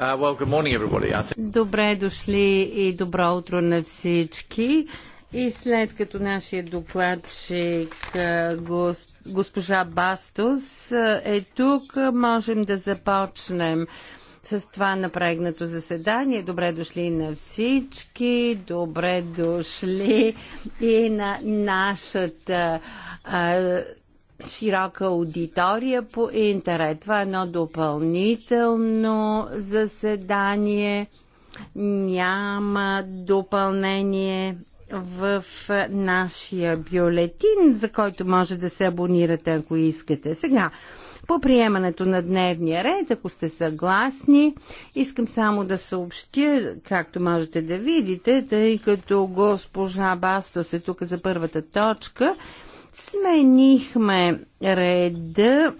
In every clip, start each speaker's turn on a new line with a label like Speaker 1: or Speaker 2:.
Speaker 1: Uh,
Speaker 2: добре дошли и добро утро на всички. И след като нашия докладчик госпожа Бастос е тук, можем да започнем с това напрегнато заседание. Добре дошли на всички, добре дошли и на нашата а, широка аудитория по интернет. Това е едно допълнително заседание. Няма допълнение в нашия бюлетин, за който може да се абонирате, ако искате. Сега, по приемането на дневния ред, ако сте съгласни, искам само да съобщя, както можете да видите, тъй като госпожа Бастос е тук за първата точка, Сменихме реда.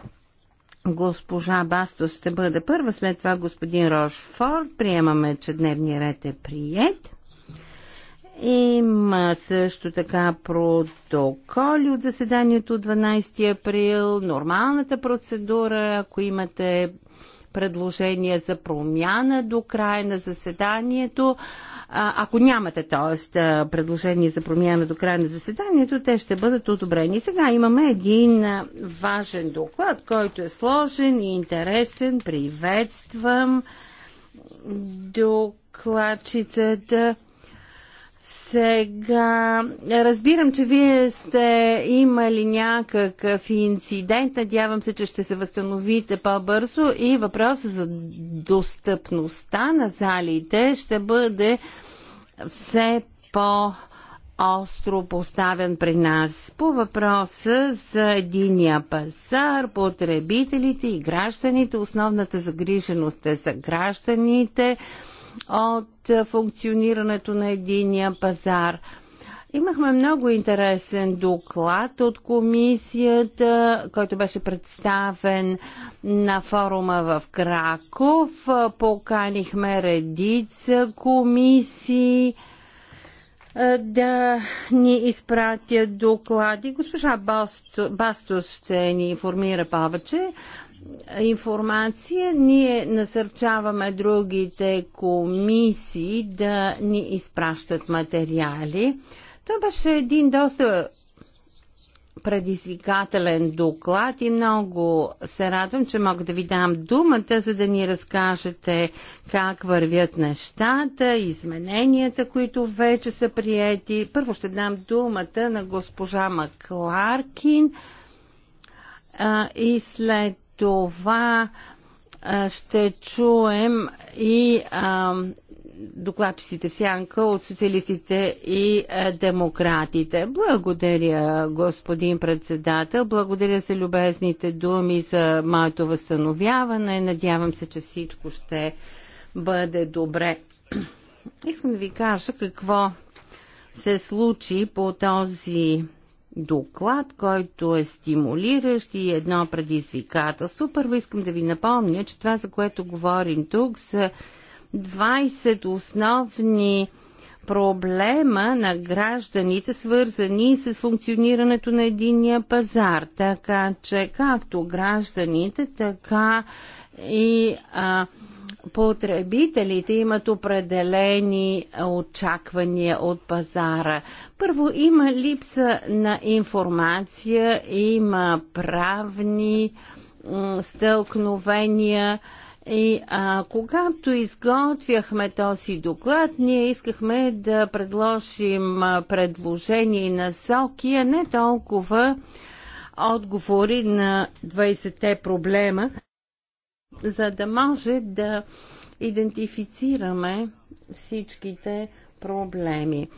Speaker 2: Госпожа Бастос ще бъде първа, след това господин Рошфор. Приемаме, че дневния ред е прият. Има също така протоколи от заседанието от 12 април, нормалната процедура, ако имате предложения за промяна до края на заседанието. Ако нямате, т.е. предложение за промяна до края на заседанието, те ще бъдат одобрени. Сега имаме един важен доклад, който е сложен и интересен. Приветствам докладчицата. Да сега, разбирам, че вие сте имали някакъв инцидент. Надявам се, че ще се възстановите по-бързо и въпросът за достъпността на залите ще бъде все по- остро поставен при нас по въпроса за единия пазар, потребителите и гражданите. Основната загриженост е за гражданите от функционирането на единия пазар. Имахме много интересен доклад от комисията, който беше представен на форума в Краков. Поканихме редица комисии да ни изпратят доклади. Госпожа Бастос ще ни информира повече информация. Ние насърчаваме другите комисии да ни изпращат материали. Това беше един доста предизвикателен доклад и много се радвам, че мога да ви дам думата, за да ни разкажете как вървят нещата, измененията, които вече са приети. Първо ще дам думата на госпожа Макларкин а, и след това ще чуем и докладчиците в сянка от социалистите и демократите. Благодаря, господин председател. Благодаря за любезните думи за моето възстановяване. Надявам се, че всичко ще бъде добре. Искам да ви кажа какво се случи по този доклад, който е стимулиращ и едно предизвикателство. Първо искам да ви напомня, че това, за което говорим тук, са 20 основни проблема на гражданите, свързани с функционирането на единния пазар. Така че както гражданите, така и а, потребителите имат определени очаквания от пазара. Първо, има липса на информация, има правни стълкновения. И а, когато изготвяхме този доклад, ние искахме да предложим предложения и насоки, а не толкова отговори на 20-те проблема, за да може да идентифицираме всичките проблеми.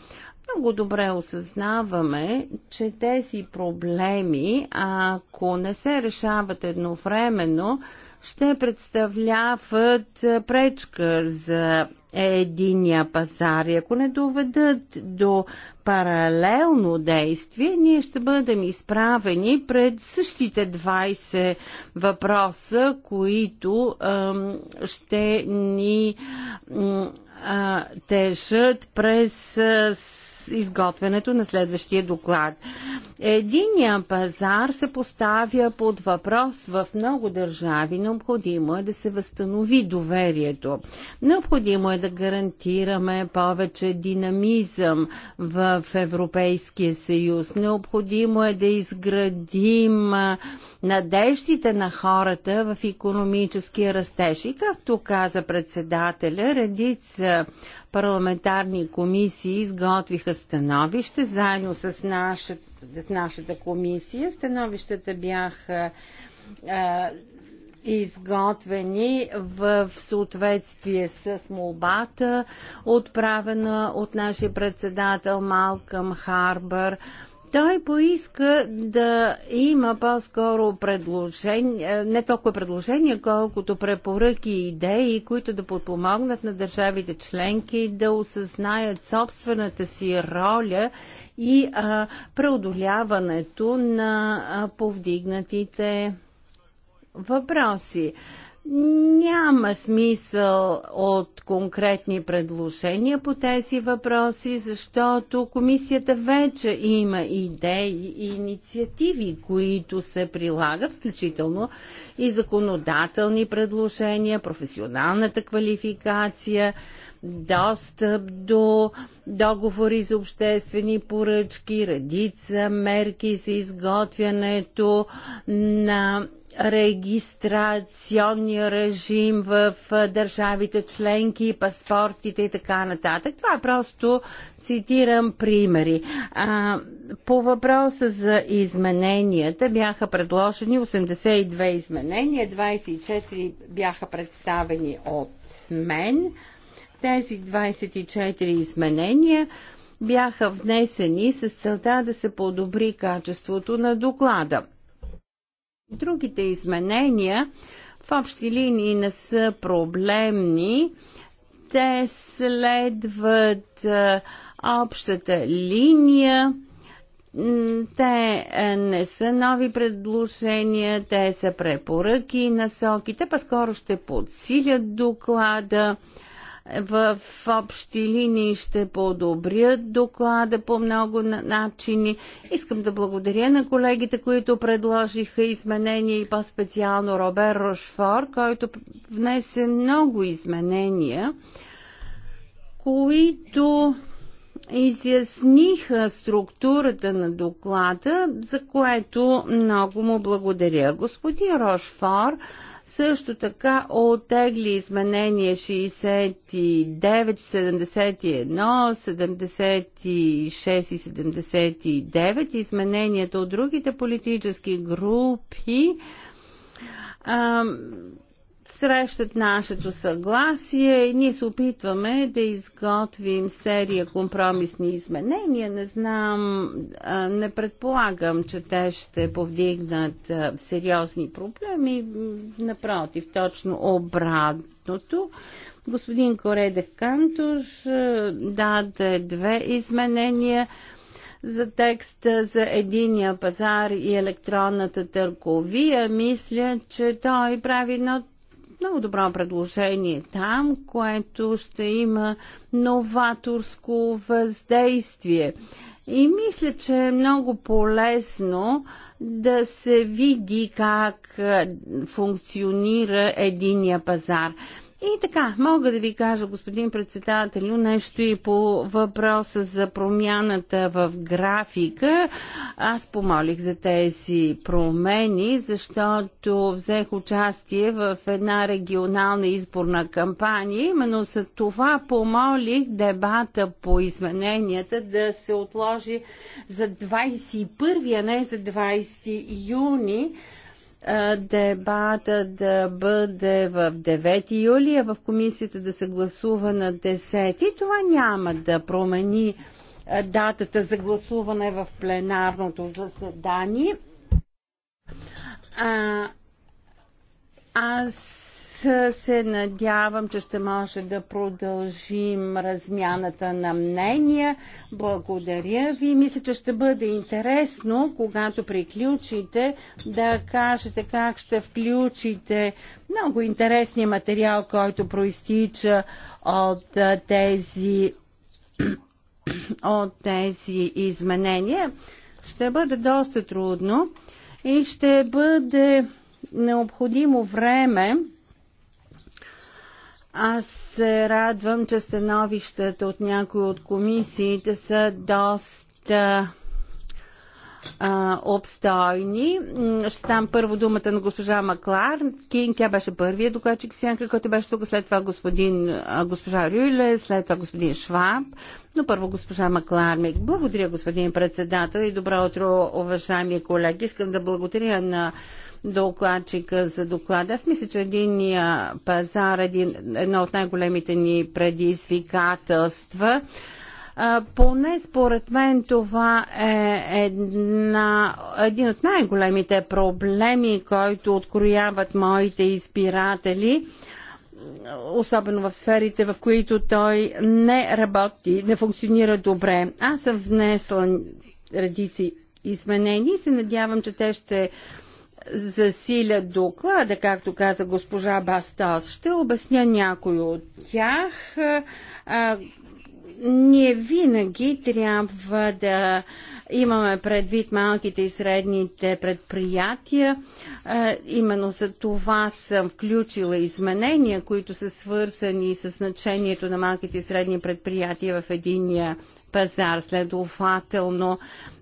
Speaker 2: Много добре осъзнаваме, че тези проблеми, ако не се решават едновременно, ще представляват пречка за единия пазар. И ако не доведат до паралелно действие, ние ще бъдем изправени пред същите 20 въпроса, които ще ни тежат през изготвянето на следващия доклад. Единия пазар се поставя под въпрос в много държави. Необходимо е да се възстанови доверието. Необходимо е да гарантираме повече динамизъм в Европейския съюз. Необходимо е да изградим надеждите на хората в економическия растеж. И както каза председателя, редица парламентарни комисии изготвиха проекта становище, заедно с нашата, с нашата комисия. Становищата бяха а, изготвени в съответствие с молбата, отправена от нашия председател Малкъм Харбър. А, той поиска да има по-скоро предложения, е, не толкова предложения, колкото препоръки и идеи, които да подпомогнат на държавите членки да осъзнаят собствената си роля и а, преодоляването на а, повдигнатите въпроси. Няма смисъл от конкретни предложения по тези въпроси, защото комисията вече има идеи и инициативи, които се прилагат, включително и законодателни предложения, професионалната квалификация, достъп до договори за обществени поръчки, редица мерки за изготвянето на регистрационния режим в държавите членки, паспортите и така нататък. Това просто цитирам примери. А, по въпроса за измененията бяха предложени 82 изменения, 24 бяха представени от мен. Тези 24 изменения бяха внесени с целта да се подобри качеството на доклада. Другите изменения в общи линии не са проблемни. Те следват общата линия. Те не са нови предложения, те са препоръки и насоки. Те по-скоро ще подсилят доклада в общи линии ще подобрят доклада по много начини. Искам да благодаря на колегите, които предложиха изменения и по-специално Робер Рошфор, който внесе много изменения, които изясниха структурата на доклада, за което много му благодаря. Господин Рошфор също така отегли изменение 69, 71, 76 и 79, измененията от другите политически групи срещат нашето съгласие и ние се опитваме да изготвим серия компромисни изменения. Не знам, не предполагам, че те ще повдигнат сериозни проблеми. Напротив, точно обратното. Господин Кореде Кантуш даде две изменения за текста за единия пазар и електронната търговия, мисля, че той прави едно много добро предложение там, което ще има новаторско въздействие. И мисля, че е много полезно да се види как функционира единия пазар. И така, мога да ви кажа, господин председателю, нещо и по въпроса за промяната в графика. Аз помолих за тези промени, защото взех участие в една регионална изборна кампания. Именно за това помолих дебата по измененията да се отложи за 21, а не за 20 юни дебата да бъде в 9 юли, а в комисията да се гласува на 10. И това няма да промени датата за гласуване в пленарното заседание. А, аз се надявам, че ще може да продължим размяната на мнения. Благодаря ви. Мисля, че ще бъде интересно, когато приключите, да кажете как ще включите много интересния материал, който проистича от тези, от тези изменения. Ще бъде доста трудно и ще бъде необходимо време аз се радвам, че становищата от някои от комисиите са доста а, обстойни. Ще там първо думата на госпожа Маклар. Кин, тя беше първия докладчик сянка, който беше тук, след това господин, а, госпожа Рюле, след това господин Шваб, но първо госпожа Маклармик. Благодаря, господин председател и добро утро, уважаеми колеги. Искам да благодаря на докладчика за доклада. Аз мисля, че единния пазар е един, едно от най-големите ни предизвикателства. А, поне според мен това е една, един от най-големите проблеми, който открояват моите избиратели особено в сферите, в които той не работи, не функционира добре. Аз съм внесла редици изменения и се надявам, че те ще засилят доклада, както каза госпожа Бастас. Ще обясня някой от тях. А, ние винаги трябва да имаме предвид малките и средните предприятия. А, именно за това съм включила изменения, които са свързани с значението на малките и средни предприятия в единия пазар. Следователно,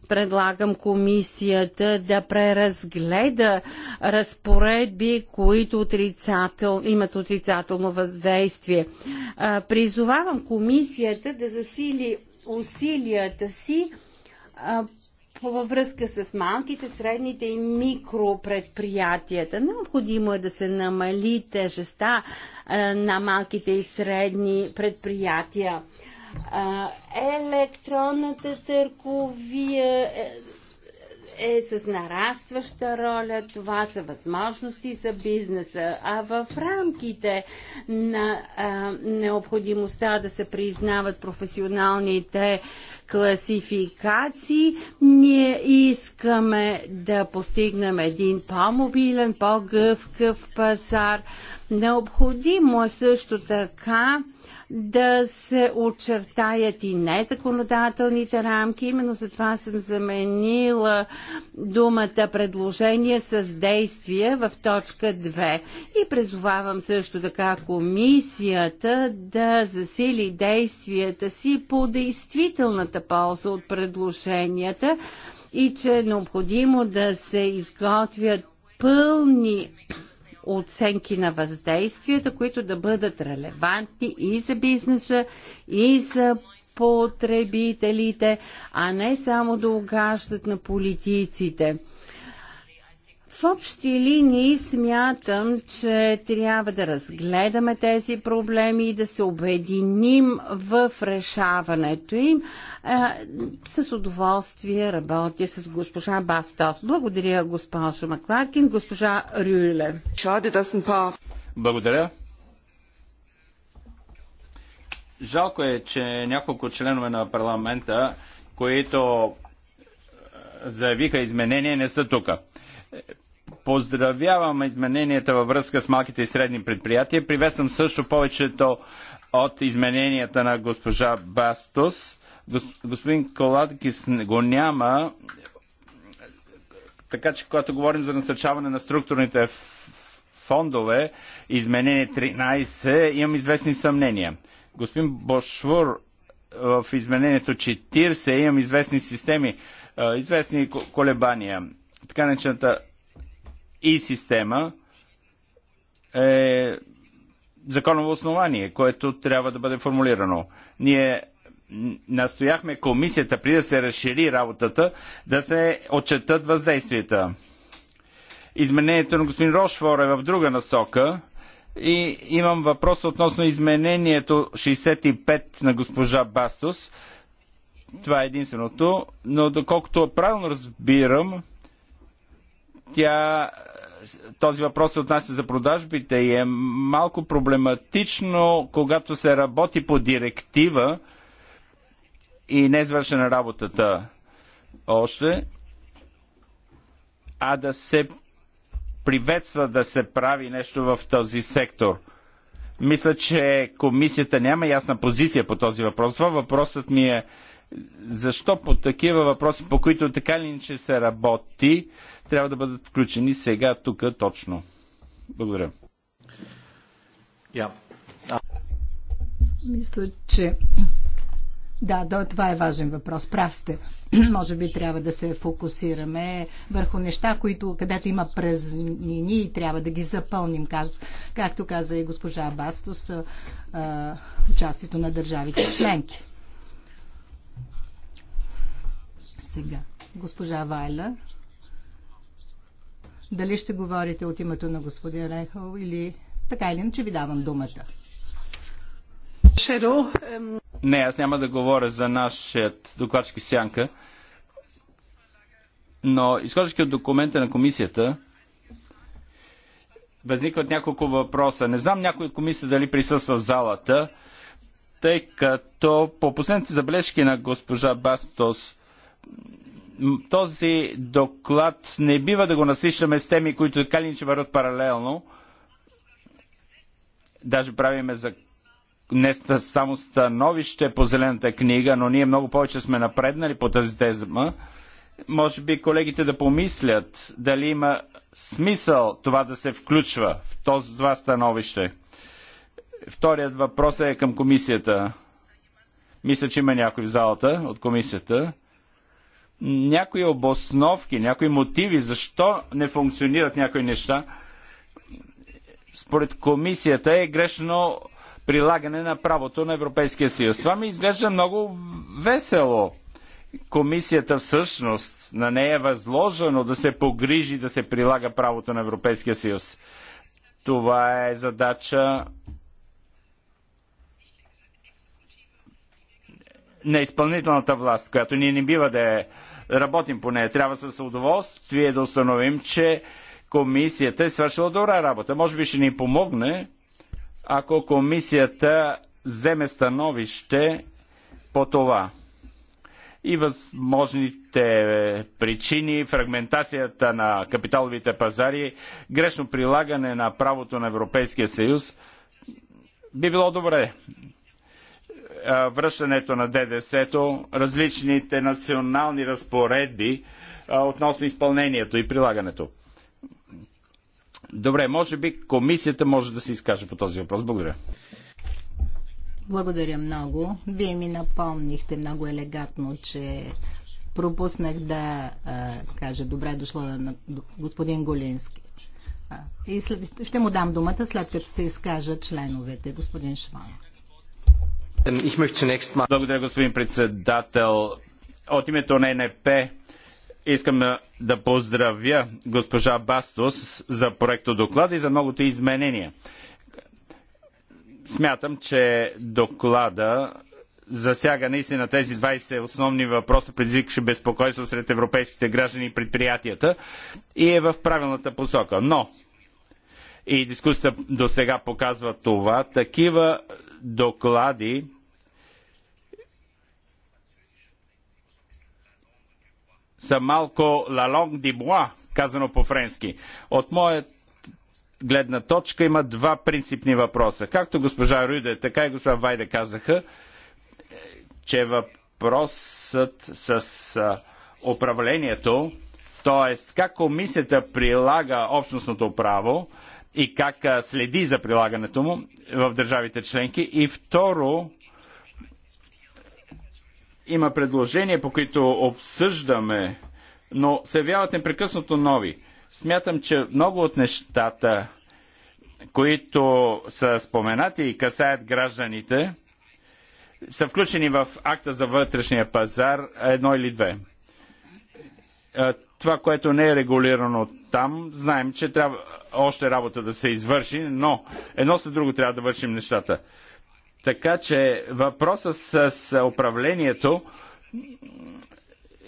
Speaker 2: предлагам комисията да преразгледа разпоредби, които отрицател, имат отрицателно въздействие. Призовавам комисията да засили усилията си във връзка с малките, средните и микропредприятията. Необходимо е да се намали тежеста на малките и средни предприятия електронната търговия е, е с нарастваща роля. Това са възможности за бизнеса. А в рамките на а, необходимостта да се признават професионалните класификации, ние искаме да постигнем един по-мобилен, по-гъвкав пазар. Необходимо е също така да се очертаят и незаконодателните рамки. Именно за това съм заменила думата предложение с действие в точка 2. И призовавам също така комисията да засили действията си по действителната полза от предложенията и че е необходимо да се изготвят пълни оценки на въздействията, които да бъдат релевантни и за бизнеса, и за потребителите, а не само да угаждат на политиците. В общи линии смятам, че трябва да разгледаме тези проблеми и да се обединим в решаването им. Е, с удоволствие работя с госпожа Бастос. Благодаря, госпожа Макларкин, госпожа Рюле.
Speaker 3: Благодаря. Жалко е, че няколко членове на парламента, които е, заявиха изменения, не са тука. Поздравявам измененията във връзка с малките и средни предприятия. Приветствам също повечето от измененията на госпожа Бастос. Господин Коладкис го няма. Така че, когато говорим за насърчаване на структурните фондове, изменение 13, имам известни съмнения. Господин Бошвор в изменението 40 имам известни системи, известни колебания така наречената и система е законово основание, което трябва да бъде формулирано. Ние настояхме комисията, при да се разшири работата, да се отчетат въздействията. Изменението на господин Рошфор е в друга насока и имам въпрос относно изменението 65 на госпожа Бастос. Това е единственото, но доколкото правилно разбирам, тя този въпрос се отнася за продажбите и е малко проблематично, когато се работи по директива и не е извършена работата още, а да се приветства да се прави нещо в този сектор. Мисля, че комисията няма ясна позиция по този въпрос. Това въпросът ми е защо по такива въпроси, по които така ли че се работи, трябва да бъдат включени сега, тук, точно. Благодаря. Yeah. Ah.
Speaker 4: Мисля, че да, да, това е важен въпрос. Прав сте. Може би трябва да се фокусираме върху неща, които, където има празнини и трябва да ги запълним. Както каза и госпожа Бастос, участието на държавите членки. сега. Госпожа Вайла, дали ще говорите от името на господин Рейхъл или така или иначе ви давам думата.
Speaker 3: Не, аз няма да говоря за нашият докладчик Сянка, но изхождайки от документа на комисията, възникват няколко въпроса. Не знам някой от комисията дали присъства в залата, тъй като по последните забележки на госпожа Бастос този доклад не бива да го насищаме с теми, които така ли върват паралелно. Даже правиме за не само становище по зелената книга, но ние много повече сме напреднали по тази тезма. Може би колегите да помислят дали има смисъл това да се включва в този, това становище. Вторият въпрос е към комисията. Мисля, че има някой в залата от комисията някои обосновки, някои мотиви, защо не функционират някои неща, според комисията е грешно прилагане на правото на Европейския съюз. Това ми изглежда много весело. Комисията всъщност на нея е възложено да се погрижи да се прилага правото на Европейския съюз. Това е задача на изпълнителната власт, която ние не бива да я е работим по нея. Трябва с удоволствие да установим, че комисията е свършила добра работа. Може би ще ни помогне, ако комисията вземе становище по това и възможните причини, фрагментацията на капиталовите пазари, грешно прилагане на правото на Европейския съюз, би било добре връщането на ДДС-то, различните национални разпоредби относно изпълнението и прилагането. Добре, може би комисията може да се изкаже по този въпрос. Благодаря.
Speaker 4: Благодаря много. Вие ми напомнихте много елегантно, че пропуснах да а, кажа добре дошло на господин Голински. А, и след, ще му дам думата, след като се изкажат членовете, господин Шванов.
Speaker 3: Ähm, Благодаря, господин председател. От името на НП искам да поздравя госпожа Бастос за проекто доклада и за многото изменения. Смятам, че доклада засяга наистина тези 20 основни въпроса, предизвикаше безпокойство сред европейските граждани и предприятията и е в правилната посока. Но и дискусията до сега показва това, такива доклади са малко лалонг ди буа, казано по френски. От моят гледна точка има два принципни въпроса. Както госпожа Рюде, така и госпожа Вайде казаха, е, че въпросът с управлението, т.е. как комисията прилага общностното право и как следи за прилагането му в държавите членки. И второ, има предложения, по които обсъждаме, но се явяват непрекъснато нови. Смятам, че много от нещата, които са споменати и касаят гражданите, са включени в акта за вътрешния пазар едно или две. Това, което не е регулирано там, знаем, че трябва още работа да се извърши, но едно след друго трябва да вършим нещата. Така че въпросът с управлението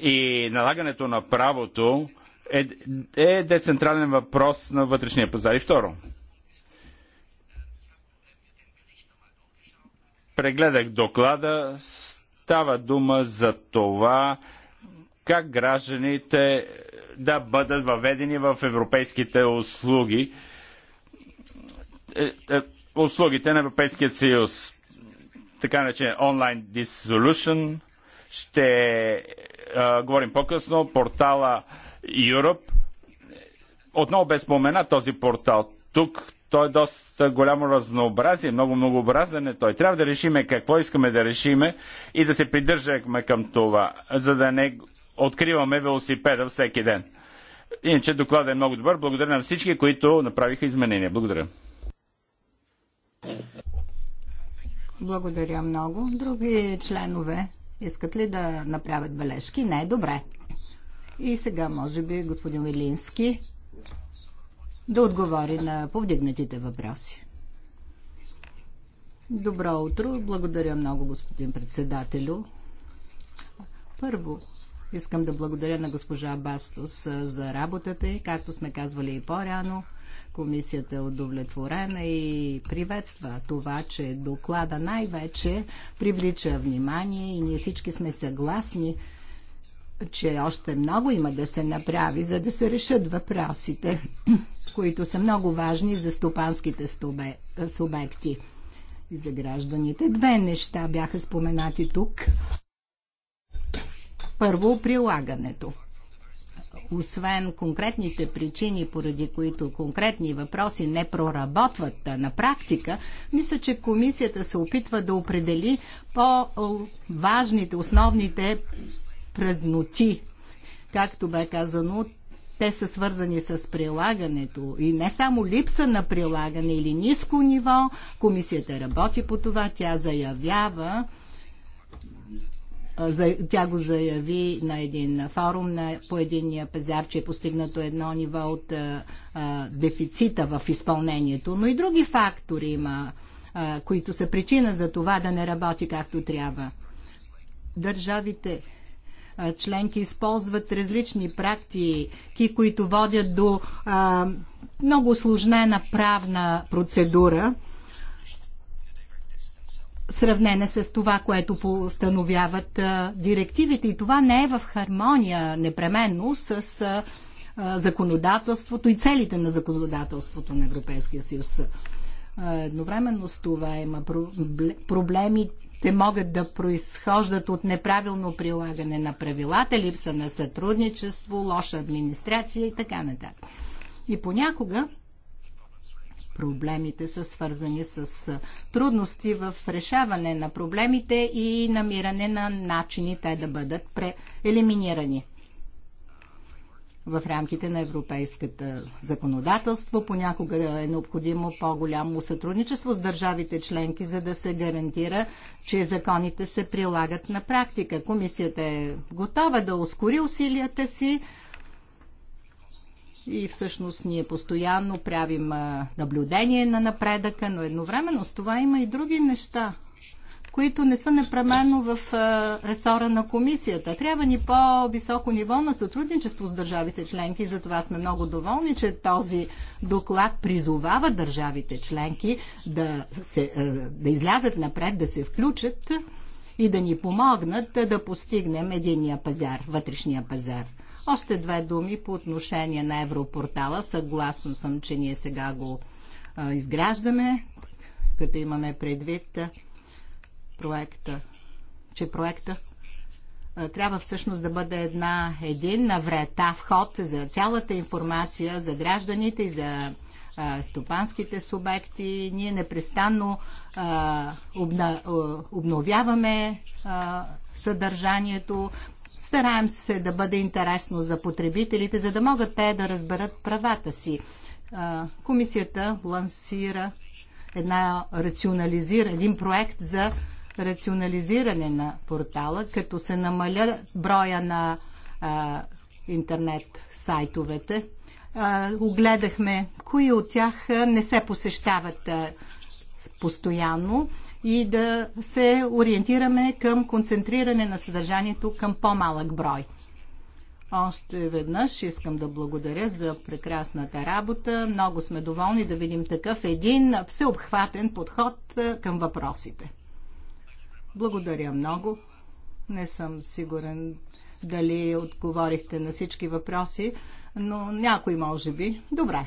Speaker 3: и налагането на правото е, е децентрален въпрос на вътрешния пазар. И второ, прегледах доклада, става дума за това как гражданите да бъдат въведени в европейските услуги, е, е, услугите на Европейския съюз така наречен онлайн dissolution. Ще а, говорим по-късно. Портала Europe. Отново без спомена този портал. Тук той е доста голямо разнообразие, много многообразен е той. Трябва да решиме какво искаме да решиме и да се придържаме към това, за да не откриваме велосипеда всеки ден. Иначе докладът е много добър. Благодаря на всички, които направиха изменения. Благодаря.
Speaker 4: Благодаря много. Други членове искат ли да направят бележки? Не, добре. И сега, може би, господин Вилински да отговори на повдигнатите въпроси. Добро утро. Благодаря много, господин председателю. Първо, искам да благодаря на госпожа Бастос за работата и, както сме казвали и по-рано, Комисията е удовлетворена и приветства това, че доклада най-вече привлича внимание и ние всички сме съгласни, че още много има да се направи, за да се решат въпросите, които са много важни за стопанските субекти и за гражданите. Две неща бяха споменати тук. Първо, прилагането освен конкретните причини, поради които конкретни въпроси не проработват на практика, мисля, че комисията се опитва да определи по-важните, основните празноти. Както бе казано, те са свързани с прилагането и не само липса на прилагане или ниско ниво. Комисията работи по това, тя заявява, тя го заяви на един форум на, по единния пазар, че е постигнато едно ниво от а, дефицита в изпълнението, но и други фактори има, а, които са причина за това да не работи както трябва. Държавите а, членки използват различни практики, които водят до а, много осложнена правна процедура сравнена с това, което постановяват директивите. И това не е в хармония непременно с законодателството и целите на законодателството на Европейския съюз. Едновременно с това има проблеми. Те могат да произхождат от неправилно прилагане на правилата, липса на сътрудничество, лоша администрация и така нататък. И понякога проблемите са свързани с трудности в решаване на проблемите и намиране на начини те да бъдат преелиминирани. В рамките на европейската законодателство понякога е необходимо по-голямо сътрудничество с държавите членки, за да се гарантира, че законите се прилагат на практика. Комисията е готова да ускори усилията си и всъщност ние постоянно правим наблюдение на напредъка, но едновременно с това има и други неща, които не са непременно в ресора на комисията. Трябва ни по-високо ниво на сътрудничество с държавите членки. Затова сме много доволни, че този доклад призовава държавите членки да, се, да излязат напред, да се включат и да ни помогнат да постигнем единия пазар, вътрешния пазар. Още две думи по отношение на Европортала. Съгласен съм, че ние сега го а, изграждаме, като имаме предвид а, проекта, че проекта а, трябва всъщност да бъде една единна врата, вход за цялата информация за гражданите и за стопанските субекти. Ние непрестанно а, обна, обновяваме а, съдържанието, Стараем се да бъде интересно за потребителите, за да могат те да разберат правата си. Комисията лансира една рационализира, един проект за рационализиране на портала, като се намаля броя на а, интернет сайтовете. А, огледахме кои от тях не се посещават а, постоянно и да се ориентираме към концентриране на съдържанието към по-малък брой. Още веднъж искам да благодаря за прекрасната работа. Много сме доволни да видим такъв един всеобхватен подход е, към въпросите. Благодаря много. Не съм сигурен дали отговорихте на всички въпроси, но някой може би. Добре.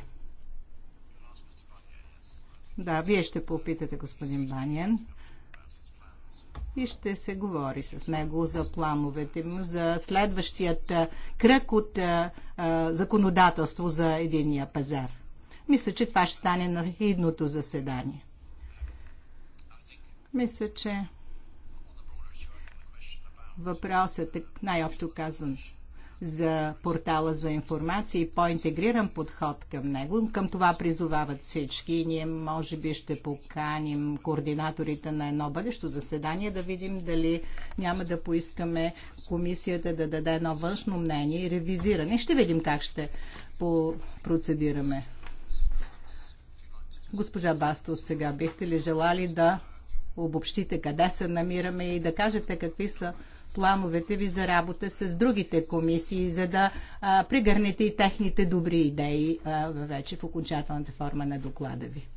Speaker 4: Да, вие ще попитате господин Баниен и ще се говори с него за плановете му, за следващият кръг от а, законодателство за единия пазар. Мисля, че това ще стане на идното заседание. Мисля, че въпросът е най-общо казан за портала за информация и по-интегриран подход към него. Към това призовават всички и ние може би ще поканим координаторите на едно бъдещо заседание да видим дали няма да поискаме комисията да даде едно външно мнение и ревизиране. Ще видим как ще процедираме. Госпожа Бастос, сега бихте ли желали да обобщите къде се намираме и да кажете какви са плановете ви за работа с другите комисии, за да а, пригърнете и техните добри идеи а, вече в окончателната форма на доклада ви.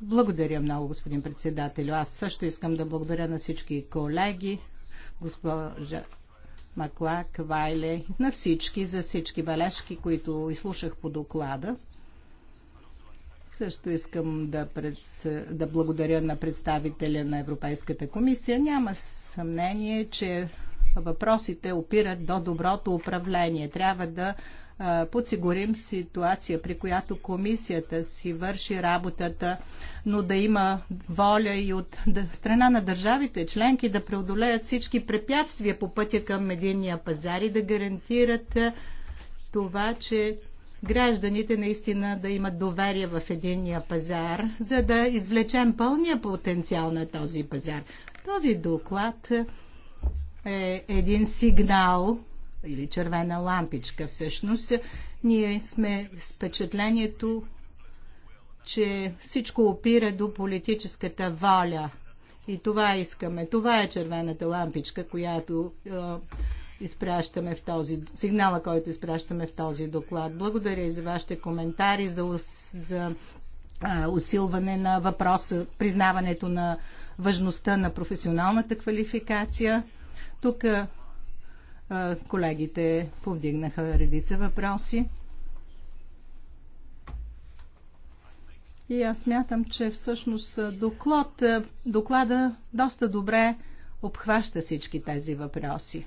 Speaker 4: Благодаря много, господин председател. Аз също искам да благодаря на всички колеги, госпожа Маклак, Вайле, на всички за всички бележки, които изслушах по доклада. Също искам да, пред... да благодаря на представителя на Европейската комисия. Няма съмнение, че въпросите опират до доброто управление. Трябва да подсигурим ситуация, при която комисията си върши работата, но да има воля и от страна на държавите членки да преодолеят всички препятствия по пътя към единния пазар и да гарантират това, че гражданите наистина да имат доверие в единния пазар, за да извлечем пълния потенциал на този пазар. Този доклад е един сигнал или червена лампичка всъщност. Ние сме с впечатлението, че всичко опира до политическата воля. И това искаме. Това е червената лампичка, която е, изпращаме в този, сигнала, който изпращаме в този доклад. Благодаря и за вашите коментари, за, за а, усилване на въпроса, признаването на важността на професионалната квалификация. Тук а, колегите повдигнаха редица въпроси. И аз мятам, че всъщност доклад, доклада доста добре обхваща всички тези въпроси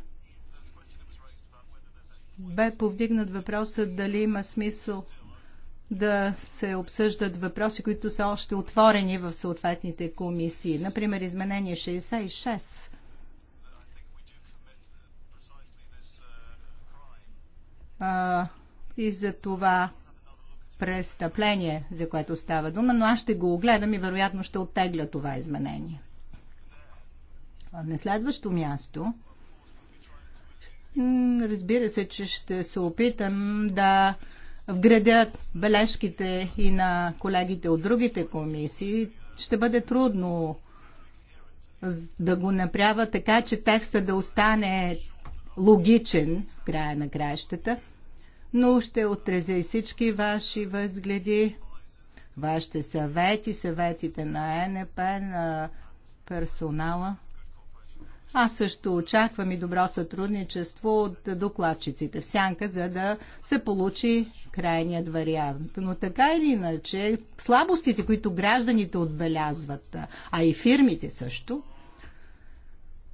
Speaker 4: бе повдигнат въпросът дали има смисъл да се обсъждат въпроси, които са още отворени в съответните комисии. Например, изменение 66. А, и за това престъпление, за което става дума, но аз ще го огледам и вероятно ще оттегля това изменение. На следващо място Разбира се, че ще се опитам да вградя бележките и на колегите от другите комисии. Ще бъде трудно да го направя така, че текста да остане логичен в края на краищата, но ще отразя и всички ваши възгледи, вашите съвети, съветите на НП, на персонала – аз също очаквам и добро сътрудничество от докладчиците в сянка, за да се получи крайният вариант. Но така или иначе, слабостите, които гражданите отбелязват, а и фирмите също,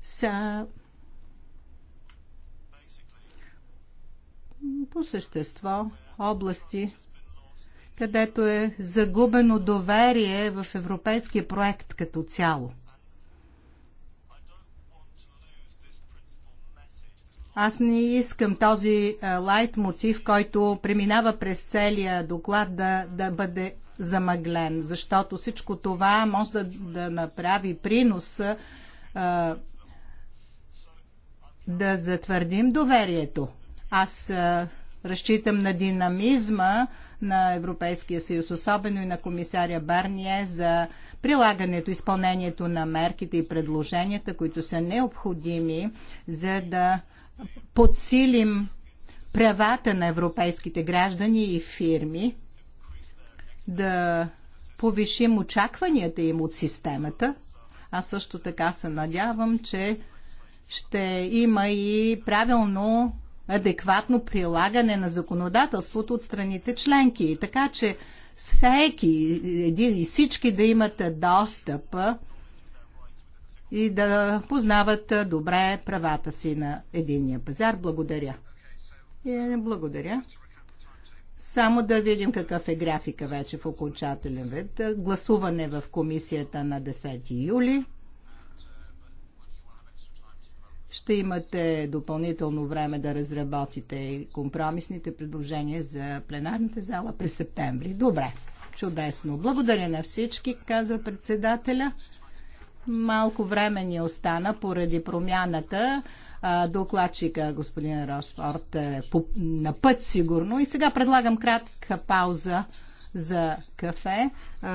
Speaker 4: са по същество области, където е загубено доверие в европейския проект като цяло – Аз не искам този е, лайт мотив, който преминава през целия доклад да, да бъде замъглен, защото всичко това може да, да направи принос а, е, да затвърдим доверието. Аз а, е, разчитам на динамизма на Европейския съюз, особено и на комисаря Барние за прилагането, изпълнението на мерките и предложенията, които са необходими, за да подсилим правата на европейските граждани и фирми, да повишим очакванията им от системата. Аз също така се надявам, че ще има и правилно адекватно прилагане на законодателството от страните членки. Така че всеки и всички да имат достъп и да познават добре правата си на единния пазар. Благодаря. И е, благодаря. Само да видим какъв е графика вече в окончателен вид. Гласуване в комисията на 10 юли. Ще имате допълнително време да разработите компромисните предложения за пленарната зала през септември. Добре, чудесно. Благодаря на всички, казва председателя. Малко време ни остана поради промяната. Докладчика господин Росфорд е на път сигурно. И сега предлагам кратка пауза за кафе.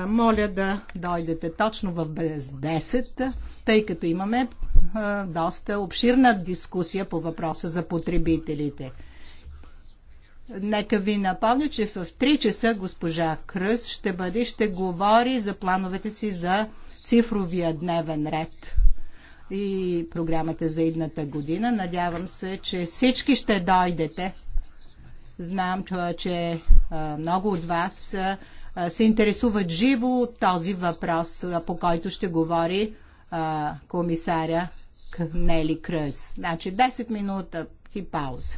Speaker 4: Моля да дойдете точно в без 10, тъй като имаме доста обширна дискусия по въпроса за потребителите. Нека ви напомня, че в 3 часа госпожа Кръс ще бъде, ще говори за плановете си за цифровия дневен ред и програмата за едната година. Надявам се, че всички ще дойдете. Знам, че много от вас се интересуват живо този въпрос, по който ще говори комисаря Нели Кръс. Значи 10 минута и пауза.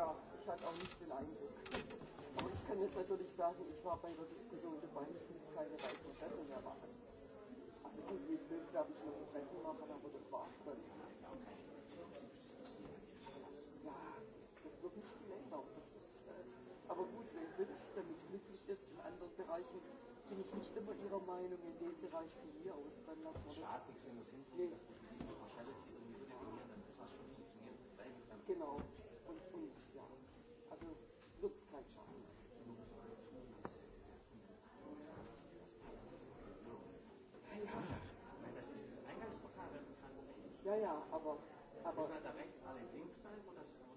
Speaker 1: ja, ich hatte auch nicht den Eindruck. Aber ich kann jetzt natürlich sagen, ich war bei der Diskussion dabei, ich muss keine weißen Treffen mehr machen. Also gut, ich will, glaube ich, noch ein Treffen machen, aber das war's dann. Ja, das, das wird nicht viel ändern. Das ist, äh, aber gut, wenn wirklich damit glücklich ist in anderen Bereichen, bin ich nicht immer ihrer Meinung in dem Bereich von mir aus, dann lassen wir das. Schadet nichts, wenn das dass die irgendwie dass das was schon funktioniert. Genau.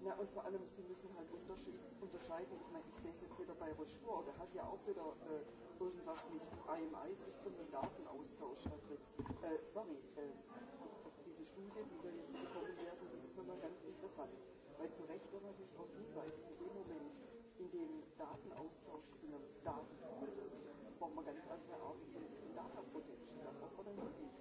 Speaker 1: Ja und vor allem, Sie müssen halt unterschied, unterscheiden. Ich meine, ich sehe es jetzt wieder bei Rochefort, der hat ja auch wieder äh, irgendwas mit IMI-System und Datenaustausch da drin. Äh, sorry, äh, also diese Studie, die wir jetzt bekommen werden, die ist immer ganz interessant. Weil zu Recht, wenn man sich darauf hinweisen, in dem Moment, in dem Datenaustausch zu einem wird, braucht man ganz andere Arten von Data Protection. Da braucht man dann wirklich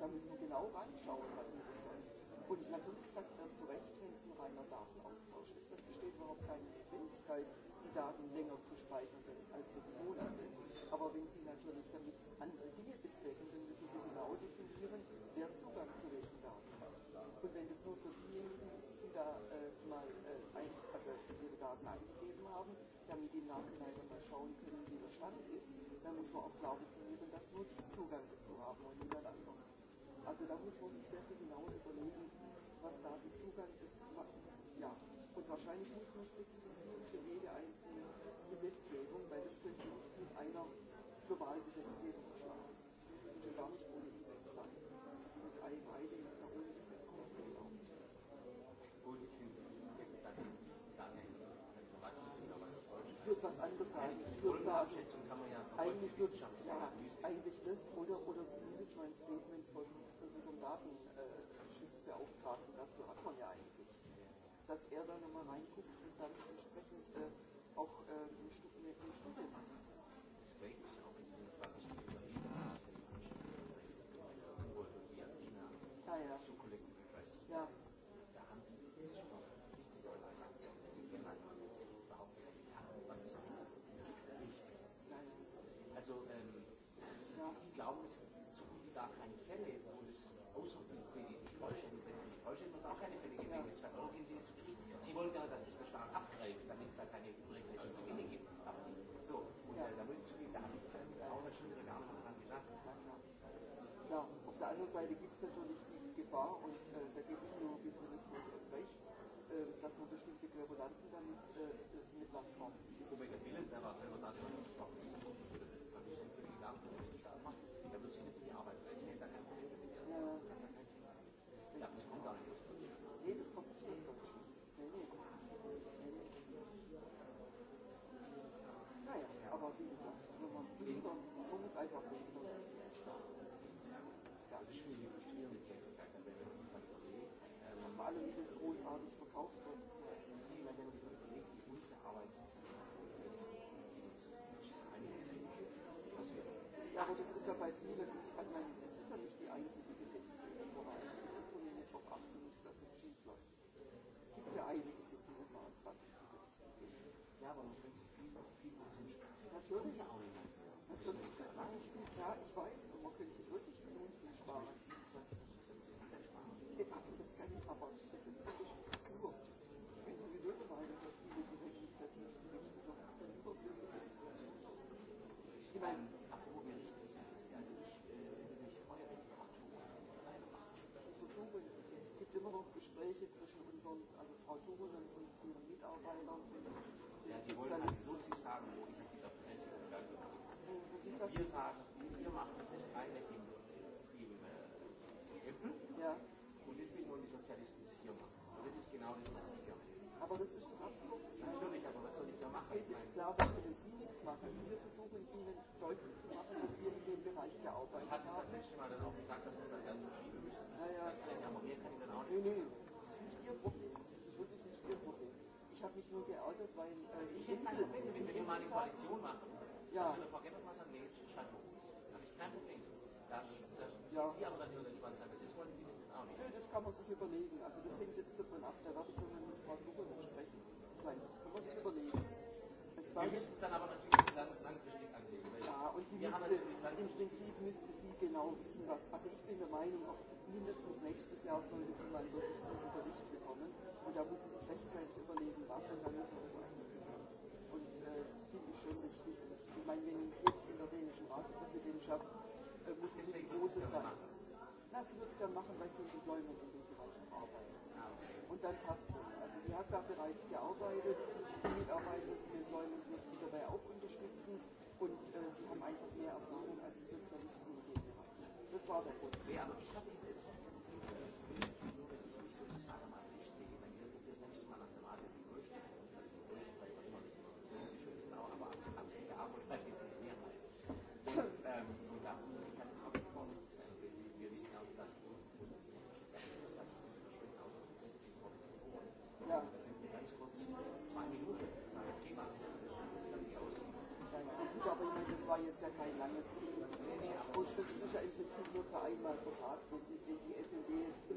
Speaker 1: Da müssen wir genau reinschauen, was wir das wollen. Und natürlich sagt er zu Recht, wenn es ein reiner Datenaustausch ist, dann besteht überhaupt keine Notwendigkeit, die Daten länger zu speichern als sechs Monate. Aber wenn Sie natürlich damit andere Dinge bezwecken, dann müssen Sie genau definieren, wer Zugang zu welchen Daten hat. Und wenn es nur für diejenigen ist, die da äh, mal äh, ein, also ihre Daten eingegeben haben, damit die im Nachhinein mal schauen können, wie der Stand ist, dann muss man auch klar definieren, dass nur die Zugang dazu haben und niemand anderes. Also da muss man sich sehr viel genauer überlegen, was da Zugang ist. Ja. Und wahrscheinlich muss man spezifizieren für jede einzelne Gesetzgebung, weil das könnte nicht mit einer globalen Gesetzgebung schlagen. Und schon gar nicht ohne Gesetz sein. Das AIBID ist ja ohne Gesetz nicht erlaubt. Ich würde was anderes sagen. Ich würde sagen, eigentlich, ja, eigentlich das oder, oder zumindest mein Statement von Datenschutzbeauftragten, dazu hat man ja eigentlich, dass er da nochmal reinguckt und dann entsprechend äh, auch äh, eine Studie macht. auch in Ja, ja. war und äh, da geht es nur um das Recht, äh, dass man bestimmte Querulanten dann äh, mit Land kommt. Wobei der Wille selber da natürlich auch. Natürlich, ich bin sich wirklich sparen. ich bin sowieso dass Initiativen noch es gibt immer noch Gespräche zwischen unseren, also Frau Turunen wir sagen, wir machen das eine im, im äh, ja. und deswegen wollen die Sozialisten es hier machen. Und das ist genau das, was Sie hier machen. Aber das ist doch absurd. Natürlich, aber was soll ich da machen? Es klar, können Sie nichts machen. Wir versuchen Ihnen deutlich zu machen, dass wir in dem Bereich gearbeitet haben. Ich hatte es das letzte Mal dann auch gesagt, dass wir das erst verschieben müssen. ja, Aber mehr kann ich dann auch nicht. Nee, nee. Das ist nicht Ihr Problem. Das ist wirklich nicht Ihr Problem. Ich habe mich nur geärgert, weil... Äh, also ich hätte wenn wir hier mal eine Koalition machen. Ja. Dass wir Frau Gebhardt ja. Sie haben dann irgendwann gesagt, das wollen die nicht auch nicht. Nö, das kann man sich überlegen. Also das hängt jetzt davon ab, da werde ich mal mit Frau Dubovic sprechen. Ich das kann man sich überlegen. Es war Wir müssen es dann aber natürlich lang, langfristig
Speaker 3: anlegen. Ja, und sie müsste, im Prinzip müsste sie genau
Speaker 1: wissen, was. Also ich bin der Meinung, auch mindestens nächstes Jahr sollte sie mal wirklich einen Unterricht bekommen. Und da muss sie sich rechtzeitig überlegen, was und dann müssen wir das einstellen. Und äh, das finde ich schon richtig. Ich meine, wenn jetzt in der dänischen Ratspräsidentschaft äh, muss nicht eine große sein. Na, sie wird es dann machen, weil sie den Beschleunigung in dem Bereich arbeiten. Und dann passt es. Also sie hat da bereits gearbeitet, die Mitarbeiter von den Leuten wird sie dabei auch unterstützen und äh, die haben einfach mehr Erfahrung als die Sozialisten in dem Bereich. Das war der Grund. Ja,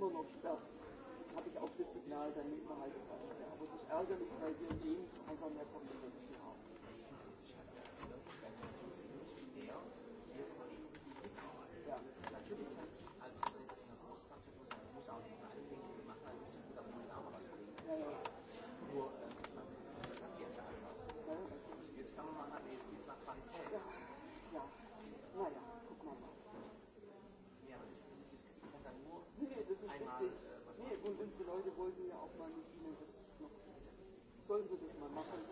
Speaker 1: immer noch sperrt, habe ich auch das Signal, dann nehmen wir halt das andere. Aber sich ärgerlich, weil wir dem einfach mehr kommen. wollen ja auch mal mit Ihnen das noch. Sollen Sie das mal machen?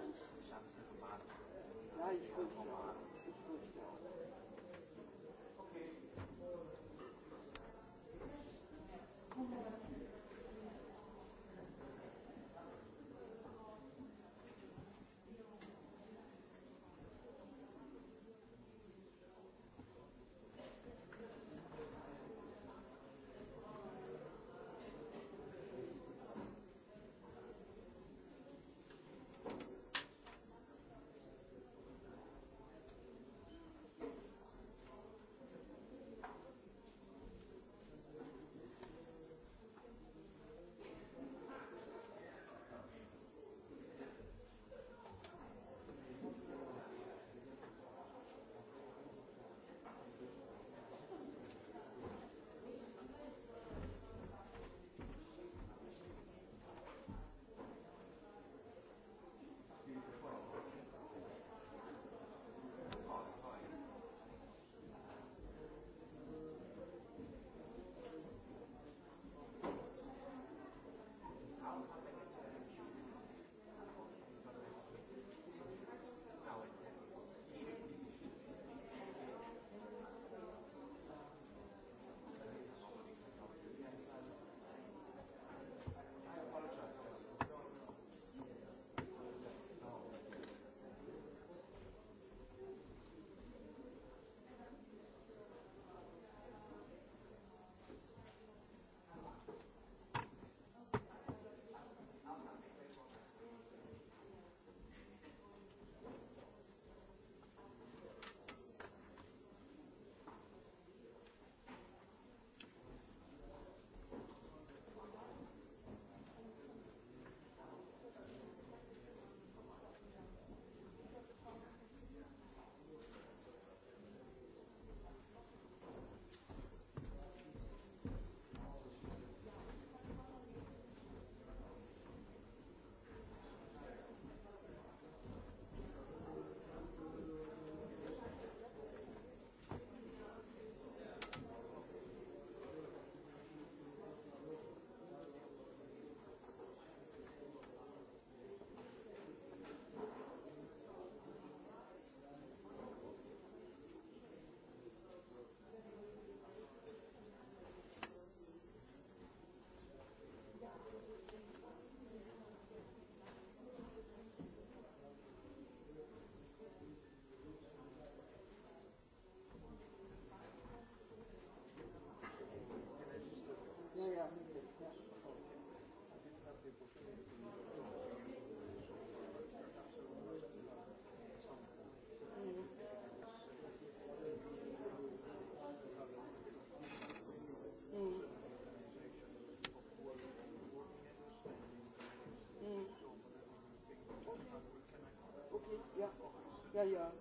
Speaker 1: Yeah, yeah.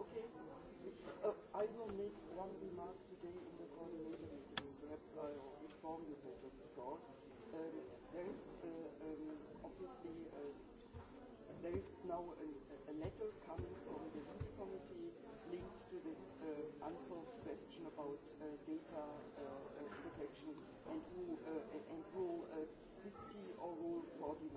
Speaker 1: Okay. Uh, I will make one remark today in the coordinator meeting. Perhaps I'll inform you better before. Um, there is uh, um, obviously uh, there is now a, a letter coming from the lead committee linked to this uh, unsolved question about uh, data uh, uh, protection and rule, uh, and rule uh, 50 or rule 49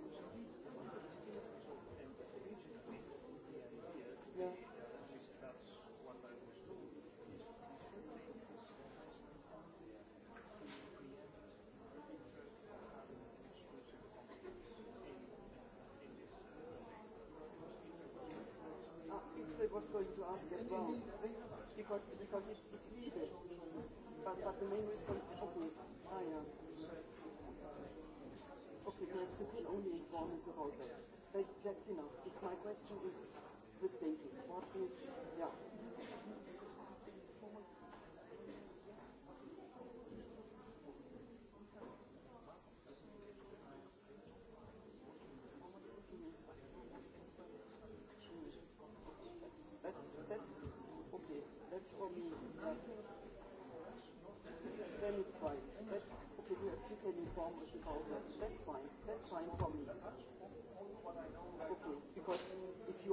Speaker 1: ask as well, because because it's it's needed. But but the main responsibility. Ah, yeah. Okay, perhaps you can only inform us about that. that that's enough. If my question is the status. What is yeah.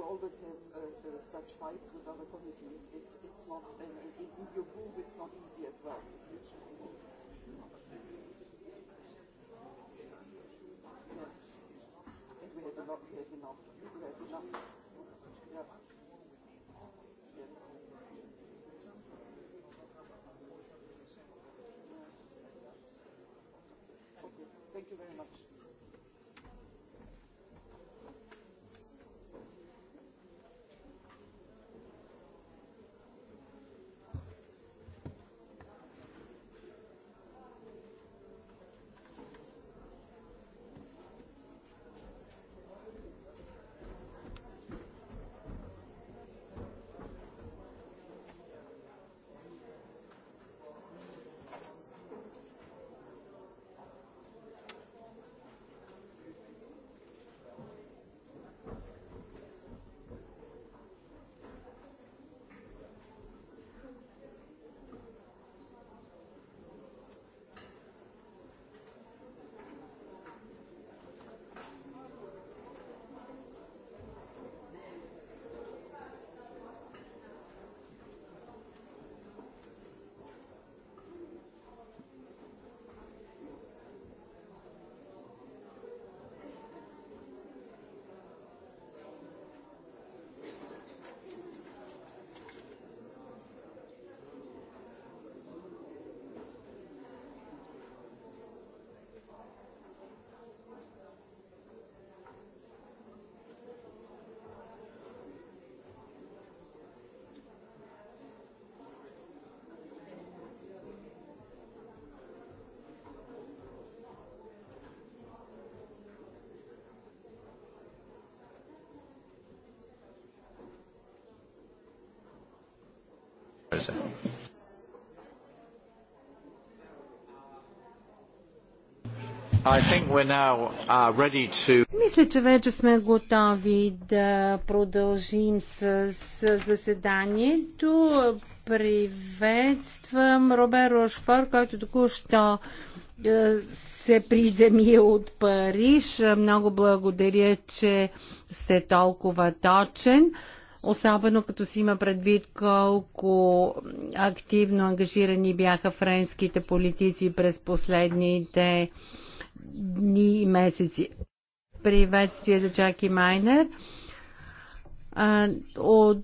Speaker 1: always have uh, uh, such fights with other committees. it's it's not, and in, in your group, it's not easy as well. You see. Yes. And we have enough. We have enough. We have enough. Yeah. Yes. Okay. Thank you very much. Mr. Uh, to...
Speaker 2: Мисля, че вече сме готови да продължим с, с заседанието. Приветствам Робер Рошфор, който току-що е, се приземи от Париж. Много благодаря, че сте толкова точен особено като си има предвид колко активно ангажирани бяха френските политици през последните дни и месеци. Приветствие за Джаки Майнер. От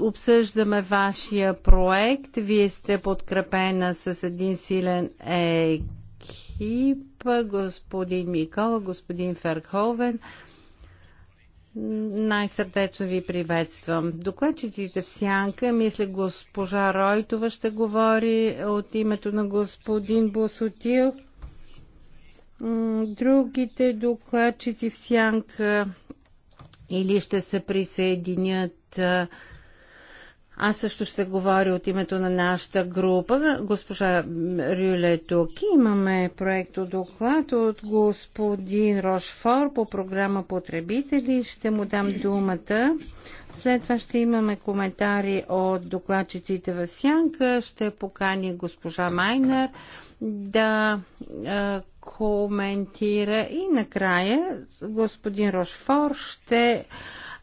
Speaker 2: обсъждаме вашия проект. Вие сте подкрепена с един силен екип, господин Микола, господин Ферховен. Най-сърдечно ви приветствам. Докладчиците в сянка, мисля госпожа Ройтова ще говори от името на господин Босотил. Другите докладчици в сянка или ще се присъединят аз също ще говоря от името на нашата група. Госпожа Рюле тук имаме проекто доклад от господин Рошфор по програма Потребители. Ще му дам думата. След това ще имаме коментари от докладчиците в Сянка. Ще покани госпожа Майнер да е, коментира. И накрая господин Рошфор ще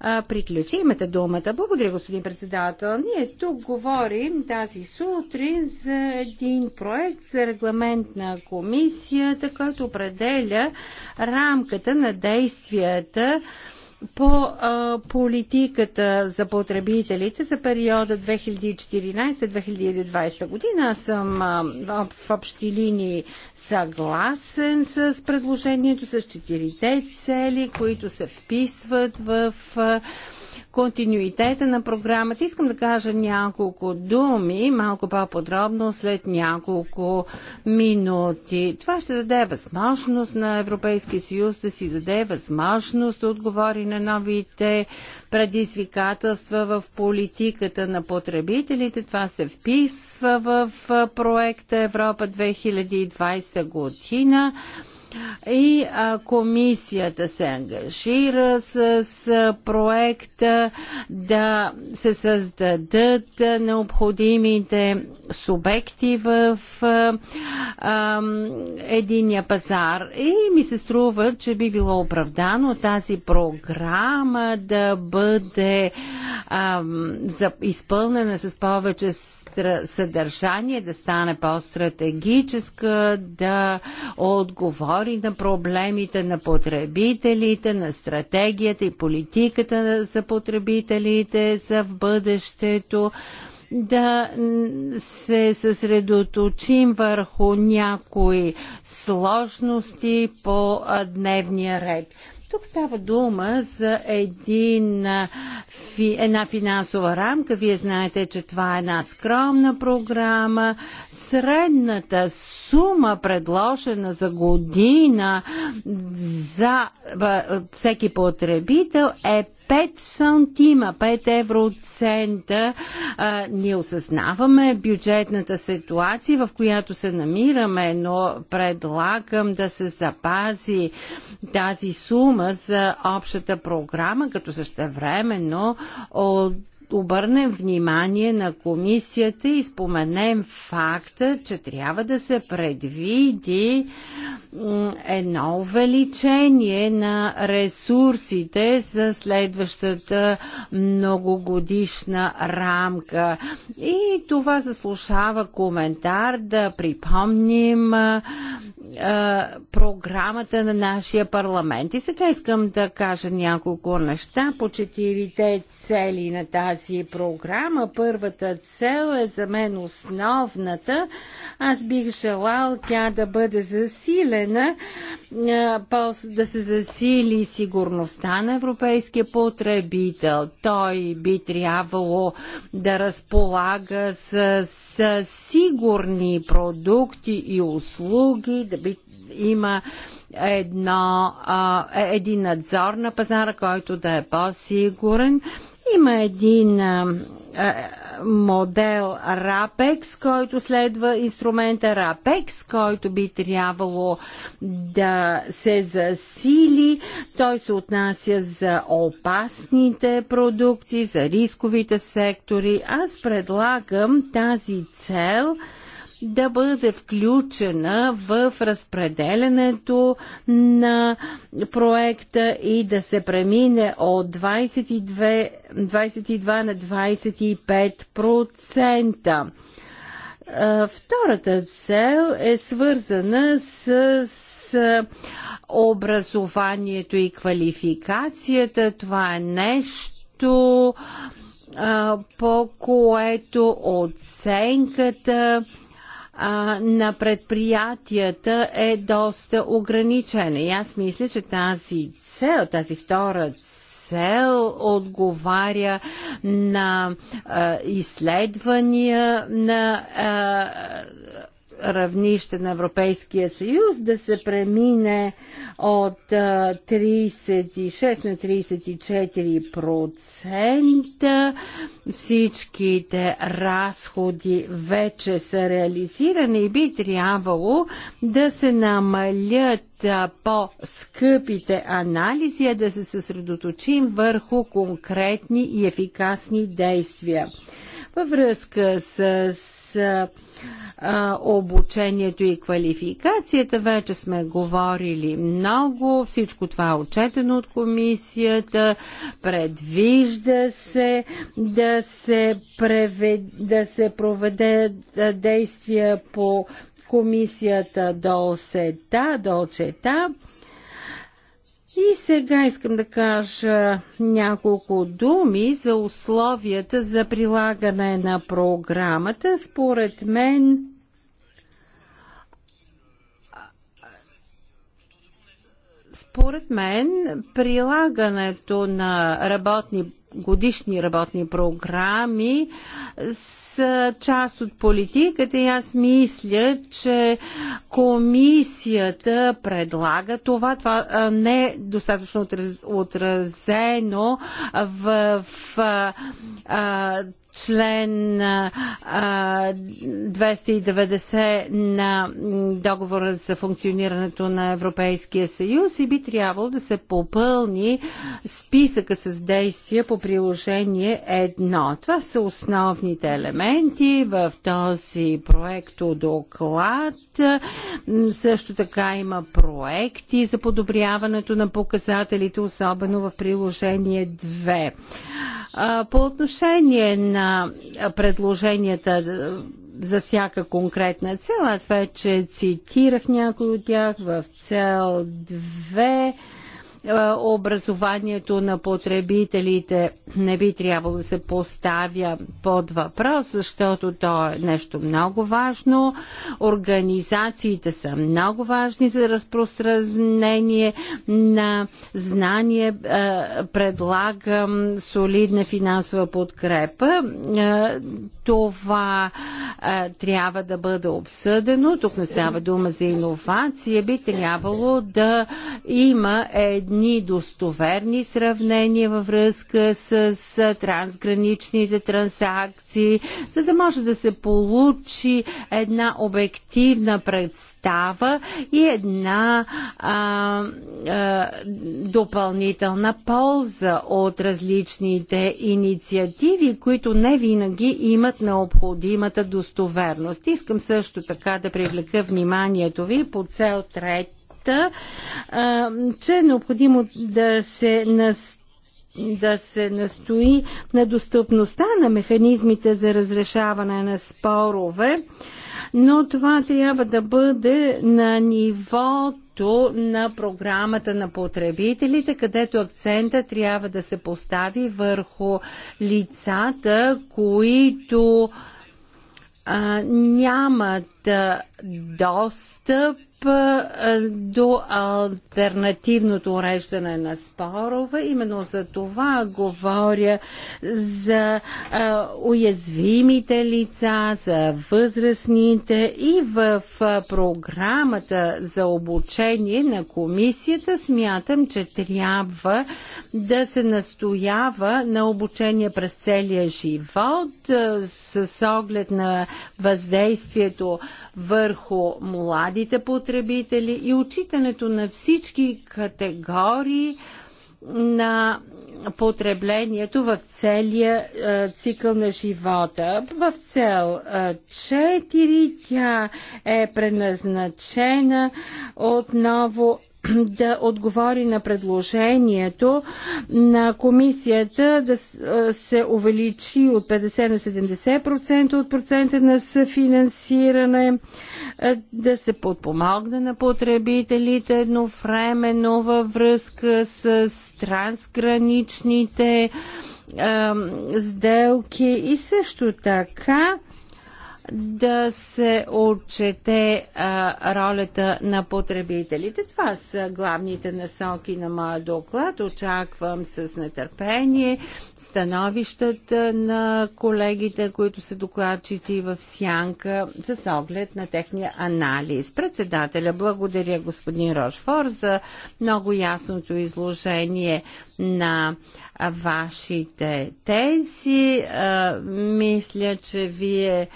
Speaker 2: а, приключи. Имате думата. Благодаря, господин председател. Ние тук говорим тази сутрин за един проект за регламент на комисията, който определя рамката на действията по а, политиката за потребителите за периода 2014-2020 година. Аз съм а, в общи линии съгласен с предложението с четирите цели, които се вписват в а, континуитета на програмата. Искам да кажа няколко думи, малко по-подробно след няколко минути. Това ще даде възможност на Европейския съюз да си даде възможност да отговори на новите предизвикателства в политиката на потребителите. Това се вписва в проекта Европа 2020 година. И а, комисията се ангажира с, с проекта да се създадат необходимите субекти в а, а, единия пазар. И ми се струва, че би било оправдано тази програма да бъде а, за, изпълнена с повече съдържание да стане по-стратегическа, да отговори на проблемите на потребителите, на стратегията и политиката за потребителите за в бъдещето да се съсредоточим върху някои сложности по дневния ред. Тук става дума за един, фи, една финансова рамка. Вие знаете, че това е една скромна програма. Средната сума, предложена за година за всеки потребител е 5 сантима, 5 евроцента. А, ние осъзнаваме бюджетната ситуация, в която се намираме, но предлагам да се запази тази сума за общата програма, като същевременно от обърнем внимание на комисията и споменем факта, че трябва да се предвиди едно увеличение на ресурсите за следващата многогодишна рамка. И това заслушава коментар да припомним програмата на нашия парламент. И сега искам да кажа няколко неща по четирите цели на тази програма. Първата цел е за мен основната аз бих желал тя да бъде засилена, да се засили сигурността на европейския потребител. Той би трябвало да разполага с, с сигурни продукти и услуги, да би, има едно, е, един надзор на пазара, който да е по-сигурен. Има един а, а, модел RAPEX, който следва инструмента RAPEX, който би трябвало да се засили. Той се отнася за опасните продукти, за рисковите сектори. Аз предлагам тази цел – да бъде включена в разпределенето на проекта и да се премине от 22, 22 на 25%. Втората цел е свързана с, с образованието и квалификацията. Това е нещо, по което оценката а, на предприятията е доста ограничена. И аз мисля, че тази цел, тази втора цел отговаря на а, изследвания на а, равнище на Европейския съюз, да се премине от 36 на 34%. Всичките разходи вече са реализирани и би трябвало да се намалят по-скъпите анализи, а да се съсредоточим върху конкретни и ефикасни действия във връзка с, с а, обучението и квалификацията. Вече сме говорили много. Всичко това е отчетено от комисията. Предвижда се да се, превед, да се проведе действия по комисията до сета, до чета и сега искам да кажа няколко думи за условията за прилагане на програмата. Според мен според мен прилагането на работни годишни работни програми с част от политиката и аз мисля, че комисията предлага това. Това не е достатъчно отразено в, в а, член 290 на договора за функционирането на Европейския съюз и би трябвало да се попълни списъка с действия по приложение 1. Това са основните елементи в този проект доклад. Също така има проекти за подобряването на показателите, особено в приложение 2. По отношение на предложенията за всяка конкретна цел, аз вече цитирах някои от тях в цел 2 е, образованието на потребителите не би трябвало да се поставя под въпрос, защото то е нещо много важно. Организациите са много важни за разпространение на знание. Е, предлагам солидна финансова подкрепа. Е, това трябва да бъде обсъдено. Тук не става дума за иновация. Би трябвало да има едно едни достоверни сравнения във връзка с, с трансграничните транзакции, за да може да се получи една обективна представа и една а, а, допълнителна полза от различните инициативи, които не винаги имат необходимата достоверност. Искам също така да привлека вниманието ви по цел трети смята, а, че е необходимо да се настъпи да се настои на достъпността на механизмите за разрешаване на спорове, но това трябва да бъде на нивото на програмата на потребителите, където акцента трябва да се постави върху лицата, които а, нямат а, достъп а, до альтернативното уреждане на спорове. Именно за това говоря за а, уязвимите лица, за възрастните и в а, програмата за обучение на комисията смятам, че трябва да се настоява на обучение през целия живот а, с оглед на въздействието върху младите потребители и отчитането на всички категории на потреблението в целия е, цикъл на живота. В цел е, 4 тя е предназначена отново да отговори на предложението на комисията да се увеличи от 50 на 70% от процента на съфинансиране, да се подпомогне на потребителите едновременно във връзка с трансграничните сделки и също така да се отчете а, ролята на потребителите. Това са главните насоки на моя доклад. Очаквам с нетърпение становищата на колегите, които са докладчици в Сянка, с оглед на техния анализ. Председателя, благодаря господин Рошфор за много ясното изложение на вашите тези. А, мисля, че вие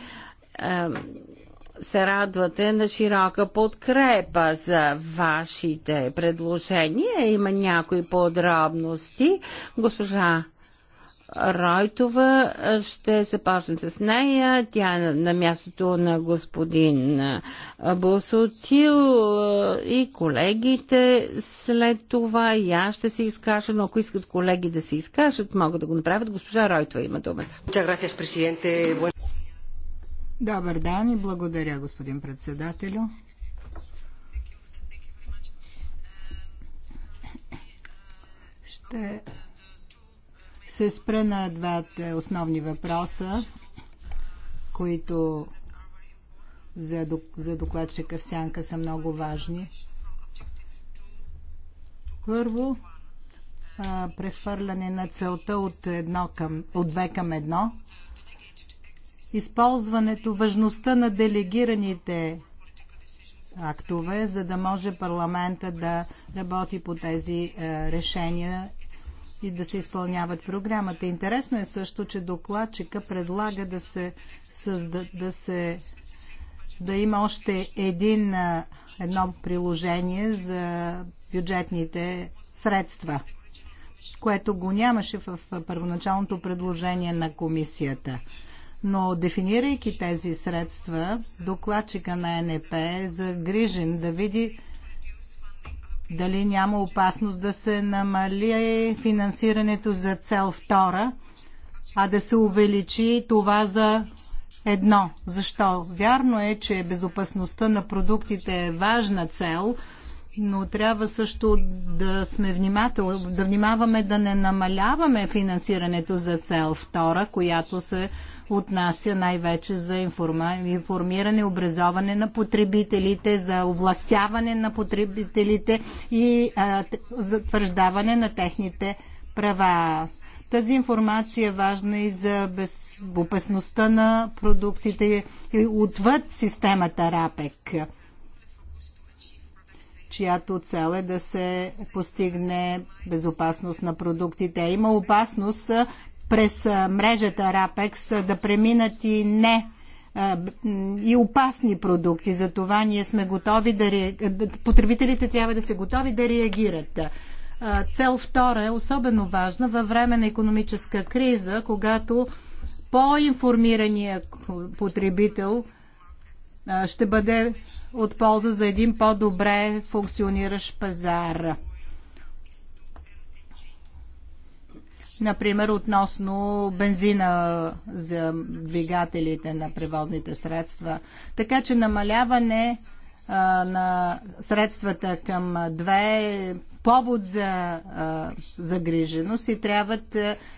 Speaker 2: се радвате на широка подкрепа за вашите предложения. Има някои подробности. Госпожа Ройтова е, ще започнем с нея. Тя е на мястото на господин е, Босотил е, и колегите след това. И аз ще се изкажа, но ако искат колеги да се изкажат, могат да го направят. Госпожа Ройтова има думата. Добър ден и
Speaker 4: благодаря, господин председателю. Ще се спра на двата основни въпроса, които за докладчика в сянка са много важни. Първо, прехвърляне на целта от, едно към, от две към едно – използването, важността на делегираните актове, за да може парламента да работи по тези е, решения и да се изпълняват програмата. Интересно е също, че докладчика предлага да се, създа, да, се да има още един, е, едно приложение за бюджетните средства, което го нямаше в е, първоначалното предложение на комисията но дефинирайки тези средства, докладчика на НП е загрижен да види дали няма опасност да се намали финансирането за цел втора, а да се увеличи това за едно. Защо? Вярно е, че безопасността на продуктите е важна цел, но трябва също да сме внимателни, да внимаваме да не намаляваме финансирането за цел втора, която се отнася най-вече за информиране, образоване на потребителите, за овластяване на потребителите и а, затвърждаване на техните права. Тази информация е важна и за безопасността на продуктите отвъд системата РАПЕК чиято цел е да се постигне безопасност на продуктите. Има опасност през мрежата RAPEX да преминат и не и опасни продукти. За това ние сме готови да реагират. Потребителите трябва да са готови да реагират. Цел втора е особено важна във време на економическа криза, когато по-информирания потребител ще бъде от полза за един по-добре функциониращ пазар. Например, относно бензина за двигателите на превозните средства. Така че намаляване а, на средствата към две е повод за загриженост и трябва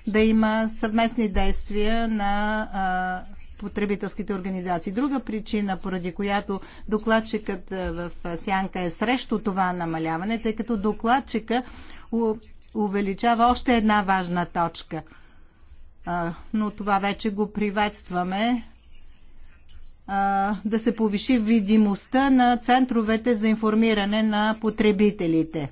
Speaker 4: да има съвместни действия на а, потребителските организации. Друга причина, поради която докладчикът в Сянка е срещу това намаляване, тъй като докладчика увеличава още една важна точка. Но това вече го приветстваме. Да се повиши видимостта на центровете за информиране на потребителите.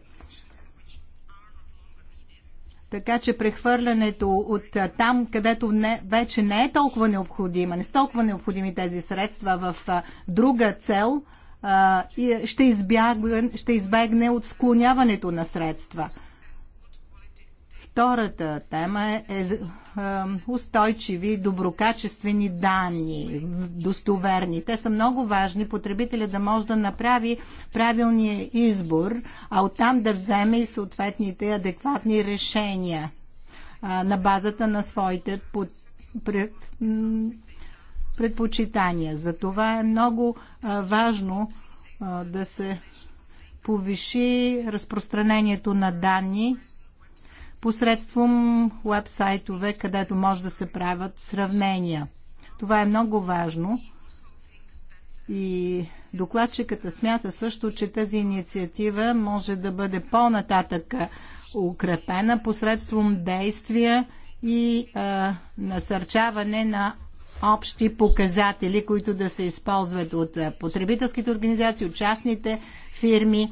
Speaker 4: Така че прехвърлянето от там, където не, вече не е толкова необходима, не са толкова необходими тези средства в а, друга цел, а, ще, избягне, ще избегне от склоняването на средства. Втората тема е, е, е устойчиви, доброкачествени данни, достоверни. Те са много важни, потребителя да може да направи правилния избор, а оттам да вземе и съответните адекватни решения на базата на своите под, пред, предпочитания. Затова е много важно да се повиши разпространението на данни посредством вебсайтове, където може да се правят сравнения. Това е много важно. И докладчиката смята също, че тази инициатива може да бъде по-нататък укрепена посредством действия и а, насърчаване на общи показатели, които да се използват от потребителските организации, от частните фирми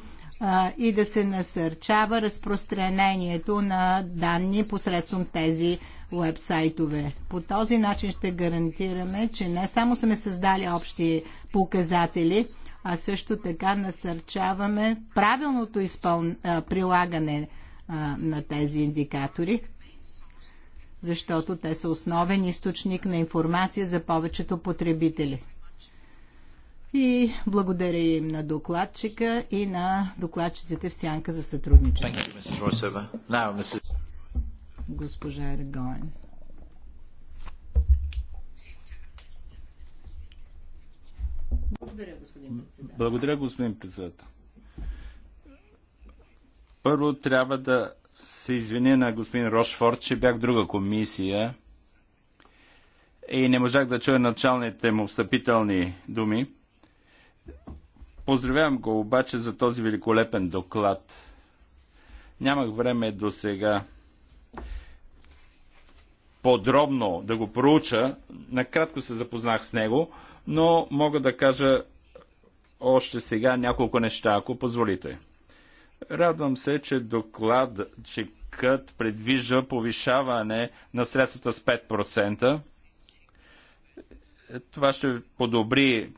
Speaker 4: и да се насърчава разпространението на данни посредством тези вебсайтове. По този начин ще гарантираме, че не само сме създали общи показатели, а също така насърчаваме правилното изпъл... прилагане на тези индикатори, защото те са основен източник на информация за повечето потребители и благодаря им на докладчика и на докладчиците в Сянка за
Speaker 3: сътрудничество.
Speaker 4: Госпожа Регоен.
Speaker 3: Благодаря, господин председател. Първо трябва да се извиня на господин Рошфорд, че бях друга комисия и не можах да чуя началните му встъпителни думи. Поздравявам го обаче за този великолепен доклад. Нямах време до сега подробно да го проуча. Накратко се запознах с него, но мога да кажа още сега няколко неща, ако позволите. Радвам се, че кът предвижда повишаване на средствата с 5%. Това ще подобри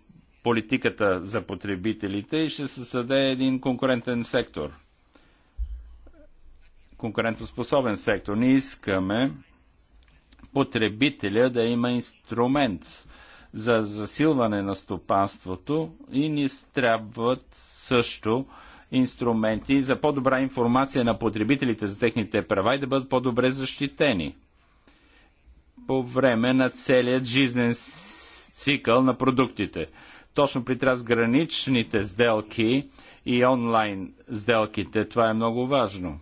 Speaker 3: политиката за потребителите и ще се създаде един конкурентен сектор. Конкурентоспособен сектор. Ние искаме потребителя да има инструмент за засилване на стопанството и ни трябват също инструменти за по-добра информация на потребителите за техните права и да бъдат по-добре защитени по време на целият жизнен цикъл на продуктите точно при трансграничните сделки и онлайн сделките. Това е много важно.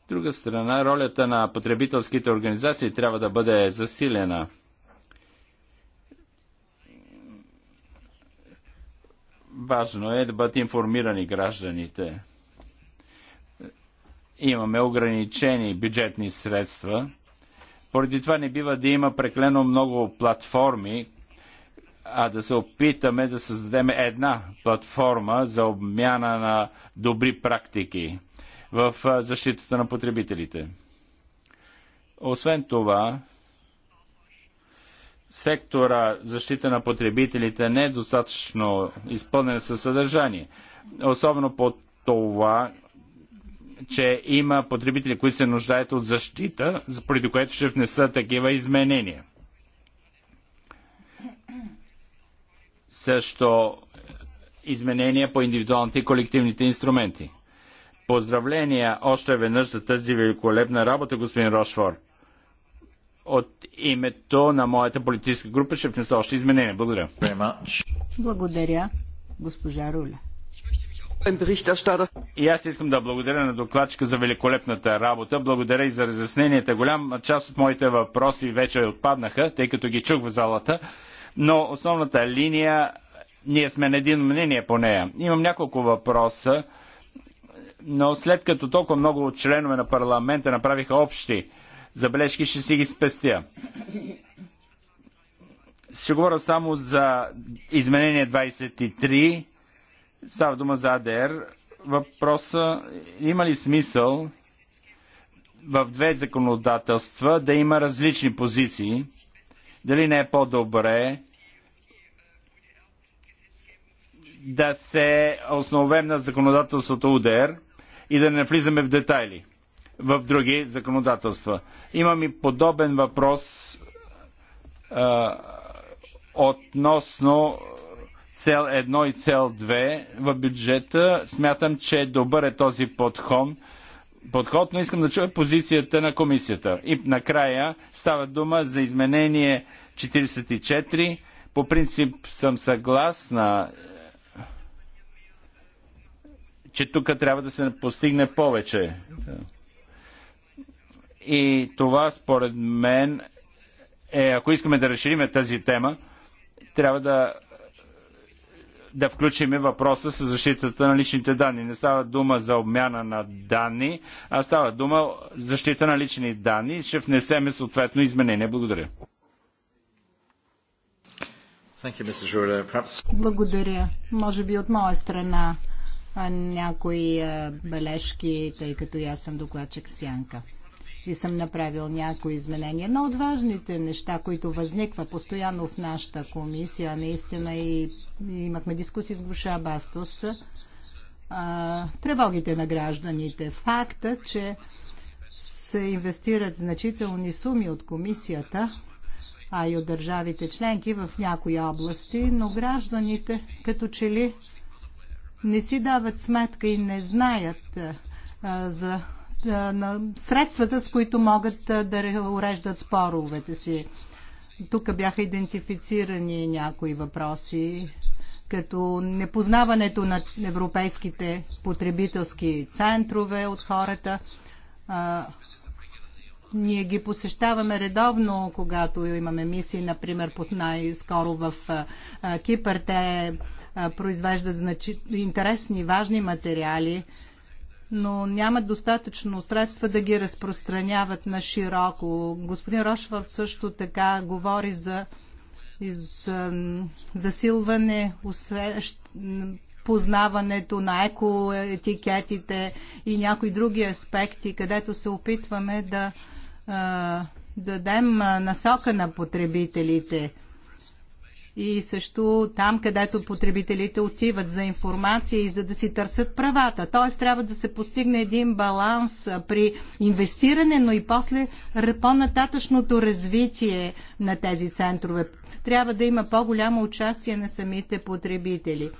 Speaker 3: От друга страна, ролята на потребителските организации трябва да бъде засилена. Важно е да бъдат информирани гражданите. Имаме ограничени бюджетни средства. Поради това не бива да има преклено много платформи, а да се опитаме да създадем една платформа за обмяна на добри практики в защитата на потребителите. Освен това, сектора защита на потребителите не е достатъчно изпълнен със съдържание. Особено по това, че има потребители, които се нуждаят от защита, преди което ще внесат такива изменения. също изменения по индивидуалните и колективните инструменти. Поздравления още веднъж за тази великолепна работа, господин Рошфор. От името на моята политическа група ще внеса още изменения. Благодаря.
Speaker 4: Благодаря, госпожа Руля.
Speaker 3: И аз искам да благодаря на докладчика за великолепната работа. Благодаря и за разясненията. Голяма част от моите въпроси вече отпаднаха, тъй като ги чух в залата но основната линия ние сме на един мнение по нея. Имам няколко въпроса, но след като толкова много от членове на парламента направиха общи забележки, ще си ги спестя. Ще говоря само за изменение 23. Става дума за АДР. Въпроса има ли смисъл в две законодателства да има различни позиции? Дали не е по-добре да се основем на законодателството УДР и да не влизаме в детайли в други законодателства. Имам и подобен въпрос а, относно цел 1 и цел 2 в бюджета. Смятам, че е добър е този подход, подход, но искам да чуя позицията на комисията. И накрая става дума за изменение 44. По принцип съм съгласна че тук трябва да се постигне повече. И това, според мен, е, ако искаме да разширим тази тема, трябва да, да включим въпроса с защитата на личните данни. Не става дума за обмяна на данни, а става дума защита на лични данни. Ще внесеме съответно изменения. Благодаря.
Speaker 4: Благодаря. Може би от моя страна някои бележки, тъй като и аз съм докладчик Сянка и съм направил някои изменения. Но от важните неща, които възниква постоянно в нашата комисия, наистина и имахме дискусии с Гуша Бастос, а, тревогите на гражданите, факта, че се инвестират значителни суми от комисията, а и от държавите членки в някои области, но гражданите като че ли не си дават сметка и не знаят а, за а, на средствата, с които могат а, да уреждат споровете си. Тук бяха идентифицирани някои въпроси, като непознаването на европейските потребителски центрове от хората. А, ние ги посещаваме редовно, когато имаме мисии, например, най-скоро в Кипър. Те произвеждат значи... интересни, важни материали, но нямат достатъчно средства да ги разпространяват на широко. Господин Рошвард също така говори за, засилване усещ... познаването на екоетикетите и някои други аспекти, където се опитваме да дадем насока на потребителите – и също там, където потребителите отиват за информация и за да си търсят правата. Т.е. трябва да се постигне един баланс при инвестиране, но и после по-нататъчното развитие на тези центрове. Трябва да има по-голямо участие на самите потребители.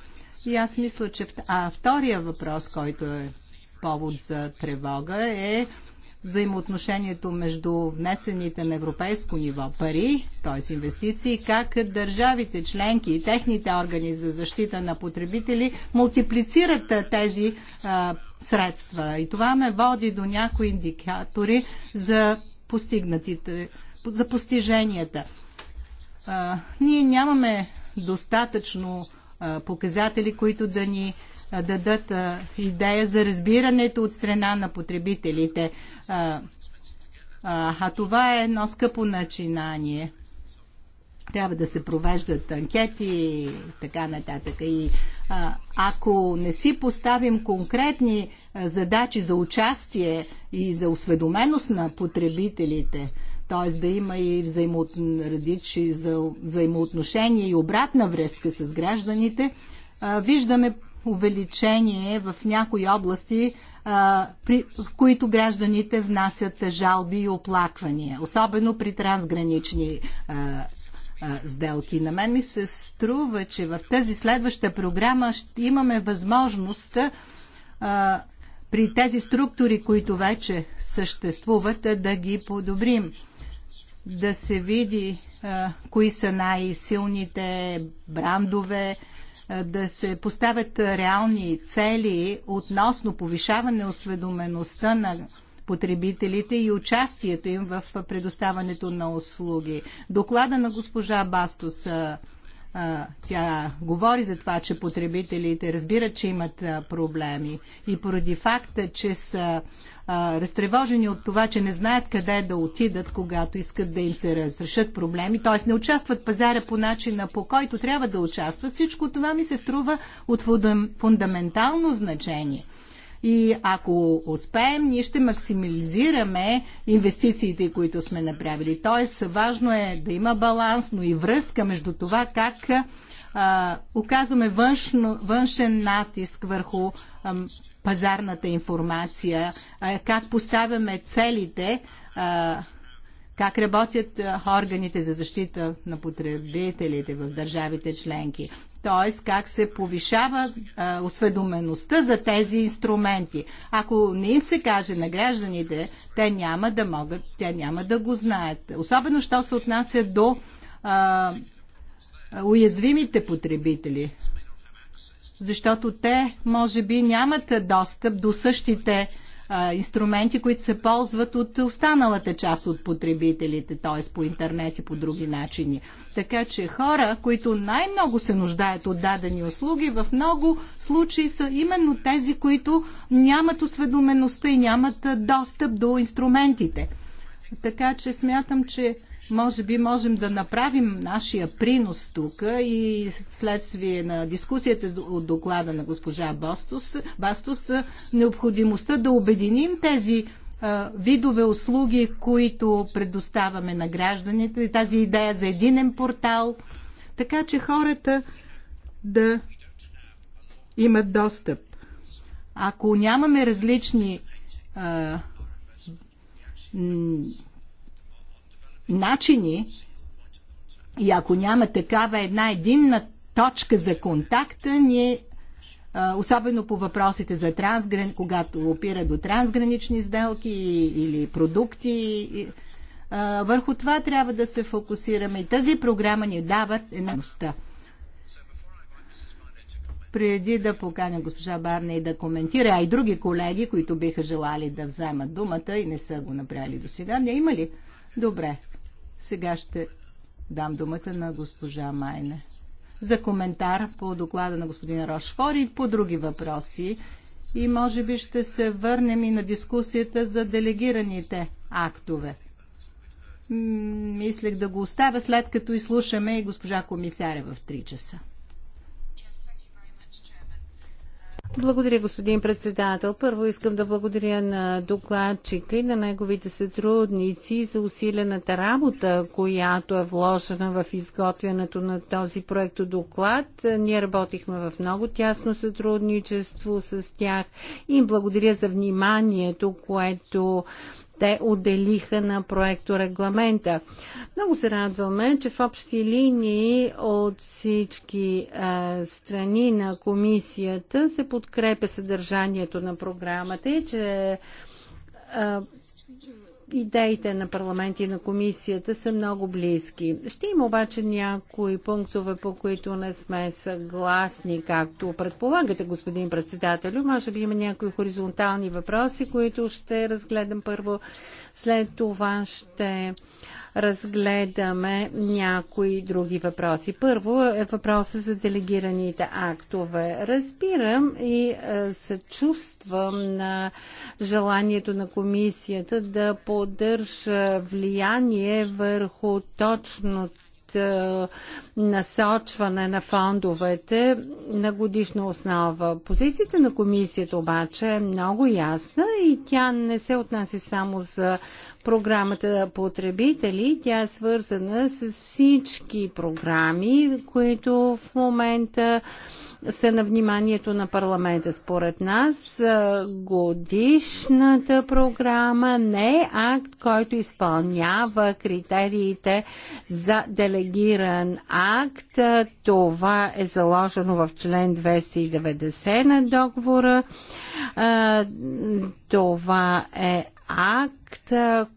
Speaker 4: И аз мисля, че... А втория въпрос, който е повод за тревога е взаимоотношението между внесените на европейско ниво пари, т.е. инвестиции, как държавите членки и техните органи за защита на потребители мултиплицират тези а, средства. И това ме води до някои индикатори за постигнатите, за постиженията. А, ние нямаме достатъчно а, показатели, които да ни а, дадат идея за разбирането от страна на потребителите. А това е едно скъпо начинание. Трябва да се провеждат анкети и така нататък. И а, ако не си поставим конкретни а, задачи за участие и за осведоменост на потребителите, т.е. да има и взаимоотношения и обратна връзка с гражданите, виждаме увеличение в някои области, а, при, в които гражданите внасят жалби и оплаквания, особено при трансгранични а, сделки. На мен ми се струва, че в тази следваща програма ще имаме възможност а, при тези структури, които вече съществуват, да ги подобрим. Да се види а, кои са най-силните брандове, е, да се поставят реални цели относно повишаване осведомеността на потребителите и участието им в предоставането на услуги. Доклада на госпожа Бастос е, тя говори за това, че потребителите разбират, че имат проблеми и поради факта, че са разтревожени от това, че не знаят къде да отидат, когато искат да им се разрешат проблеми, т.е. не участват пазара по начина по който трябва да участват, всичко това ми се струва от фундаментално значение. И ако успеем, ние ще максимализираме инвестициите, които сме направили. Тоест, важно е да има баланс, но и връзка между това как а, оказваме външно, външен натиск върху а, пазарната информация, а, как поставяме целите, а, как работят органите за защита на потребителите в държавите членки т.е. как се повишава а, осведомеността за тези инструменти. Ако не им се каже на гражданите, те няма да могат, те няма да го знаят. Особено, що се отнася до а, уязвимите потребители, защото те, може би, нямат достъп до същите инструменти, които се ползват от останалата част от потребителите, т.е. по интернет и по други начини. Така че хора, които най-много се нуждаят от дадени услуги, в много случаи са именно тези, които нямат осведомеността и нямат достъп до инструментите. Така че смятам, че може би можем да направим нашия принос тук и следствие на дискусията от доклада на госпожа Бастус, Бастус необходимостта да обединим тези видове услуги, които предоставяме на гражданите и тази идея за единен портал, така че хората да имат достъп. Ако нямаме различни а, начини и ако няма такава една единна точка за контакта, ние особено по въпросите за трансгран, когато опира до трансгранични сделки или продукти. Върху това трябва да се фокусираме и тази програма ни дава едността. Преди да поканя госпожа Барна и да коментира, а и други колеги, които биха желали да вземат думата и не са го направили до сега, не има ли? Добре. Сега ще дам думата на госпожа Майне за коментар по доклада на господин Рошфор и по други въпроси. И може би ще се върнем и на дискусията за делегираните актове. Мислех да го оставя след като изслушаме и госпожа комисаря в 3 часа.
Speaker 2: Благодаря, господин председател. Първо искам да благодаря на докладчика и на неговите сътрудници за усилената работа, която е вложена в изготвянето на този проект доклад. Ние работихме в много тясно сътрудничество с тях и им благодаря за вниманието, което те отделиха на проекто регламента. Много се радваме, че в общи линии от всички а, страни на комисията се подкрепя съдържанието на програмата и че а, идеите на парламент и на комисията са много близки. Ще има обаче някои пунктове, по които не сме съгласни, както предполагате, господин председателю. Може би има някои хоризонтални въпроси, които ще разгледам първо след това ще разгледаме някои други въпроси. Първо е въпроса за делегираните актове. Разбирам и е, се съчувствам на желанието на комисията да поддържа влияние върху точното е, насочване на фондовете на годишна основа. Позицията на комисията обаче е много ясна и тя не се отнася само за програмата потребители. Тя е свързана с всички програми, които в момента са на вниманието на парламента. Според нас годишната програма не е акт, който изпълнява критериите за делегиран акт. Това е заложено в член 290 на договора. Това е акт,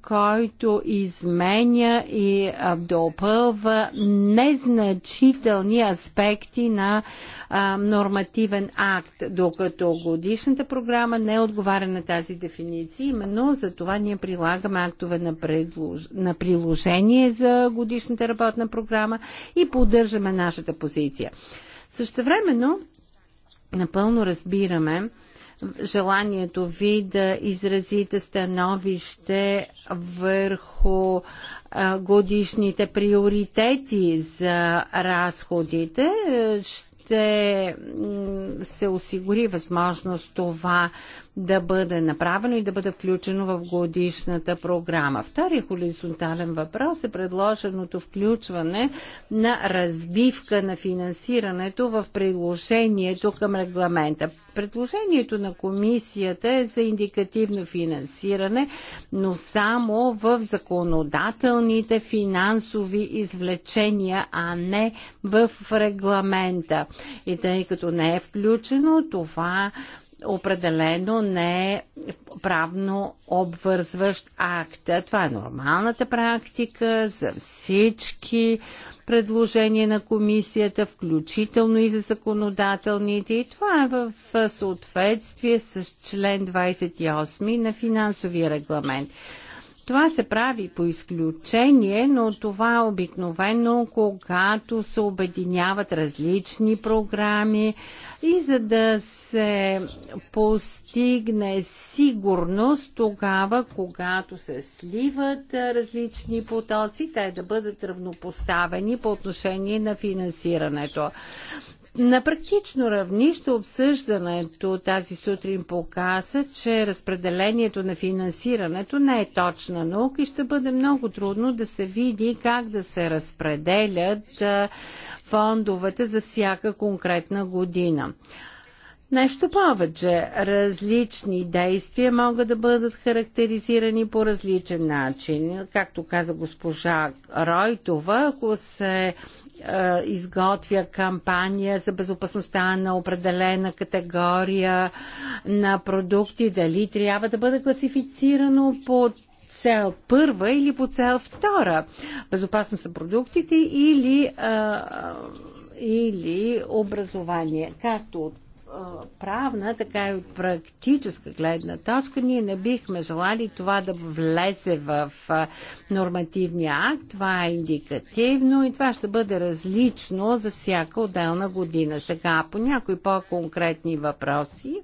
Speaker 2: който изменя и допълва незначителни аспекти на нормативен акт, докато годишната програма не отговаря на тази дефиниция. Именно за това ние прилагаме актове на, предлож... на приложение за годишната работна програма и поддържаме нашата позиция. Същевременно, напълно разбираме, желанието ви да изразите становище върху годишните приоритети за разходите. Ще се осигури възможност това да бъде направено и да бъде включено в годишната програма. Втория хоризонтален въпрос е предложеното включване на разбивка на финансирането в приложението към регламента. Предложението на комисията е за индикативно финансиране, но само в законодателните финансови извлечения, а не в регламента. И тъй като не е включено, това определено не е правно обвързващ акт. Това е нормалната практика за всички предложения на комисията, включително и за законодателните. И това е в съответствие с член 28 на финансовия регламент. Това се прави по изключение, но това е обикновено, когато се обединяват различни програми и за да се постигне сигурност тогава, когато се сливат различни потоци, те да бъдат равнопоставени по отношение на финансирането. На практично равнище обсъждането тази сутрин показа, че разпределението на финансирането не е точна наука и ще бъде много трудно да се види как да се разпределят фондовете за всяка конкретна година. Нещо повече, различни действия могат да бъдат характеризирани по различен начин. Както каза госпожа Ройтова, ако се е, изготвя кампания за безопасността на определена категория на продукти, дали трябва да бъде класифицирано по цел първа или по цел втора безопасност на продуктите или, а, е, е, или образование. Както от правна, така и от практическа гледна точка, ние не бихме желали това да влезе в нормативния акт. Това е индикативно и това ще бъде различно за всяка отделна година. Сега по някои по-конкретни въпроси.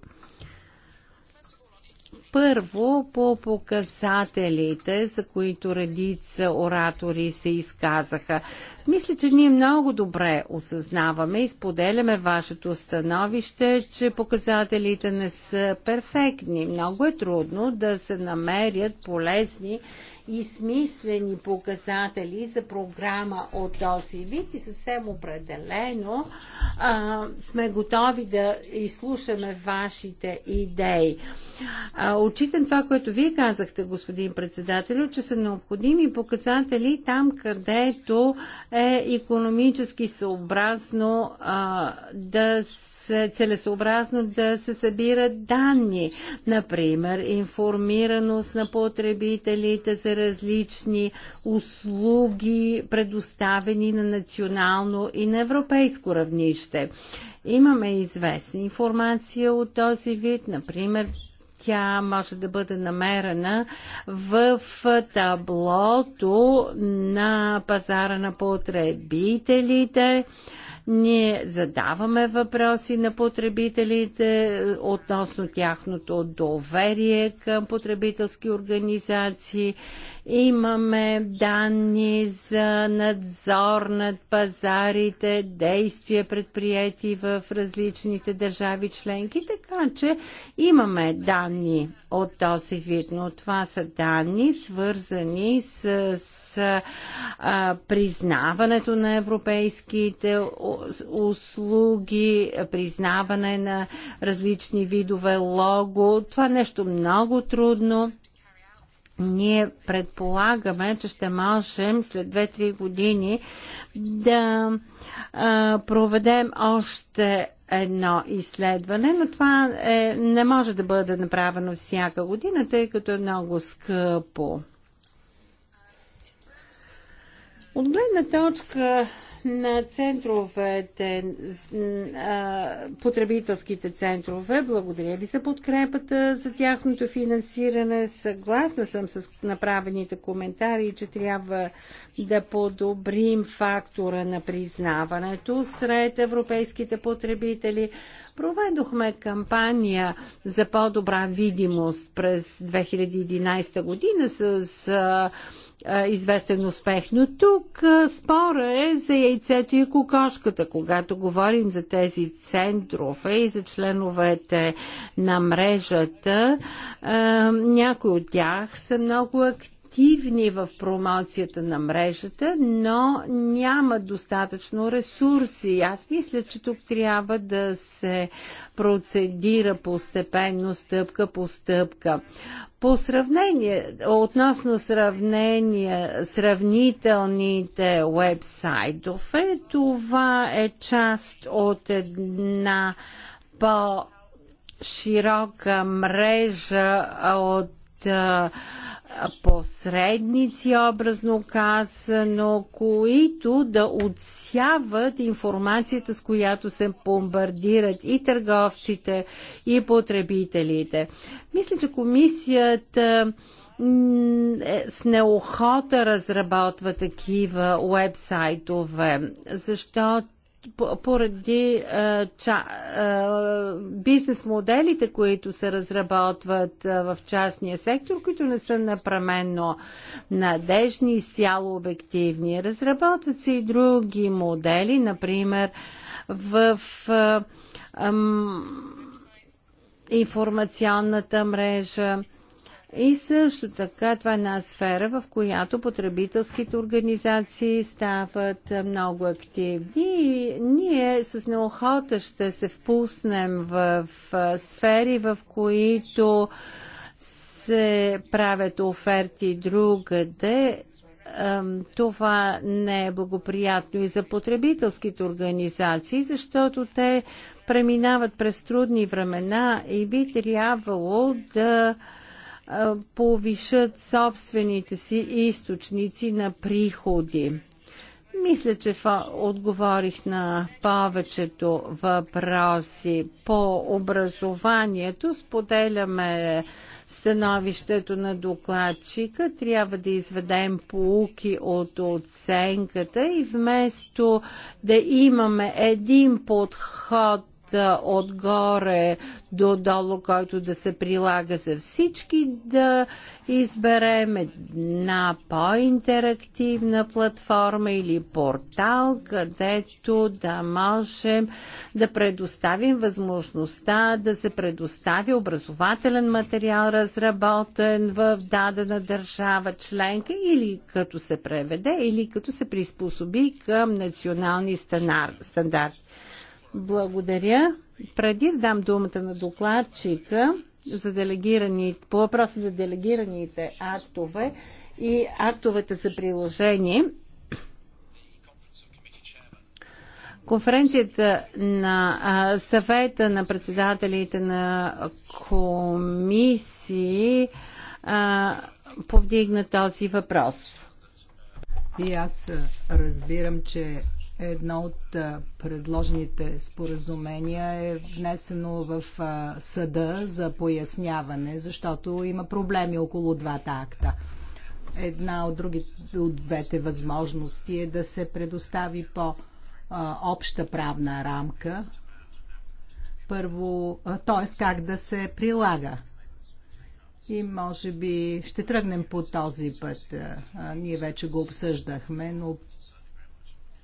Speaker 2: Първо, по показателите, за които редица оратори се изказаха. Мисля, че ние много добре осъзнаваме и споделяме вашето становище, че показателите не са перфектни. Много е трудно да се намерят полезни измислени показатели за програма от този вид и съвсем определено а, сме готови да изслушаме вашите идеи. А, отчитам това, което вие казахте, господин председател, че са необходими показатели там, където е економически съобразно а, да се целесообразно да се събират данни, например информираност на потребителите за различни услуги, предоставени на национално и на европейско равнище. Имаме известна информация от този вид, например тя може да бъде намерена в таблото на пазара на потребителите. Ние задаваме въпроси на потребителите е, относно тяхното доверие към потребителски организации Имаме данни за надзор над пазарите, действия предприяти в различните държави членки, така че имаме данни от този вид, но това са данни свързани с, с а, признаването на европейските услуги, признаване на различни видове лого. Това е нещо много трудно ние предполагаме, че ще можем след 2-3 години да а, проведем още едно изследване, но това е, не може да бъде направено всяка година, тъй като е много скъпо. От гледна точка на центровете, потребителските центрове. Благодаря ви за подкрепата, за тяхното финансиране. Съгласна съм с направените коментари, че трябва да подобрим фактора на признаването сред европейските потребители. Проведохме кампания за по-добра видимост през 2011 година с известен успех. Но тук спора е за яйцето и кокошката. Когато говорим за тези центрове и за членовете на мрежата, някои от тях са много активни активни в промоцията на мрежата, но няма достатъчно ресурси. Аз мисля, че тук трябва да се процедира постепенно, стъпка по стъпка. По сравнение, относно сравнение, сравнителните вебсайтове, това е част от една по-широка мрежа от uh посредници, образно казано, които да отсяват информацията, с която се бомбардират и търговците, и потребителите. Мисля, че комисията е с неохота разработва такива уебсайтове, защото поради а, ча, а, бизнес моделите, които се разработват а, в частния сектор, които не са напременно надежни, и сяло обективни. Разработват се и други модели, например в а, информационната мрежа. И също така това е една сфера, в която потребителските организации стават много активни и ние с неохота ще се впуснем в сфери, в които се правят оферти другаде това не е благоприятно и за потребителските организации, защото те преминават през трудни времена и би трябвало да повишат собствените си източници на приходи. Мисля, че отговорих на повечето въпроси по образованието. Споделяме становището на докладчика. Трябва да изведем полуки от оценката и вместо да имаме един подход отгоре до долу, който да се прилага за всички, да изберем една по-интерактивна платформа или портал, където да можем да предоставим възможността да се предостави образователен материал, разработен в дадена държава членка или като се преведе, или като се приспособи към национални стандарти. Благодаря. Преди да дам думата на докладчика за делегирани, по въпроса за делегираните актове и актовете за приложение, Конференцията на а, съвета на председателите на комисии а, повдигна този въпрос. И
Speaker 4: аз разбирам, че Едно от предложените споразумения е внесено в съда за поясняване, защото има проблеми около двата акта. Една от, други, от двете възможности е да се предостави по обща правна рамка. Първо, т.е. как да се прилага и може би ще тръгнем по този път. Ние вече го обсъждахме, но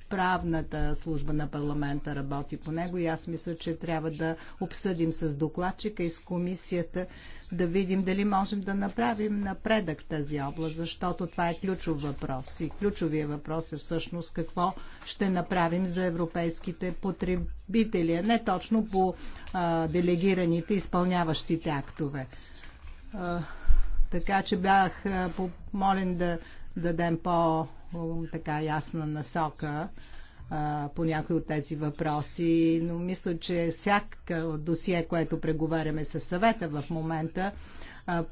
Speaker 4: правната служба на парламента работи по него и аз мисля, че трябва да обсъдим с докладчика и с комисията да видим дали можем да направим напредък тази област, защото това е ключов въпрос. И ключовия въпрос е всъщност какво ще направим за европейските потребители, а не точно по а, делегираните изпълняващите актове. А, така че бях помолен да дадем по ясна насока по някои от тези въпроси, но мисля, че всяка досие, което преговаряме с съвета в момента,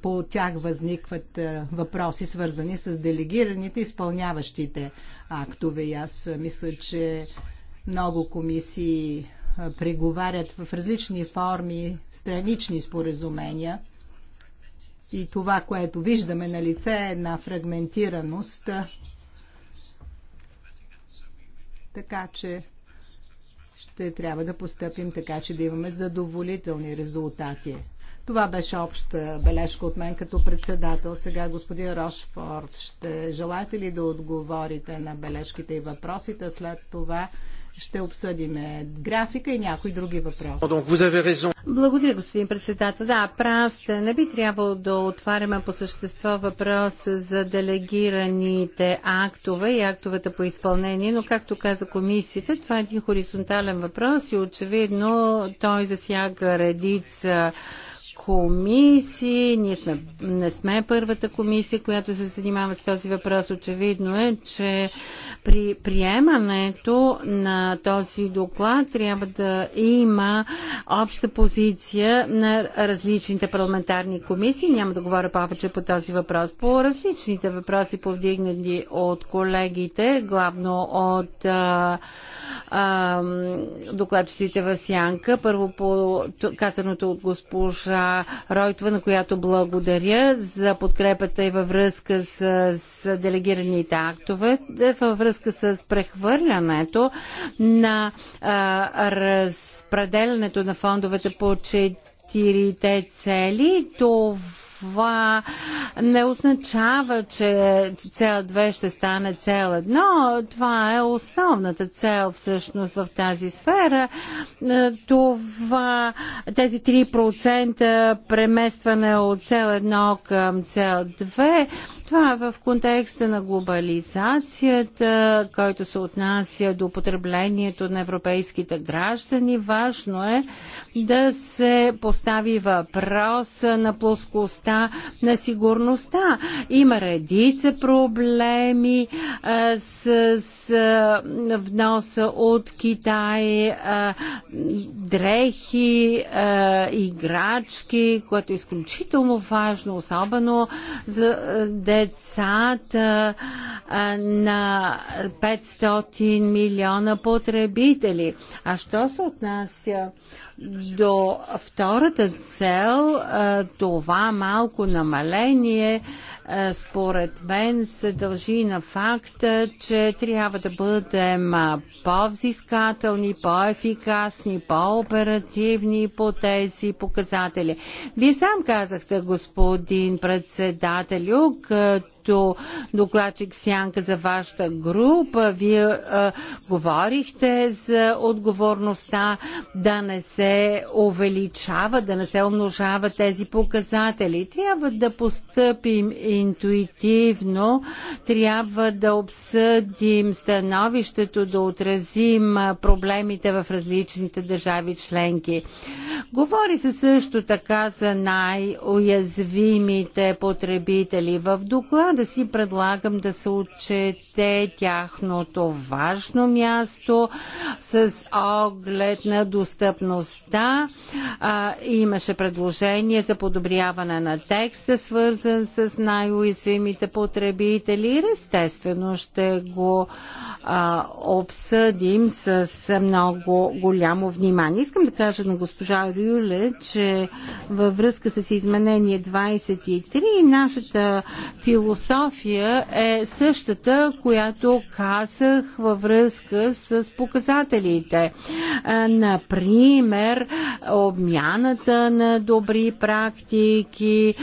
Speaker 4: по тях възникват въпроси, свързани с делегираните изпълняващите актове. И аз мисля, че много комисии преговарят в различни форми странични споразумения – и това, което виждаме на лице е една фрагментираност. Така че ще трябва да постъпим така, че да имаме задоволителни резултати. Това беше обща бележка от мен като председател. Сега господин Рошфорд, ще желаете ли да отговорите на бележките и въпросите? След това ще обсъдим графика и някои други
Speaker 1: въпроси.
Speaker 2: Благодаря, господин председател. Да, прав сте. Не би трябвало да отваряме по същество въпроса за делегираните актове и актовете по изпълнение, но както каза комисията, това е един хоризонтален въпрос и очевидно той засяга редица комисии. Ние сме, не сме първата комисия, която се занимава с този въпрос. Очевидно е, че при приемането на този доклад трябва да има обща позиция на различните парламентарни комисии. Няма да говоря повече по този въпрос. По различните въпроси, повдигнати от колегите, главно от а, а, докладчиците в Сянка, първо по казаното от госпожа Ройтва, на която благодаря за подкрепата и във връзка с, с делегираните актове, във връзка с прехвърлянето на а, разпределянето на фондовете по четирите цели. Това това не означава, че цел 2 ще стане цел 1. Това е основната цел всъщност в тази сфера. Е, това, тези 3% преместване от цел 1 към цел 2 това е в контекста на глобализацията, който се отнася до потреблението на европейските граждани. Важно е да се постави въпрос на плоскостта на сигурността. Има редица проблеми с, с вноса от Китай, дрехи, играчки, което е изключително важно, особено за да децата на 500 милиона потребители. А що се отнася до втората цел, това малко намаление според мен се дължи на факта, че трябва да бъдем по-взискателни, по-ефикасни, по-оперативни по тези показатели. Вие сам казахте, господин председателю, като като докладчик Сянка за вашата група. Вие а, говорихте за отговорността да не се увеличава, да не се умножава тези показатели. Трябва да постъпим интуитивно, трябва да обсъдим становището, да отразим проблемите в различните държави членки. Говори се също така за най-уязвимите потребители. В доклад да си предлагам да се отчете тяхното важно място с оглед на достъпността. А, имаше предложение за подобряване на текста, свързан с най-уязвимите потребители. Естествено ще го а, обсъдим с много голямо внимание. Искам да кажа на госпожа Рюле, че във връзка с изменение 23 нашата философия философия е същата, която казах във връзка с показателите. Например, обмяната на добри практики,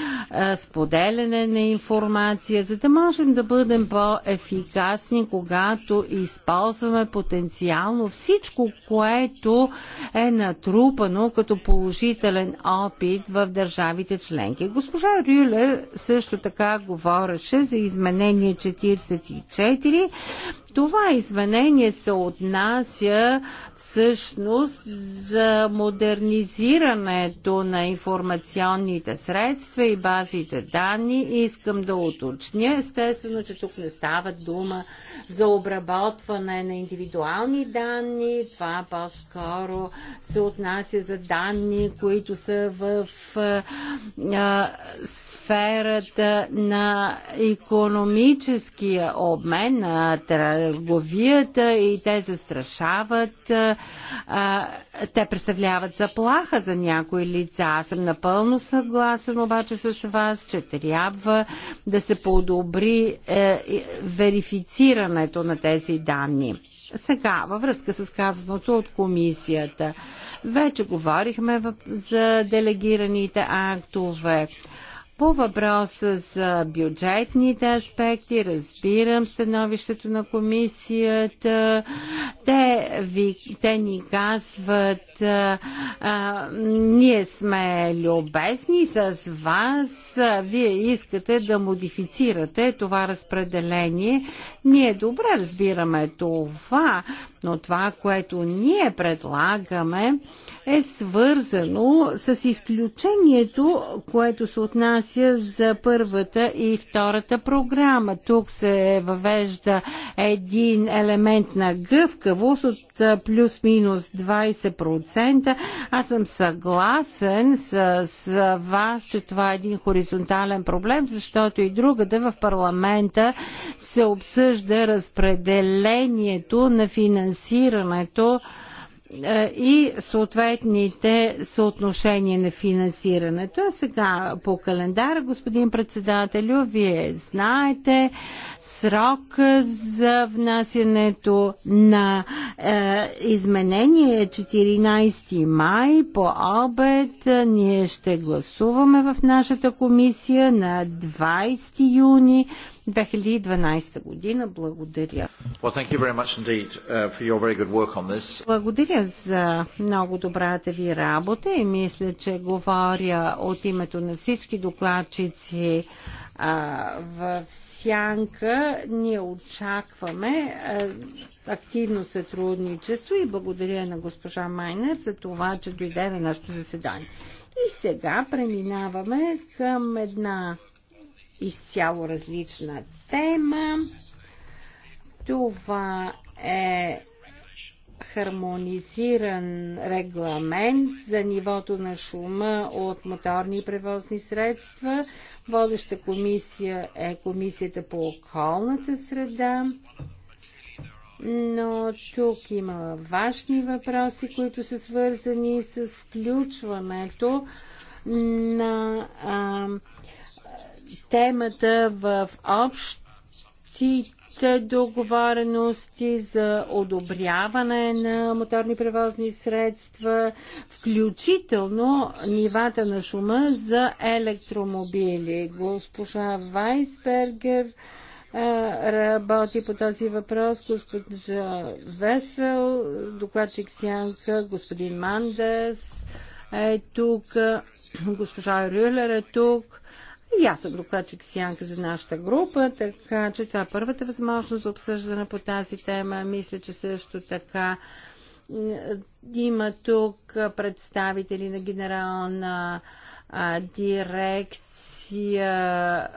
Speaker 2: споделяне на информация, за да можем да бъдем по-ефикасни, когато използваме потенциално всичко, което е натрупано като положителен опит в държавите членки. Госпожа Рюлер също така говореше за изменение 44 това изменение се отнася всъщност за модернизирането на информационните средства и базите данни. Искам да уточня, естествено, че тук не става дума за обработване на индивидуални данни. Това по-скоро се отнася за данни, които са в а, сферата на економическия обмен на търговията и те застрашават. А, те представляват заплаха за някои лица. Аз съм напълно съгласен обаче с вас, че трябва да се подобри е, верифицирането на тези данни. Сега, във връзка с казаното от комисията, вече говорихме за делегираните актове. По въпроса за бюджетните аспекти, разбирам становището на комисията. Те, ви, те ни казват, а, а, ние сме любезни с вас, а, вие искате да модифицирате това разпределение. Ние добре разбираме това, но това, което ние предлагаме, е свързано с изключението, което се отнася за първата и втората програма. Тук се въвежда един елемент на гъвкавост от плюс-минус 20%. Аз съм съгласен с, вас, че това е един хоризонтален проблем, защото и другата в парламента се обсъжда разпределението на финансирането финансирането е, и съответните съотношения на финансирането. А сега по календара, господин председателю, вие знаете срок за внасянето на е, изменение 14 е май по обед. Ние ще гласуваме в нашата комисия на 20 юни 2012 година. Благодаря.
Speaker 3: Well,
Speaker 2: Благодаря за много добрата ви работа и мисля, че говоря от името на всички докладчици uh, в сянка ние очакваме uh, активно сътрудничество и благодаря на госпожа Майнер за това, че дойде на нашето заседание. И сега преминаваме към една изцяло различна тема. Това е хармонизиран регламент за нивото на шума от моторни превозни средства. Водеща комисия е комисията по околната среда. Но тук има важни въпроси, които са свързани с включването на а, темата в общите договорености за одобряване на моторни превозни средства, включително нивата на шума за електромобили. Госпожа Вайсбергер работи по този въпрос госпожа Весвел, докладчик Сянка, господин Мандес, е тук, госпожа Рюлер е тук, и аз съм докладчик в сянка за нашата група, така че това е първата възможност за обсъждане по тази тема. Мисля, че също така е, има тук представители на генерална дирекция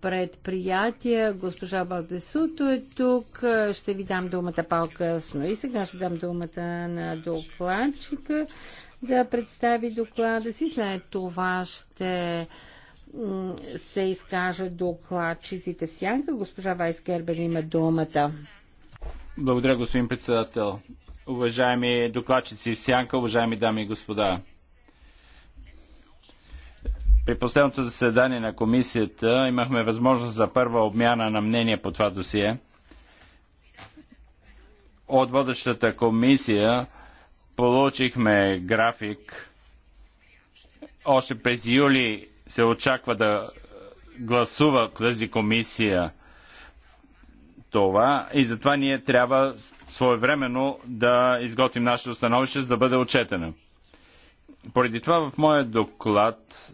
Speaker 2: предприятия. Госпожа Балдесуто е тук. Ще ви дам думата по-късно. И сега ще дам думата на докладчика да представи доклада си. След това ще се изкаже докладчиците в сянка. Госпожа Вайс Гербер има думата.
Speaker 3: Благодаря, господин председател. Уважаеми докладчици в сянка, уважаеми дами и господа. При последното заседание на комисията имахме възможност за първа обмяна на мнение по това досие. От водещата комисия получихме график още през юли се очаква да гласува тази комисия това и затова ние трябва своевременно да изготвим нашето становище, за да бъде отчетено. Поради това в моя доклад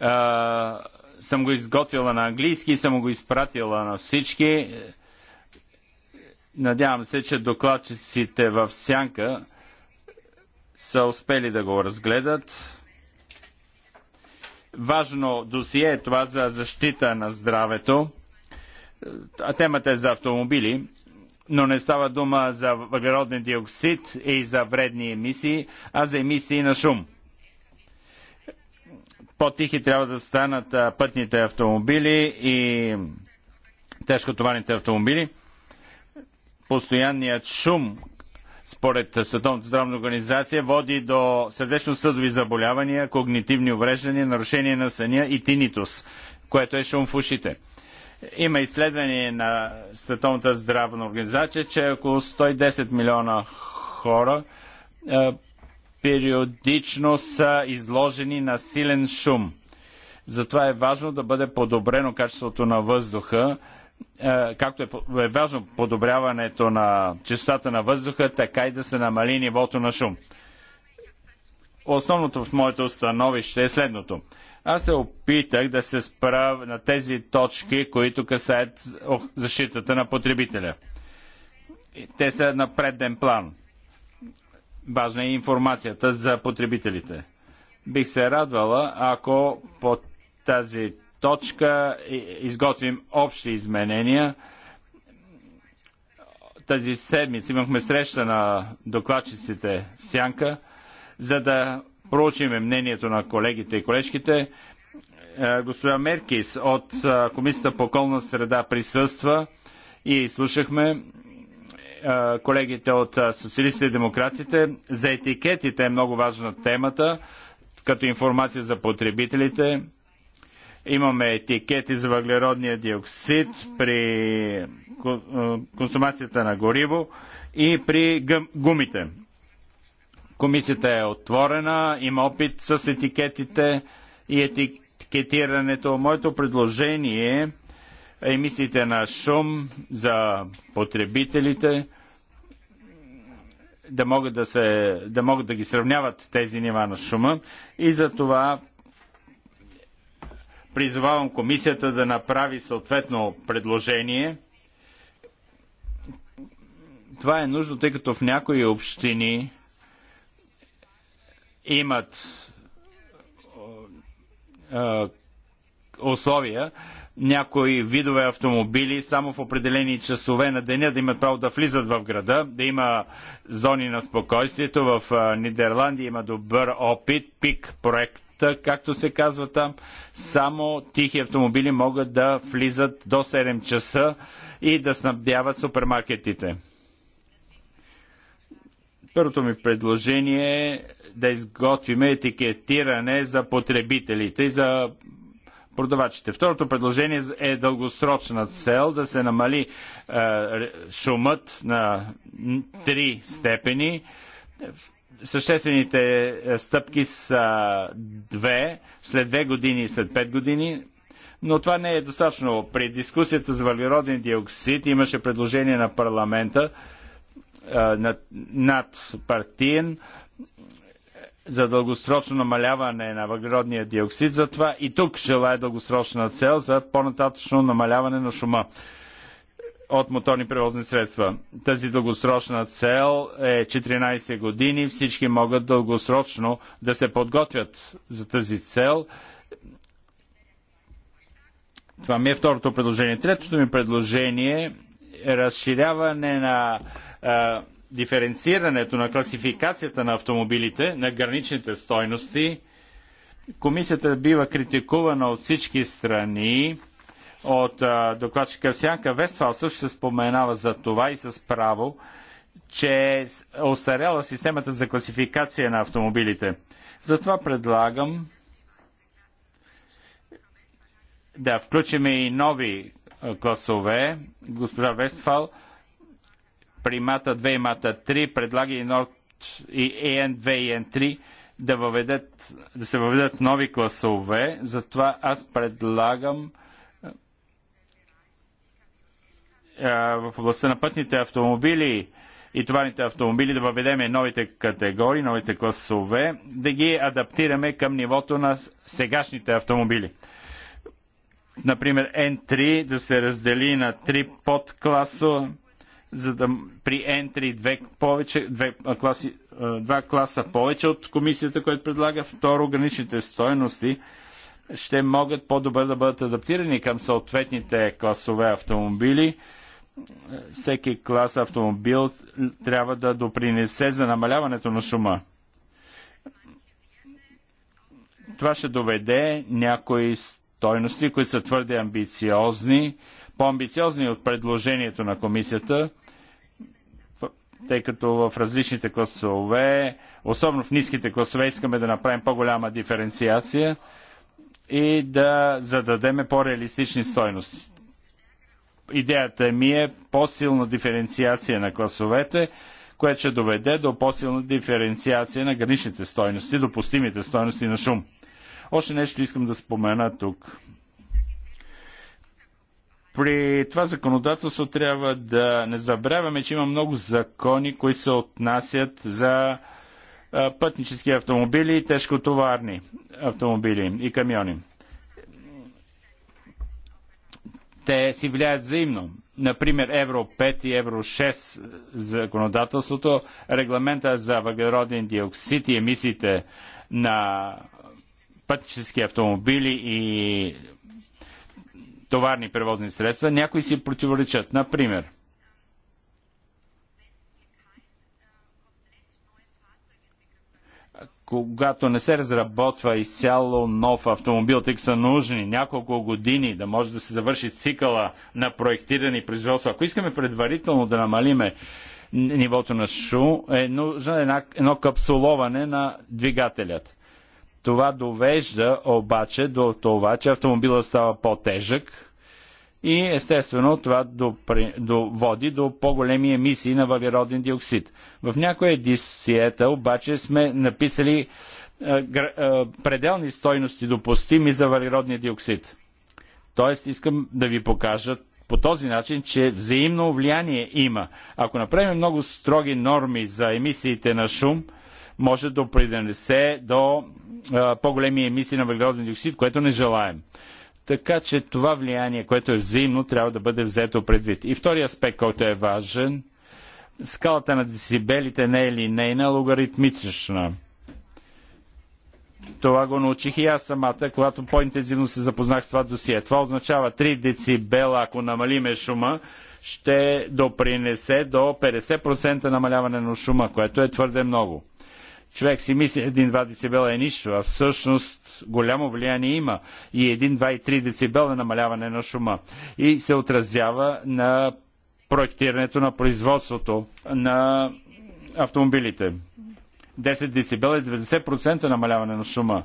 Speaker 3: а, съм го изготвила на английски, съм го изпратила на всички. Надявам се, че докладчиците в Сянка са успели да го разгледат важно досие е това за защита на здравето. А темата е за автомобили, но не става дума за въглероден диоксид и за вредни емисии, а за емисии на шум. По-тихи трябва да станат пътните автомобили и тежкотоварните автомобили. Постоянният шум, според Световната здравна организация, води до сърдечно-съдови заболявания, когнитивни увреждания, нарушение на съня и тинитус, което е шум в ушите. Има изследване на Световната здравна организация, че около 110 милиона хора е, периодично са изложени на силен шум. Затова е важно да бъде подобрено качеството на въздуха, е, както е, е важно подобряването на чистотата на въздуха, така и да се намали нивото на шум. Основното в моето становище е следното. Аз се опитах да се спра на тези точки, които касаят защитата на потребителя. Те са на преден план. Важна е информацията за потребителите. Бих се радвала, ако по тази точка изготвим общи изменения. Тази седмица имахме среща на докладчиците в Сянка, за да проучиме мнението на колегите и колежките. Е, госпожа Меркис от е, Комисията по околна среда присъства и слушахме е, колегите от социалистите и демократите. За етикетите е много важна темата, като информация за потребителите Имаме етикети за въглеродния диоксид при консумацията на гориво и при гумите. Комисията е отворена, има опит с етикетите и етикетирането. Моето предложение е емисиите на шум за потребителите да могат да, се, да могат да ги сравняват тези нива на шума и за това призовавам комисията да направи съответно предложение. Това е нужно, тъй като в някои общини имат е, условия някои видове автомобили само в определени часове на деня да имат право да влизат в града, да има зони на спокойствието. В Нидерландия има добър опит, пик проект както се казва там, само тихи автомобили могат да влизат до 7 часа и да снабдяват супермаркетите. Първото ми предложение е да изготвим етикетиране за потребителите и за продавачите. Второто предложение е дългосрочна цел да се намали е, шумът на 3 степени съществените е, стъпки са две, след две години и след пет години, но това не е достатъчно. При дискусията за въглероден диоксид имаше предложение на парламента е, над, над партиен за дългосрочно намаляване на въглеродния диоксид, затова и тук желая дългосрочна цел за по-нататъчно намаляване на шума от моторни превозни средства. Тази дългосрочна цел е 14 години. Всички могат дългосрочно да се подготвят за тази цел. Това ми е второто предложение. Третото ми предложение е разширяване на а, диференцирането на класификацията на автомобилите, на граничните стойности. Комисията бива критикувана от всички страни от докладчика Сянка Вестфал също се споменава за това и с право, че е остаряла системата за класификация на автомобилите. Затова предлагам да включим и нови класове. Госпожа Вестфал при МАТА 2 и МАТА 3 предлага и НОРД и ЕН2 и ЕН3 да, въведат, да се въведат нови класове. Затова аз предлагам в областта на пътните автомобили и товарните автомобили да въведеме новите категории, новите класове, да ги адаптираме към нивото на сегашните автомобили. Например, N3 да се раздели на 3 подкласо, за да при N3 две, повече, две класи, два класа повече от комисията, която предлага. Второ, граничните стоености ще могат по-добре да бъдат адаптирани към съответните класове автомобили всеки клас автомобил трябва да допринесе за намаляването на шума. Това ще доведе някои стойности, които са твърде амбициозни, по-амбициозни от предложението на комисията, тъй като в различните класове, особено в ниските класове, искаме да направим по-голяма диференциация и да зададеме по-реалистични стойности идеята ми е по-силна диференциация на класовете, което ще доведе до по-силна диференциация на граничните стойности, допустимите стойности на шум. Още нещо искам да спомена тук. При това законодателство трябва да не забравяме, че има много закони, които се отнасят за пътнически автомобили и тежкотоварни автомобили и камиони. те си влияят взаимно. Например, Евро 5 и Евро 6 законодателството, регламента за въглероден диоксид и емисиите на пътнически автомобили и товарни превозни средства, някои си противоречат. Например, когато не се разработва изцяло нов автомобил, тъй като са нужни няколко години да може да се завърши цикъла на проектиране и производство, ако искаме предварително да намалиме нивото на шу, е нужно една, едно капсуловане на двигателят. Това довежда обаче до това, че автомобилът става по-тежък, и естествено това допри, до, води до по-големи емисии на въглероден диоксид. В някоя дисиета обаче сме написали е, е, пределни стойности допустими за въглеродния диоксид. Тоест искам да ви покажа по този начин, че взаимно влияние има. Ако направим много строги норми за емисиите на шум, може да допринесе до е, по-големи емисии на въглероден диоксид, което не желаем. Така че това влияние, което е взаимно, трябва да бъде взето предвид. И втори аспект, който е важен, скалата на децибелите не е линейна, а логаритмична. Това го научих и аз самата, когато по-интензивно се запознах с това досие. Това означава 3 децибела, ако намалиме шума, ще допринесе до 50% намаляване на шума, което е твърде много човек си мисли 1-2 децибела е нищо, а всъщност голямо влияние има и един 2 и 3 децибела е намаляване на шума и се отразява на проектирането на производството на автомобилите. 10 децибела е 90% намаляване на шума.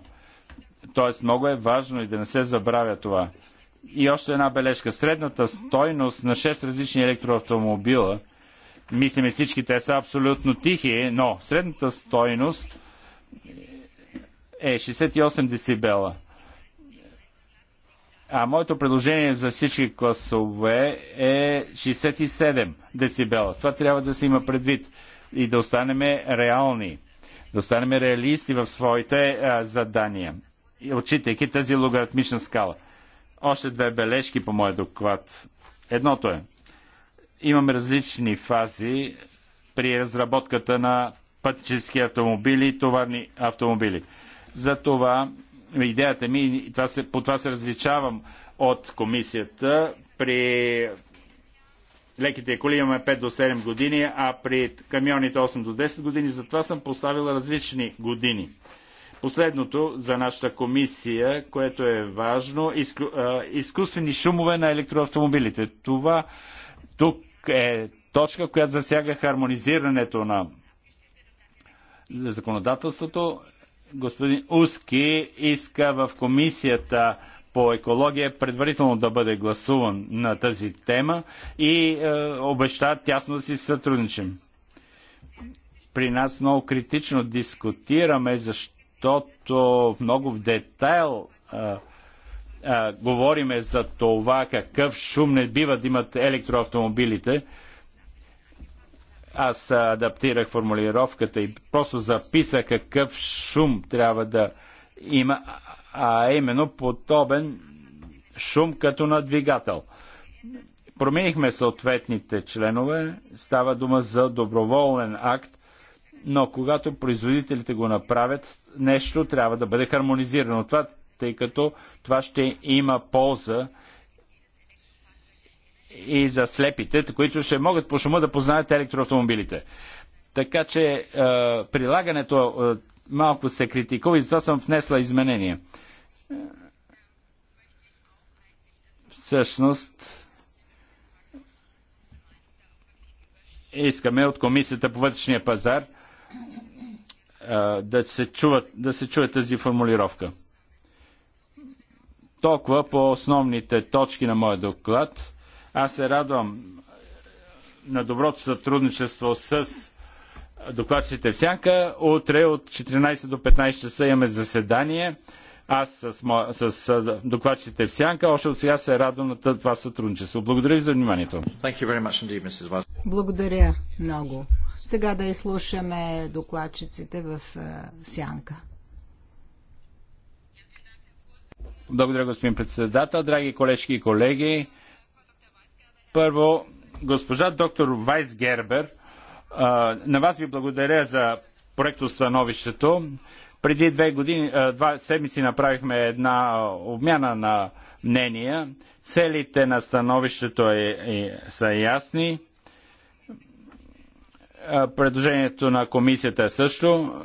Speaker 3: Тоест много е важно и да не се забравя това. И още една бележка. Средната стойност на 6 различни електроавтомобила – мислиме всички, те са абсолютно тихи, но средната стойност е 68 децибела. А моето предложение за всички класове е 67 децибела. Това трябва да се има предвид и да останем реални, да останем реалисти в своите а, задания, отчитайки тази логаритмична скала. Още две бележки по моя доклад. Едното е, Имаме различни фази при разработката на пътчески автомобили и товарни автомобили. Затова идеята ми, това се, по това се различавам от комисията. При леките коли имаме 5 до 7 години, а при камионите 8 до 10 години. Затова съм поставил различни години. Последното за нашата комисия, което е важно, изку, а, изкуствени шумове на електроавтомобилите. Това тук е точка, която засяга хармонизирането на законодателството. Господин Уски иска в комисията по екология предварително да бъде гласуван на тази тема и е, обеща тясно да си сътрудничим. При нас много критично дискутираме, защото много в детайл е, а, е, говориме за това какъв шум не бива да имат електроавтомобилите, аз адаптирах формулировката и просто записах какъв шум трябва да има, а именно подобен шум като на двигател. Променихме съответните членове, става дума за доброволен акт, но когато производителите го направят, нещо трябва да бъде хармонизирано. Това тъй като това ще има полза и за слепите, които ще могат по шума да познаят електроавтомобилите. Така че е, прилагането е, малко се критикува и затова съм внесла изменения. Всъщност, искаме от Комисията по вътрешния пазар е, да, се чува, да се чуе тази формулировка. Толкова по основните точки на моя доклад. Аз се радвам на доброто сътрудничество с докладчите в сянка. Утре от 14 до 15 часа имаме заседание. Аз с, мо... с докладчите в сянка още от сега се радвам на това сътрудничество. Благодаря ви за вниманието. Indeed,
Speaker 4: Благодаря много. Сега да изслушаме докладчиците в сянка.
Speaker 3: Благодаря, господин председател. Драги колежки и колеги, първо, госпожа доктор Вайс Гербер, на вас ви благодаря за проектостановището. Преди две, години, два седмици направихме една обмяна на мнения. Целите на становището е, е, са ясни. Предложението на комисията е също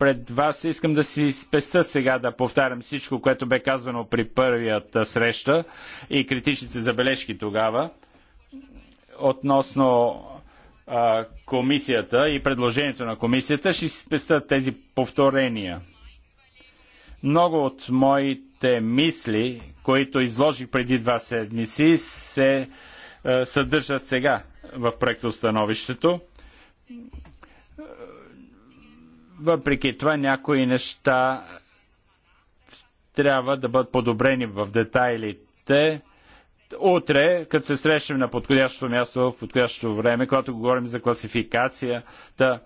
Speaker 3: пред вас. Искам да си спеста сега да повтарям всичко, което бе казано при първията среща и критичните забележки тогава относно а, комисията и предложението на комисията. Ще си спеста тези повторения. Много от моите мисли, които изложих преди два седмици, се а, съдържат сега в проектостановището. Въпреки това някои неща трябва да бъдат подобрени в детайлите. Утре, като се срещнем на подходящо място, в подходящо време, когато говорим за класификацията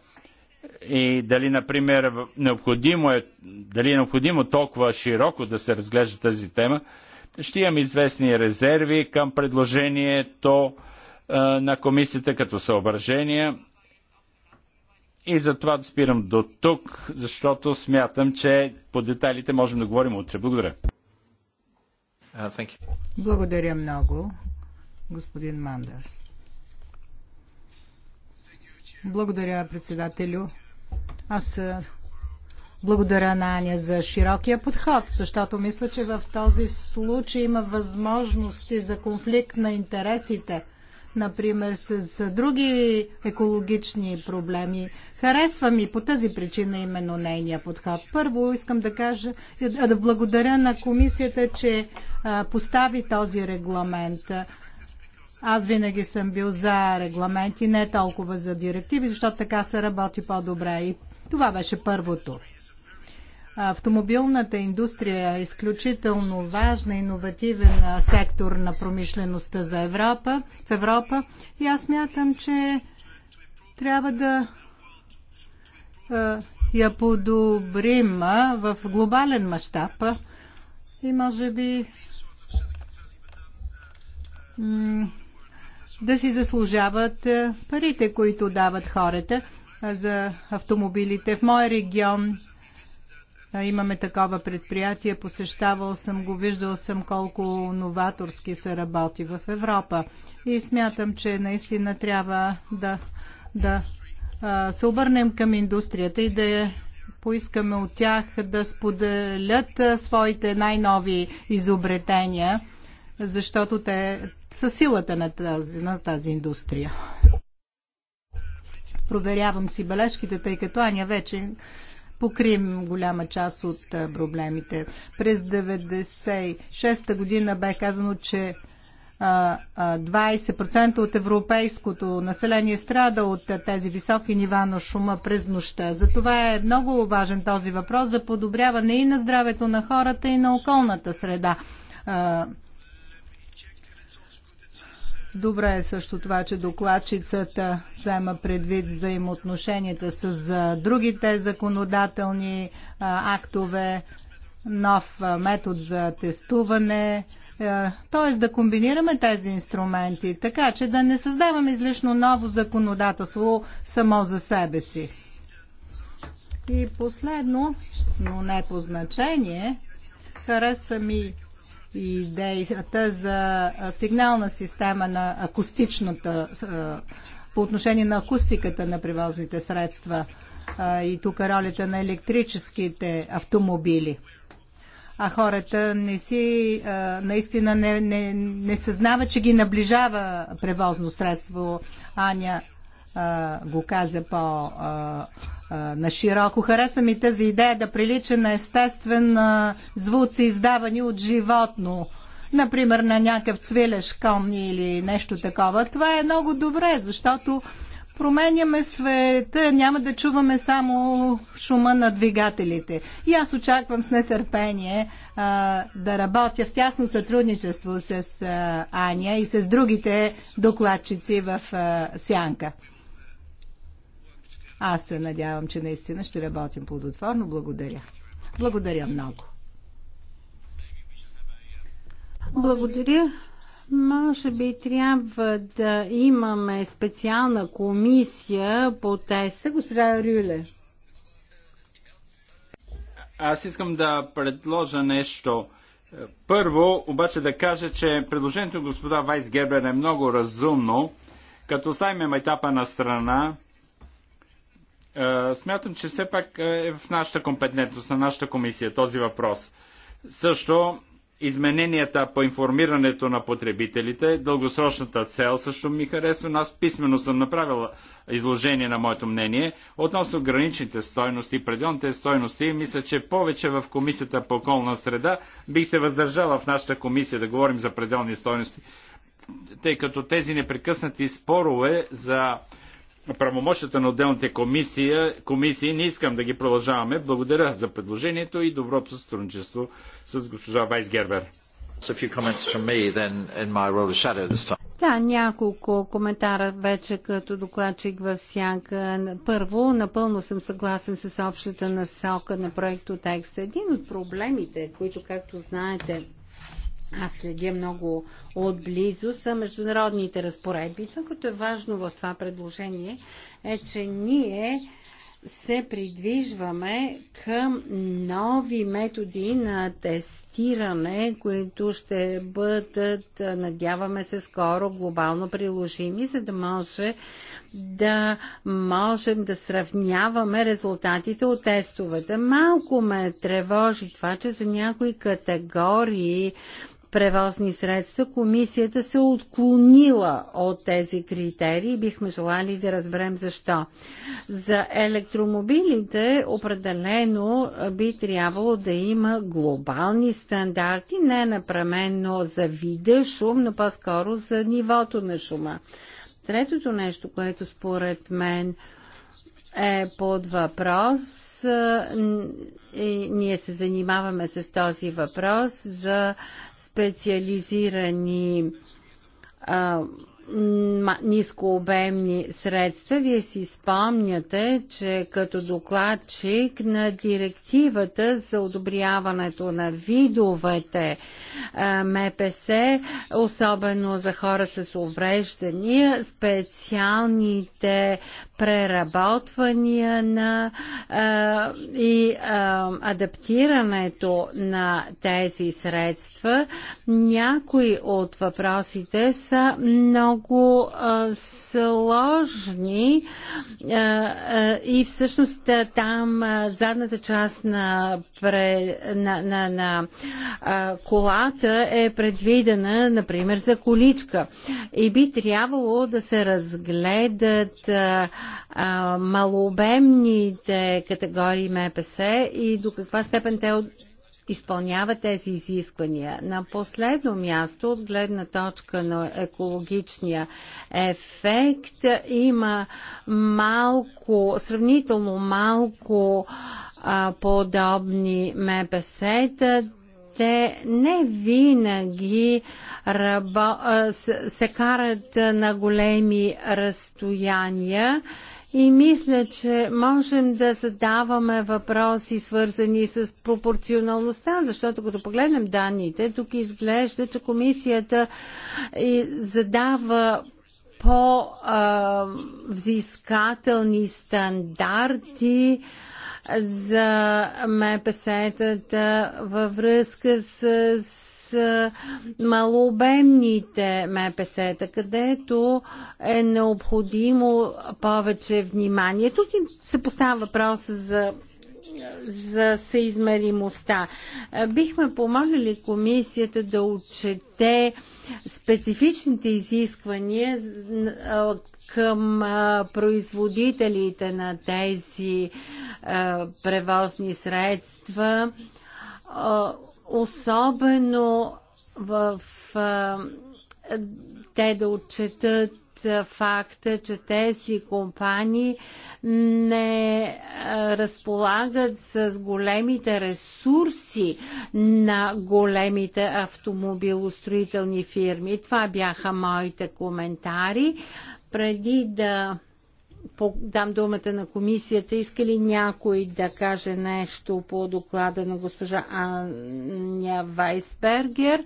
Speaker 3: и дали, например, необходимо е, дали е необходимо толкова широко да се разглежда тази тема, ще имам известни резерви към предложението на комисията като съображения. И затова да спирам до тук, защото смятам, че по детайлите можем да говорим утре. Благодаря. Uh,
Speaker 4: Благодаря много, господин Мандърс. Благодаря, председателю. Аз благодаря на Аня за широкия подход, защото мисля, че в този случай има възможности за конфликт на интересите например, с, с други екологични проблеми. Харесва ми по тази причина именно нейния подход. Първо искам да кажа, да благодаря на комисията, че а, постави този регламент. Аз винаги съм бил за регламенти, не толкова за директиви, защото така се работи по-добре. И това беше първото. Автомобилната индустрия е изключително важна, иновативен сектор на промишлеността за Европа, в Европа и аз мятам, че трябва да я подобрим в глобален мащаб и може би да си заслужават парите, които дават хората за автомобилите. В моя регион имаме такова предприятие. Посещавал съм го, виждал съм колко новаторски се работи в Европа. И смятам, че наистина трябва да, да се обърнем към индустрията и да поискаме от тях да споделят своите най-нови изобретения, защото те са силата на тази, на тази индустрия. Проверявам си бележките, тъй като Аня вече покрием голяма част от проблемите. През 1996 година бе казано, че 20% от европейското население страда от тези високи нива на шума през нощта. Затова е много важен този въпрос за подобряване и на здравето на хората, и на околната среда Добре е също това, че докладчицата взема предвид взаимоотношенията с другите законодателни актове, нов метод за тестуване, т.е. да комбинираме тези инструменти, така че да не създаваме излишно ново законодателство само за себе си. И последно, но не по значение, хареса ми идеята за сигнална система на акустичната по отношение на акустиката на превозните средства и тук ролята на електрическите автомобили. А хората не си, наистина не, не, не съзнава, че ги наближава превозно средство. Аня го каза по на широко. Хареса ми тази идея да прилича на естествен а, звуци, издавани от животно. Например, на някакъв цвилеш ком или нещо такова. Това е много добре, защото променяме света, няма да чуваме само шума на двигателите. И аз очаквам с нетърпение а, да работя в тясно сътрудничество с а, Аня и с другите докладчици в а, Сянка. Аз се надявам, че наистина ще работим плодотворно.
Speaker 2: Благодаря. Благодаря много. Благодаря. Може би трябва да имаме специална комисия по теста. Госпожа Рюле.
Speaker 3: Аз искам да предложа нещо. Първо, обаче да кажа, че предложението господа Вайс Гербер е много разумно. Като оставим етапа на страна, е, смятам, че все пак е, е в нашата компетентност, на нашата комисия този въпрос. Също измененията по информирането на потребителите, дългосрочната цел също ми харесва. Аз писменно съм направил изложение на моето мнение относно граничните стойности пределните стойности. Мисля, че повече в комисията по околна среда бих се въздържала в нашата комисия да говорим за пределни стойности, тъй като тези непрекъснати спорове за правомощията на отделните комисия, комисии. Не искам да ги продължаваме. Благодаря за предложението и доброто сътрудничество с госпожа Вайс Гербер.
Speaker 2: Да, няколко коментара вече като докладчик в сянка. Първо, напълно съм съгласен с общата насока на проекто текста. Един от проблемите, които, както знаете, аз следя много отблизо, са международните разпоредби. Това, което е важно в това предложение, е, че ние се придвижваме към нови методи на тестиране, които ще бъдат, надяваме се, скоро глобално приложими, за да може да можем да сравняваме резултатите от тестовете. Малко ме тревожи това, че за някои категории превозни средства, комисията се отклонила от тези критерии бихме желали да разберем защо. За електромобилите определено би трябвало да има глобални стандарти, не напременно за вида шум, но по-скоро за нивото на шума. Третото нещо, което според мен е под въпрос е, ние се занимаваме с този въпрос за специализирани нискообемни средства. Вие си спомняте, че като докладчик на директивата за одобряването на видовете МПС, особено за хора с увреждания, специалните преработвания на а, и а, адаптирането на тези средства. Някои от въпросите са много а, сложни а, а, и всъщност там а, задната част на, пре, на, на, на а, колата е предвидена, например, за количка. И би трябвало да се разгледат а, а, малообемните категории МПС и до каква степен те от... изпълняват тези изисквания. На последно място, от гледна точка на екологичния ефект, има малко, сравнително малко а, подобни МПС-та те не винаги се карат на големи разстояния и мисля, че можем да задаваме въпроси, свързани с пропорционалността, защото като погледнем данните, тук изглежда, че комисията задава по-взискателни стандарти, за МПС-тата във връзка с, с малообемните МПС-та, където е необходимо повече внимание. Тук се поставя въпроса за за съизмеримостта. Бихме помолили комисията да отчете специфичните изисквания към производителите на тези превозни средства, особено в те да отчетат факта, че тези компании не разполагат с големите ресурси на големите автомобилостроителни фирми. Това бяха моите коментари. Преди да дам думата на комисията. Иска ли някой да каже нещо по доклада на госпожа Аня Вайсбергер?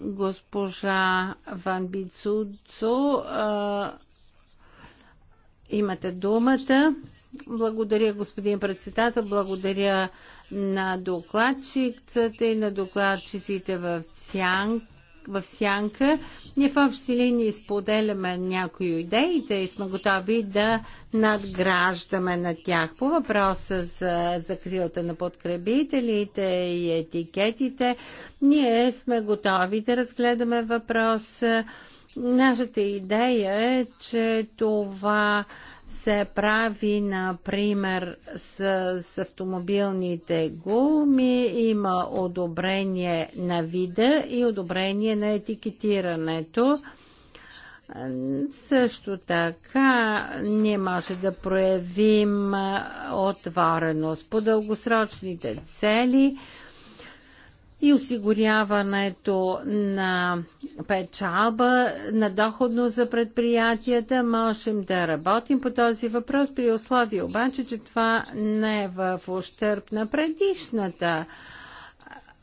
Speaker 2: Госпожа Ван имате думата. Благодаря, господин председател. Благодаря на докладчицата и на докладчиците в Сянка в сянка. Ние в общи линии споделяме някои идеите и сме готови да надграждаме на тях. По въпроса за закрилата на подкребителите и етикетите, ние сме готови да разгледаме въпрос. Нашата идея е, че това се прави, например, с, с автомобилните гуми. Има одобрение на вида и одобрение на етикетирането. Също така ние може да проявим отвореност по дългосрочните цели – и осигуряването на печалба, на доходно за предприятията. Можем да работим по този въпрос при условие обаче, че това не е в ущърп на предишната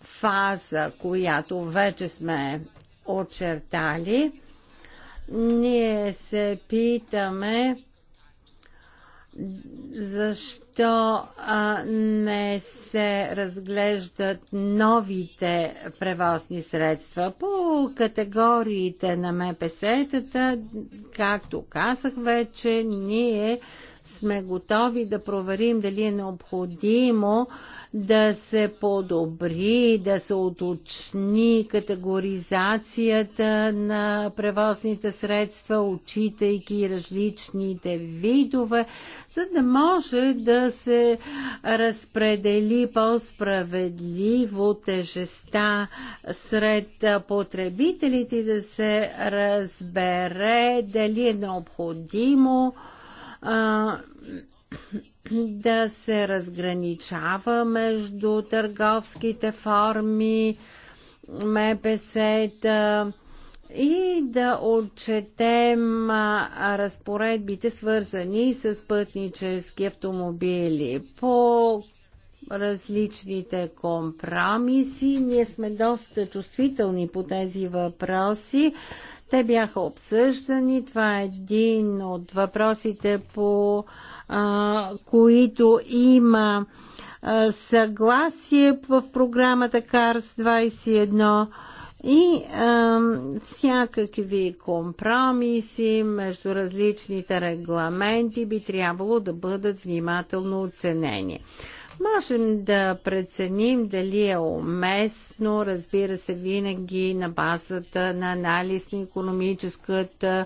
Speaker 2: фаза, която вече сме очертали. Ние се питаме защо а, не се разглеждат новите превозни средства по категориите на МПС-тата, както казах вече, ние сме готови да проверим дали е необходимо а, да се подобри, да се уточни категоризацията на превозните средства, отчитайки различните видове, за да може да се разпредели по-справедливо тежеста сред потребителите и да се разбере дали е необходимо а, да се разграничава между търговските форми, МПС-та и да отчетем разпоредбите, свързани с пътнически автомобили. По различните компромиси. Ние сме доста чувствителни по тези въпроси. Те бяха обсъждани. Това е един от въпросите по а, които има а, съгласие в програмата КАРС 21 и а, всякакви компромиси между различните регламенти би трябвало да бъдат внимателно оценени. Можем да преценим дали е уместно, разбира се, винаги на базата на анализ на економическата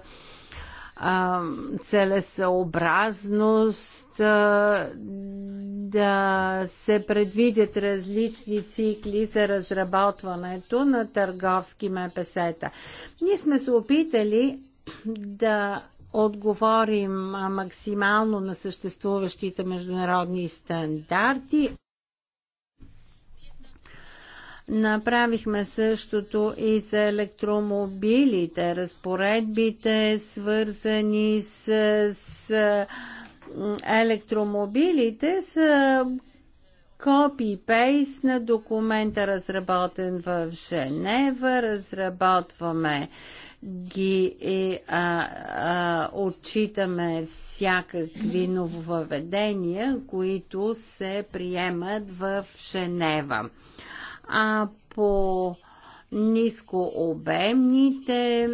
Speaker 2: Целесообразност да се предвидят различни цикли за разработването на търговски МПС-та. Ние сме се опитали да отговорим максимално на съществуващите международни стандарти, Направихме същото и за електромобилите, разпоредбите свързани с, с електромобилите са копи-пейст на документа, разработен в Женева. Разработваме ги и а, а, отчитаме всякакви нововъведения, които се приемат в Женева а по нискообемните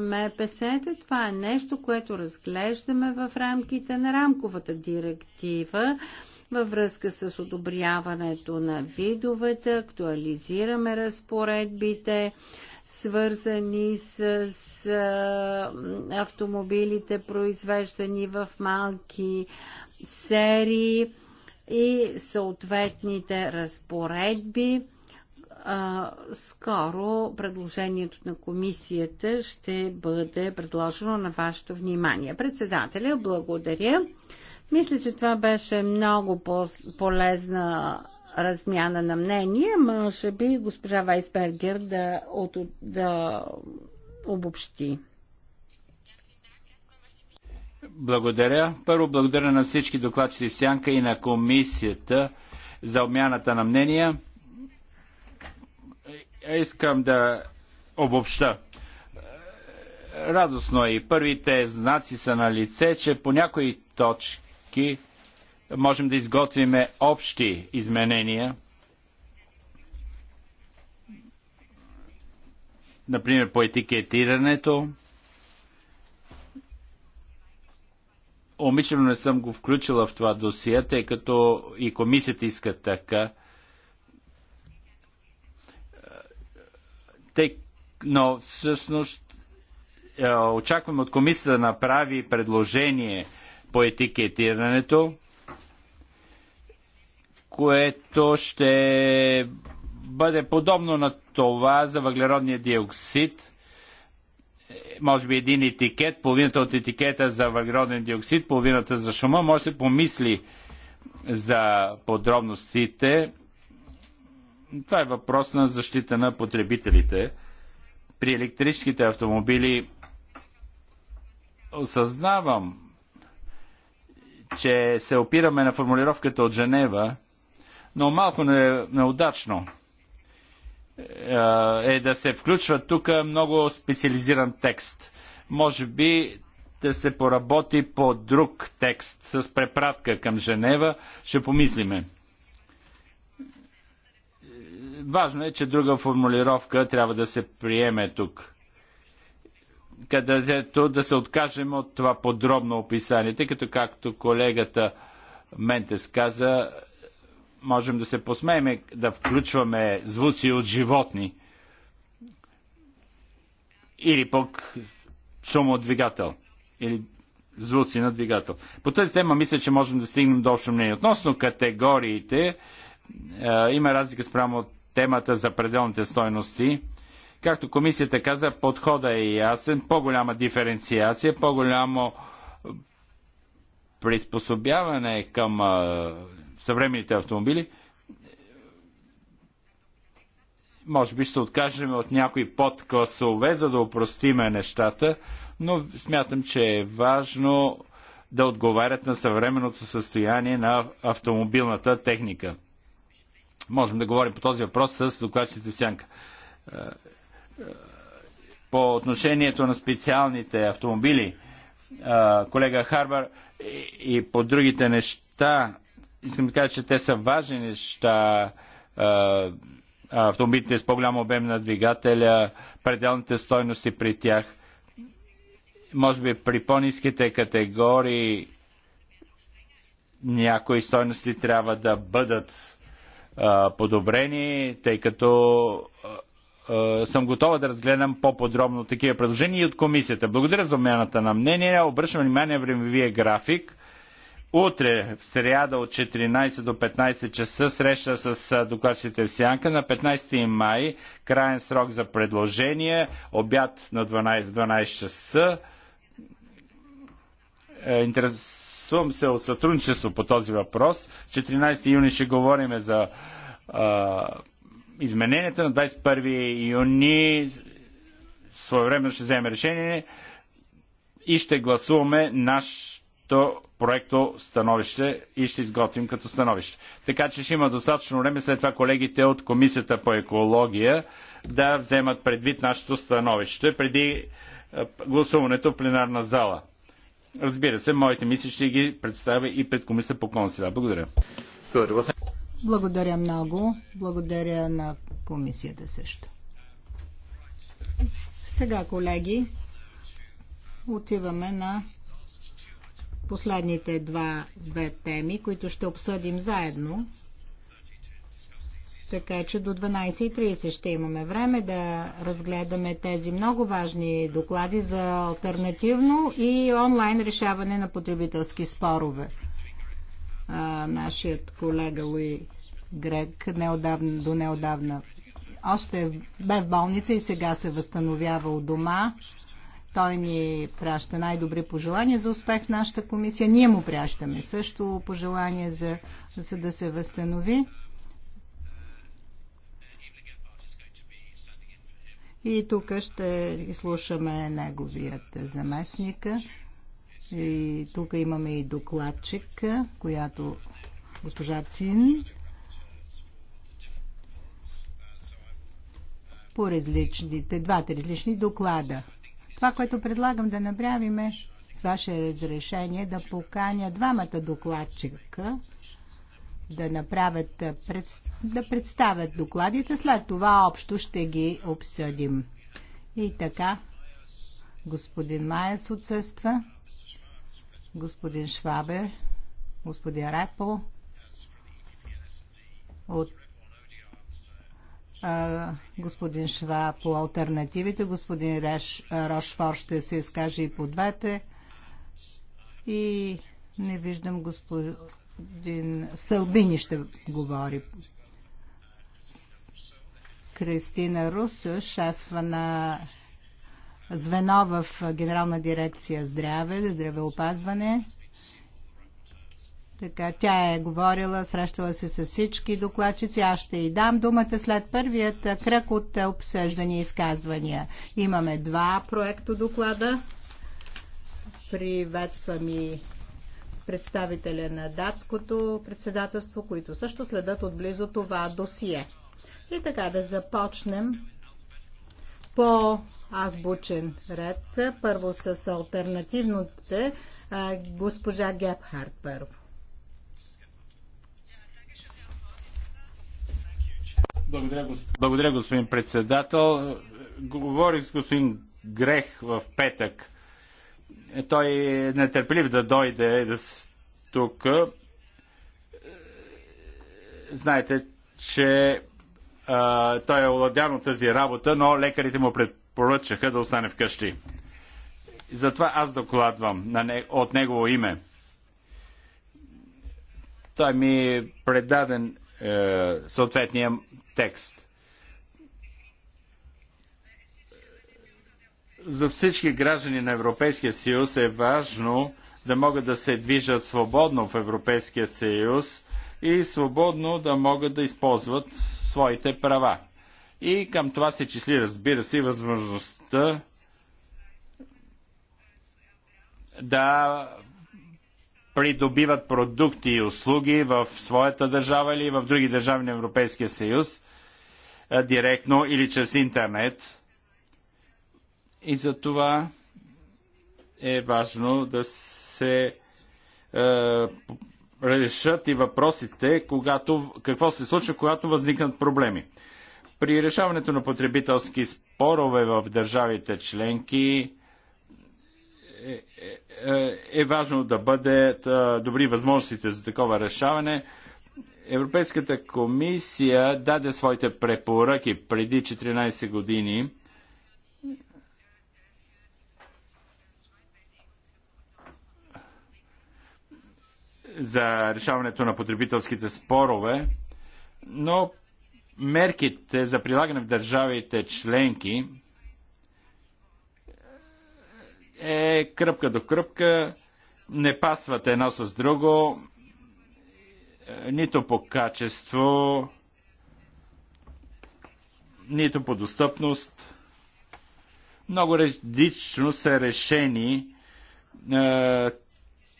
Speaker 2: МПС-та. Това е нещо, което разглеждаме в рамките на рамковата директива във връзка с одобряването на видовете, актуализираме разпоредбите, свързани с, с автомобилите, произвеждани в малки серии и съответните разпоредби. скоро предложението на комисията ще бъде предложено на вашето внимание. Председателя, благодаря. Мисля, че това беше много полезна размяна на мнение. Може би госпожа Вайсбергер да, от, да обобщи.
Speaker 3: Благодаря. Първо благодаря на всички докладчици в Сянка и на комисията за обмяната на мнения. Искам да обобща. Радостно е и първите знаци са на лице, че по някои точки можем да изготвиме общи изменения. Например, по етикетирането, Омишлено не съм го включила в това досие, тъй като и комисията иска така. Тъй, но всъщност е, очакваме от комисията да направи предложение по етикетирането, което ще бъде подобно на това за въглеродния диоксид – може би един етикет, половината от етикета за въглероден диоксид, половината за шума, може да се помисли за подробностите. Това е въпрос на защита на потребителите. При електрическите автомобили осъзнавам, че се опираме на формулировката от Женева, но малко неудачно. Е, е да се включва тук много специализиран текст. Може би да се поработи по друг текст с препратка към Женева. Ще помислиме. Важно е, че друга формулировка трябва да се приеме тук където да се откажем от това подробно описание, тъй като както колегата Ментес каза, можем да се посмеем да включваме звуци от животни или пък шум от двигател или звуци на двигател. По тази тема мисля, че можем да стигнем до общо мнение. Относно категориите, е, има разлика спрямо от темата за пределните стойности. Както комисията каза, подхода е ясен, по-голяма диференциация, по-голямо приспособяване към е, съвременните автомобили, може би ще се откажем от някои подкласове, за да упростиме нещата, но смятам, че е важно да отговарят на съвременното състояние на автомобилната техника. Можем да говорим по този въпрос с докладчите в сянка. Е, е, по отношението на специалните автомобили, е, колега Харбар и по другите неща, искам да кажа, че те са важни неща. Автомобилите с по-голям обем на двигателя, пределните стойности при тях. Може би при по-низките категории някои стойности трябва да бъдат а, подобрени, тъй като а, съм готова да разгледам по-подробно такива предложения и от комисията. Благодаря за обмяната на мнение. Обръщам внимание времевия график. Утре, в сряда от 14 до 15 часа, среща с докладчите в Сянка. На 15 май, краен срок за предложение, обяд на 12, 12 часа. Е, интересувам се от сътрудничество по този въпрос. 14 юни ще говорим за а, измененията. На 21 юни своевременно ще вземем решение и ще гласуваме наш то проекто становище и ще изготвим като становище. Така че ще има достатъчно време след това колегите от Комисията по екология да вземат предвид нашето становище преди е, гласуването в пленарна зала. Разбира се, моите мисли ще ги представя и пред Комисията по околна среда. Благодаря.
Speaker 4: Благодаря много. Благодаря на комисията също. Сега, колеги, отиваме на последните два, две теми, които ще обсъдим заедно. Така че до 12.30 ще имаме време да разгледаме тези много важни доклади за альтернативно и онлайн решаване на потребителски спорове. А, нашият колега Луи Грег неодавна, до неодавна още бе в болница и сега се възстановява у дома. Той ни праща най-добри пожелания за успех в нашата комисия. Ние му пращаме също пожелания за, за да се възстанови. И тук ще изслушаме неговият заместник. И тук имаме и докладчик, която госпожа Тин по различните, двата различни доклада. Това, което предлагам да направим е с ваше разрешение да поканя двамата докладчика да направят, да представят докладите. След това общо ще ги обсъдим. И така, господин Майес отсъства, господин Швабе, господин Репо от а, господин Шва по альтернативите, господин Реш, Рошфор ще се изкаже и по двете и не виждам господин Сълбини ще говори. Кристина Русо, шеф на звено в Генерална дирекция здраве, здравеопазване така, тя е говорила, срещала се с всички докладчици. Аз ще й дам думата след първият кръг от обсъждани и изказвания. Имаме два проекто доклада. Приветствам и представителя на датското председателство, които също следят отблизо това досие. И така да започнем по азбучен ред. Първо с альтернативните. Госпожа Гепхард първо.
Speaker 3: Благодаря, господин, Благодаря, господин председател. Говорих с господин Грех в петък. Е, той е нетърплив да дойде тук. Е, знаете, че а, той е овладян от тази работа, но лекарите му предпоръчаха да остане вкъщи. Затова аз докладвам на не, от негово име. Той ми е предаден е, съответния текст. За всички граждани на Европейския съюз е важно да могат да се движат свободно в Европейския съюз и свободно да могат да използват своите права. И към това се числи, разбира се, възможността да придобиват продукти и услуги в своята държава или в други държави на Европейския съюз директно или чрез интернет. И за това е важно да се е, решат и въпросите, когато, какво се случва, когато възникнат проблеми. При решаването на потребителски спорове в държавите членки е, е, е, е важно да бъдат добри възможностите за такова решаване Европейската комисия даде своите препоръки преди 14 години за решаването на потребителските спорове, но мерките за прилагане в държавите членки е кръпка до кръпка, не пасват едно с друго, е, нито по качество, нито по достъпност. Много различно са решени е,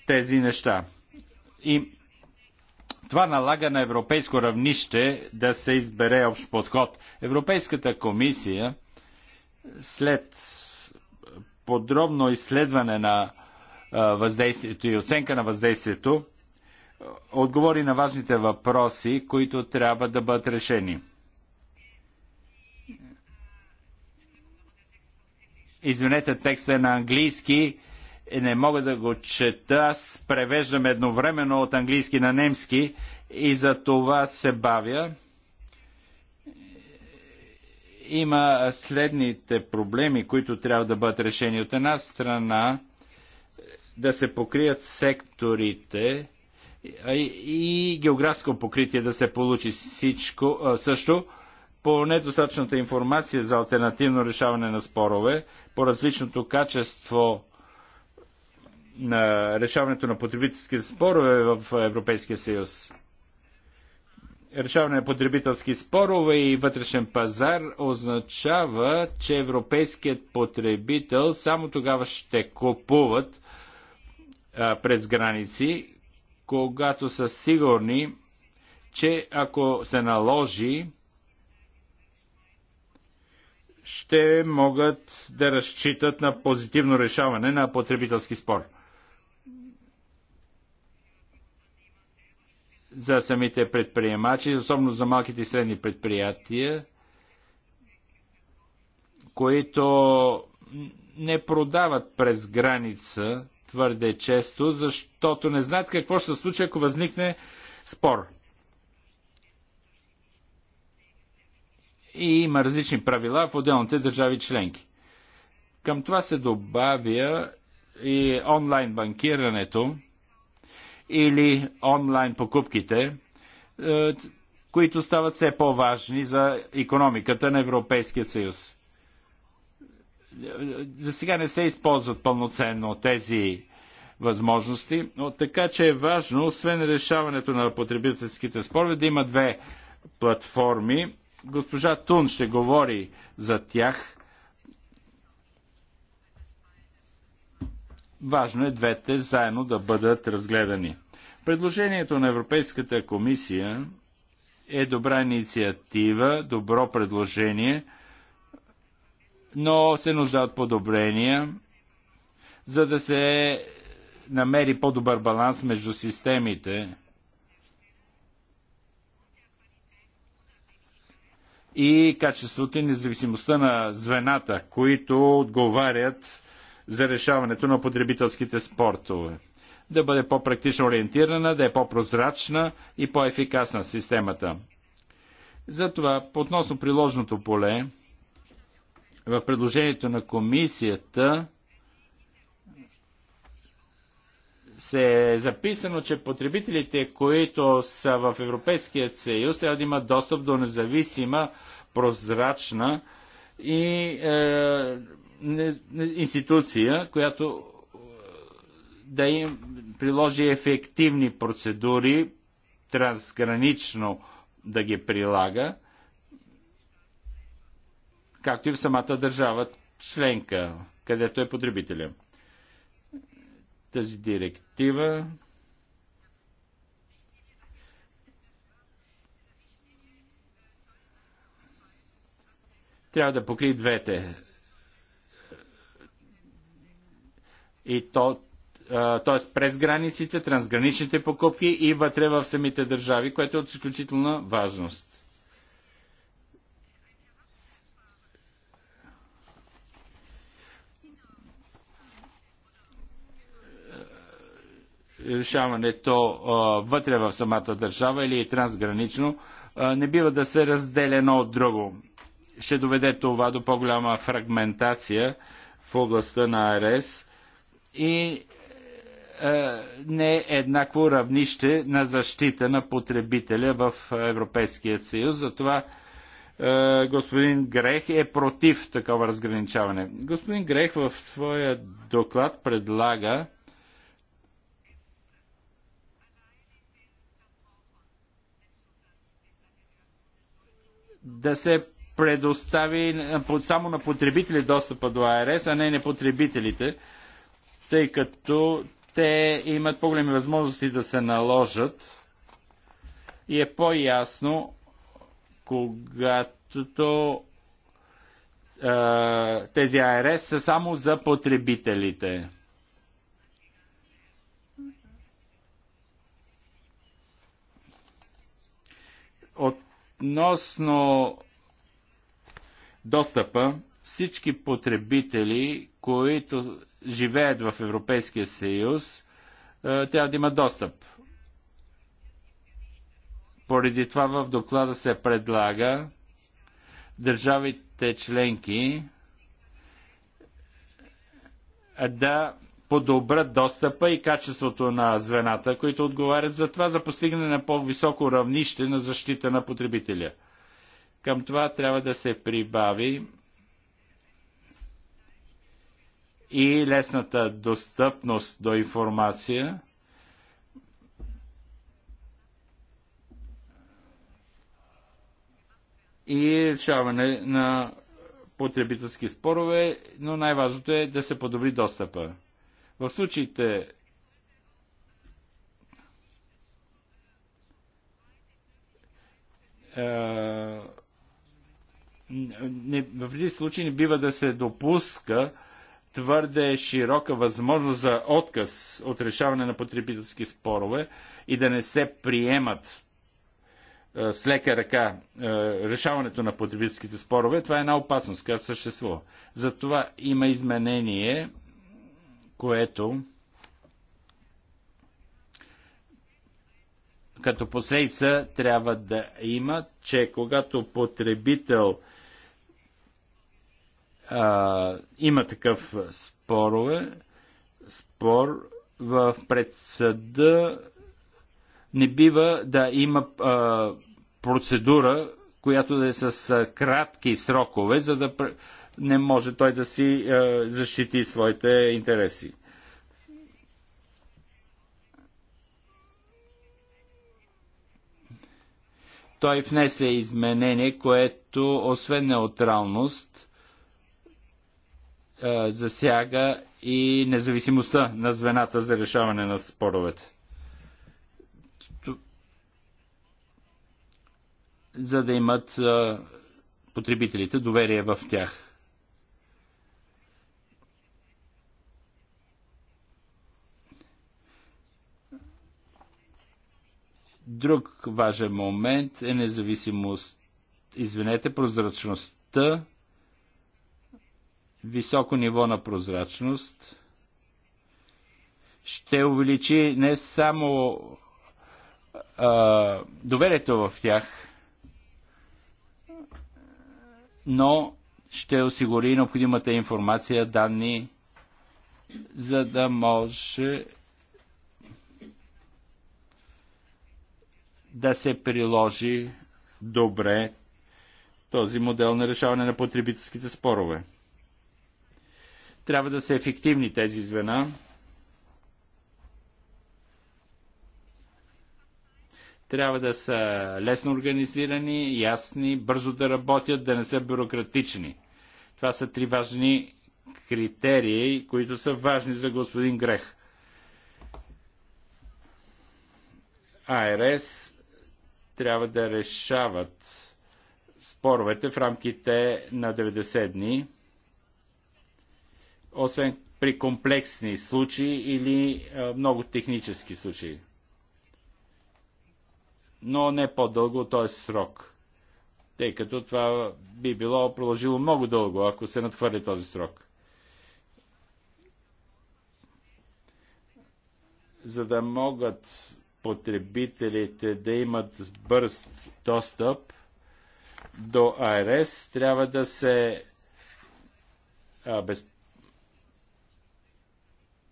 Speaker 3: тези неща. И това налага на европейско равнище да се избере общ подход. Европейската комисия след подробно изследване на е, въздействието и оценка на въздействието отговори на важните въпроси, които трябва да бъдат решени. Извинете, текста е на английски. Е, не мога да го чета. Аз превеждам едновременно от английски на немски и за това се бавя. Има следните проблеми, които трябва да бъдат решени. От една страна да се покрият секторите, и географско покритие да се получи всичко също по недостатъчната информация за альтернативно решаване на спорове, по различното качество на решаването на потребителски спорове в Европейския съюз. Решаване на потребителски спорове и вътрешен пазар означава, че европейският потребител само тогава ще купуват а, през граници, когато са сигурни, че ако се наложи, ще могат да разчитат на позитивно решаване на потребителски спор. За самите предприемачи, особено за малките и средни предприятия, които не продават през граница твърде често, защото не знаят какво ще се случи, ако възникне спор. И има различни правила в отделните държави членки. Към това се добавя и онлайн банкирането или онлайн покупките, е, които стават все по-важни за економиката на Европейския съюз за сега не се използват пълноценно тези възможности, но така че е важно, освен решаването на потребителските спорове, да има две платформи. Госпожа Тун ще говори за тях. Важно е двете заедно да бъдат разгледани. Предложението на Европейската комисия е добра инициатива, добро предложение – но се нуждаят подобрения, за да се намери по-добър баланс между системите. и качеството и независимостта на звената, които отговарят за решаването на потребителските спортове. Да бъде по-практично ориентирана, да е по-прозрачна и по-ефикасна системата. Затова, относно приложното поле, в предложението на комисията се е записано, че потребителите, които са в Европейския съюз, трябва да имат достъп до независима, прозрачна и е, не, институция, която е, да им приложи ефективни процедури, трансгранично да ги прилага както и в самата държава членка, където е потребителя. Тази директива трябва да покри двете. И то, т.е. през границите, трансграничните покупки и вътре в самите държави, което е от изключителна важност. решаването вътре в самата държава или трансгранично не бива да се разделя едно от друго. Ще доведе това до по-голяма фрагментация в областта на АРС и не е еднакво равнище на защита на потребителя в Европейския съюз. Затова господин Грех е против такова разграничаване. Господин Грех в своя доклад предлага да се предостави само на потребители достъпа до АРС, а не на потребителите, тъй като те имат по-големи възможности да се наложат и е по-ясно, когато е, тези АРС са само за потребителите. От Относно достъпа, всички потребители, които живеят в Европейския съюз, е, трябва да имат достъп. Поради това в доклада се предлага държавите членки да подобрят достъпа и качеството на звената, които отговарят за това, за постигане на по-високо равнище на защита на потребителя. Към това трябва да се прибави и лесната достъпност до информация. и решаване на потребителски спорове, но най-важното е да се подобри достъпа. В случаите е, не, в тези случаи не бива да се допуска твърде широка възможност за отказ от решаване на потребителски спорове и да не се приемат е, с лека ръка е, решаването на потребителските спорове. Това е една опасност, която съществува. Затова има изменение което като последица трябва да има, че когато потребител а, има такъв спорове, спор в предсъда не бива да има а, процедура, която да е с а, кратки срокове, за да не може той да си е, защити своите интереси. Той внесе изменение, което освен неутралност е, засяга и независимостта на звената за решаване на споровете. За да имат е, потребителите доверие в тях. Друг важен момент е независимост, извинете, прозрачността, високо ниво на прозрачност ще увеличи не само а, доверието в тях, но ще осигури необходимата информация, данни, за да може да се приложи добре този модел на решаване на потребителските спорове. Трябва да са ефективни тези звена. Трябва да са лесно организирани, ясни, бързо да работят, да не са бюрократични. Това са три важни критерии, които са важни за господин Грех. АРС, трябва да решават споровете в рамките на 90 дни, освен при комплексни случаи или много технически случаи. Но не по-дълго от този срок, тъй като това би било продължило много дълго, ако се надхвърли този срок. За да могат потребителите да имат бърз достъп до АРС, трябва да се а, без,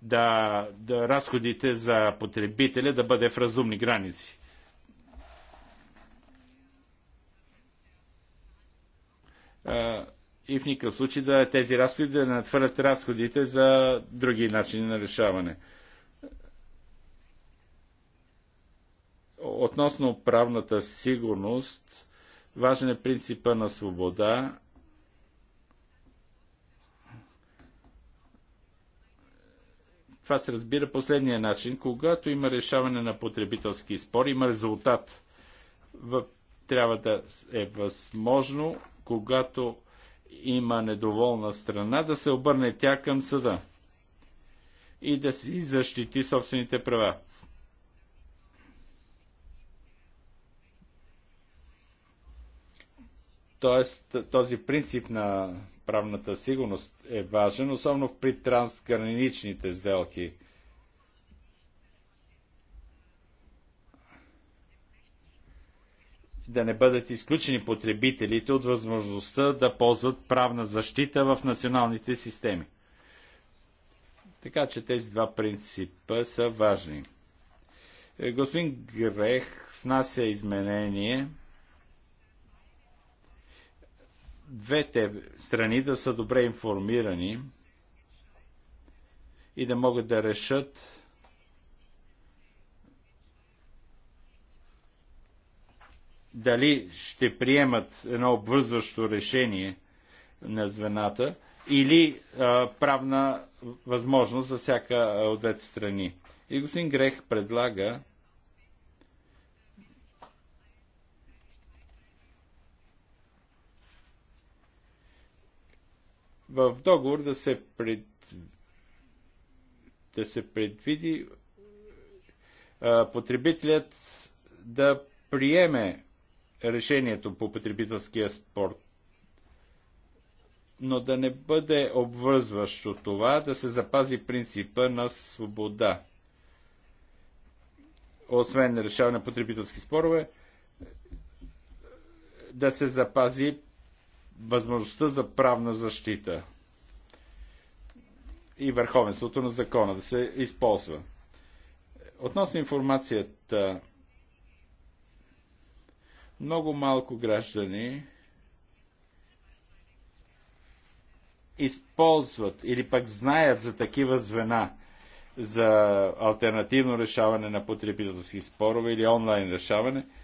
Speaker 3: да, да разходите за потребителя да бъде в разумни граници. А, и в никакъв случай да тези разходи да надхвърлят разходите за други начини на решаване. Относно правната сигурност, важен е принципа на свобода. Това се разбира последния начин. Когато има решаване на потребителски спор, има резултат. Трябва да е възможно, когато има недоволна страна, да се обърне тя към съда и да си защити собствените права. Тоест, този принцип на правната сигурност е важен, особено при трансграничните сделки. Да не бъдат изключени потребителите от възможността да ползват правна защита в националните системи. Така че тези два принципа са важни. Е, господин Грех внася изменение – двете страни да са добре информирани и да могат да решат дали ще приемат едно обвързващо решение на звената или а, правна възможност за всяка от двете страни. И господин Грех предлага в договор да се, пред, да се предвиди а, потребителят да приеме решението по потребителския спор, но да не бъде обвързващо това, да се запази принципа на свобода. Освен решаване на потребителски спорове, да се запази възможността за правна защита и върховенството на закона да се използва. Относно информацията, много малко граждани използват или пък знаят за такива звена за альтернативно решаване на потребителски спорове или онлайн решаване –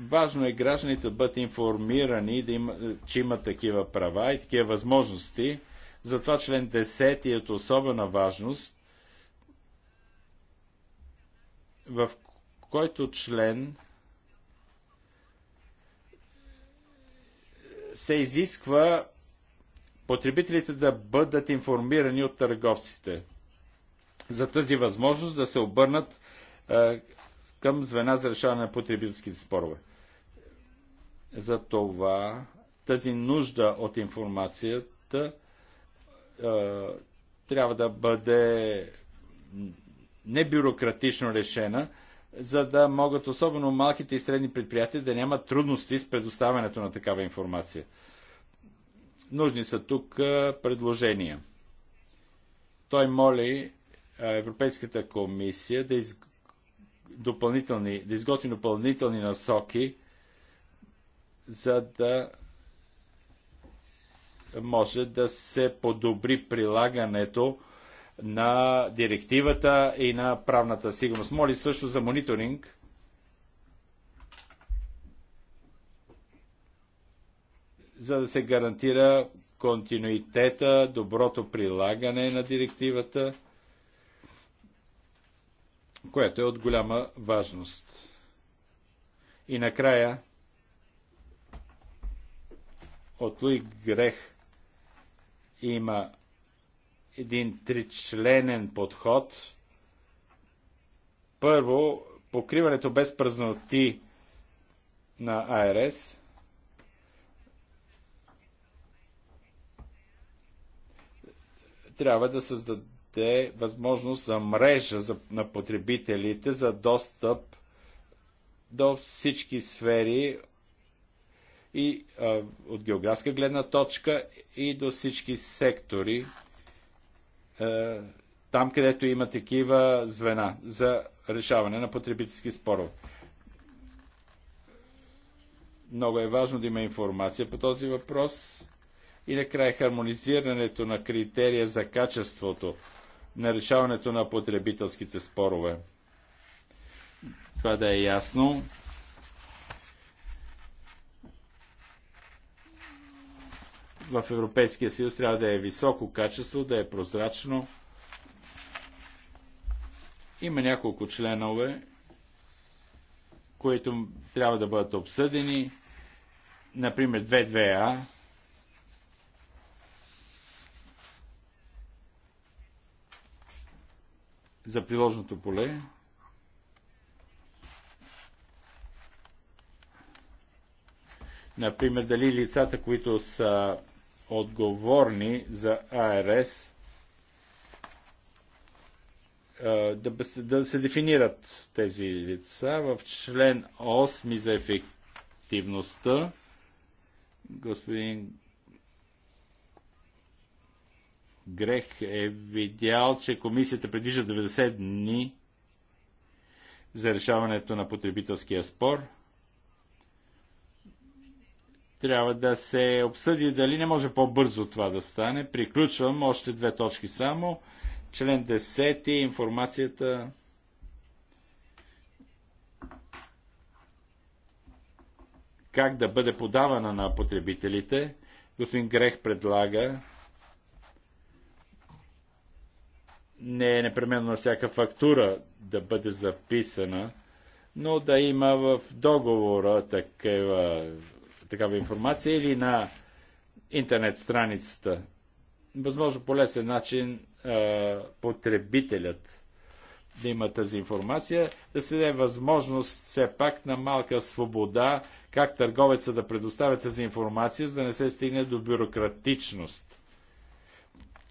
Speaker 3: Важно е гражданите да бъдат информирани, да има, че имат такива права и такива възможности. Затова член 10 е от особена важност, в който член се изисква потребителите да бъдат информирани от търговците за тази възможност да се обърнат е, към звена за решаване на потребителските спорове. Затова тази нужда от информацията е, трябва да бъде небюрократично решена, за да могат особено малките и средни предприятия да нямат трудности с предоставянето на такава информация. Нужни са тук е, предложения. Той моли е, Европейската комисия да изглежда допълнителни, да изготви допълнителни насоки, за да може да се подобри прилагането на директивата и на правната сигурност. Моли също за мониторинг. за да се гарантира континуитета, доброто прилагане на директивата – което е от голяма важност. И накрая от Луи Грех има един тричленен подход. Първо, покриването без празноти на АРС. Трябва да създаде дадете възможност за мрежа за, на потребителите за достъп до всички сфери и а, от географска гледна точка и до всички сектори, а, там където има такива звена за решаване на потребителски спорове. Много е важно да има информация по този въпрос. И накрая хармонизирането на критерия за качеството на решаването на потребителските спорове. Това да е ясно. В Европейския съюз трябва да е високо качество, да е прозрачно. Има няколко членове, които трябва да бъдат обсъдени. Например, 22А, за приложното поле. Например, дали лицата, които са отговорни за АРС, да, да се дефинират тези лица в член 8 за ефективността. Господин Грех е видял, че комисията предвижда 90 дни за решаването на потребителския спор. Трябва да се обсъди дали не може по-бързо това да стане. Приключвам още две точки само. Член 10. Е информацията как да бъде подавана на потребителите. Господин Грех предлага не е непременно всяка фактура да бъде записана, но да има в договора такава, такава информация или на интернет страницата. Възможно по лесен начин потребителят да има тази информация, да се даде възможност все пак на малка свобода как търговеца да предоставя тази информация, за да не се стигне до бюрократичност.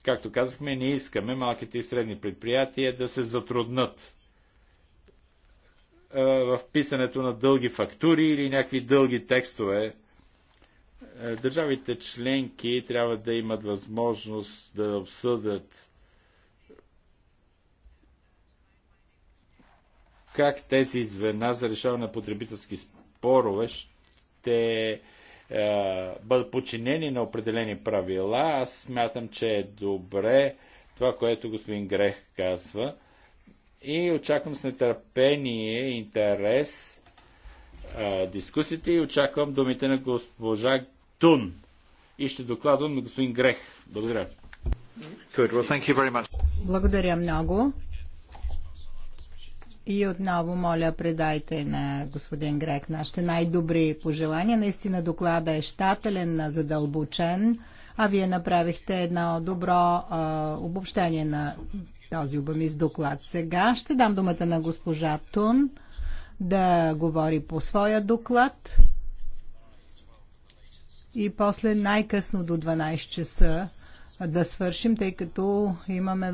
Speaker 3: Както казахме, не искаме малките и средни предприятия да се затруднат в писането на дълги фактури или някакви дълги текстове. Държавите членки трябва да имат възможност да обсъдят как тези звена за решаване на потребителски спорове ще е, бъдат подчинени на определени правила, аз смятам, че е добре това, което господин Грех казва. И очаквам с нетърпение, интерес а, е, дискусите и очаквам думите на госпожа Тун. И ще докладвам на господин Грех. Благодаря. Well,
Speaker 4: Благодаря много. И отново, моля, предайте на господин Грек нашите най-добри пожелания. Наистина доклада е щателен, задълбочен, а вие направихте едно добро а, обобщение на този обамист доклад. Сега ще дам думата на госпожа Тун да говори по своя доклад и после най-късно до 12 часа да свършим, тъй като имаме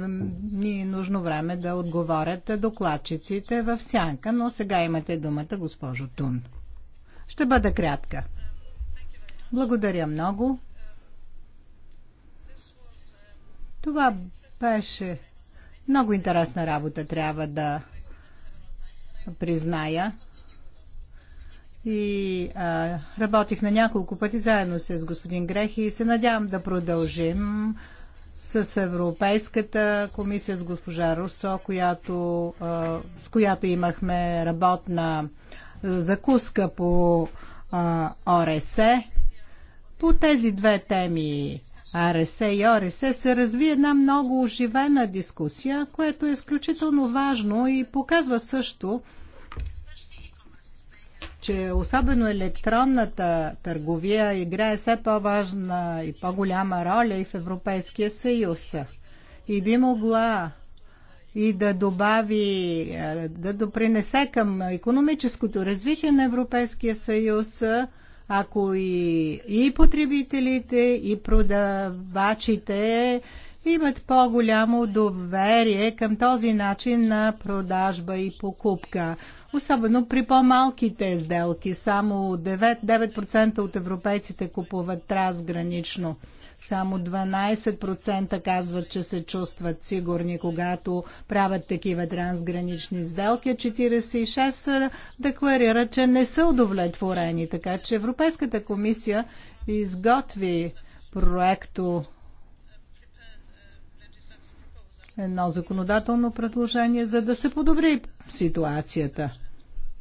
Speaker 4: ни нужно време да отговорят докладчиците в сянка, но сега имате думата, госпожо Тун. Ще бъда кратка. Благодаря много. Това беше много интересна работа, трябва да призная и а, работих на няколко пъти заедно с господин Грехи и се надявам да продължим с Европейската комисия, с госпожа Русо, която, а, с която имахме работна закуска по а, ОРС. По тези две теми АРС и ОРС се разви една много оживена дискусия, което е изключително важно и показва също, че особено електронната търговия играе все по-важна и по-голяма роля и в Европейския съюз. И би могла и да добави, е, да допринесе към економическото развитие на Европейския съюз, ако и, и потребителите, и продавачите имат по-голямо доверие към този начин на продажба и покупка. Особено при по-малките сделки. Само 9%, 9 от европейците купуват трансгранично. Само 12% казват, че се чувстват сигурни, когато правят такива трансгранични сделки. 46% декларират, че не са удовлетворени. Така че Европейската комисия изготви проекто едно законодателно предложение, за да се подобри ситуацията,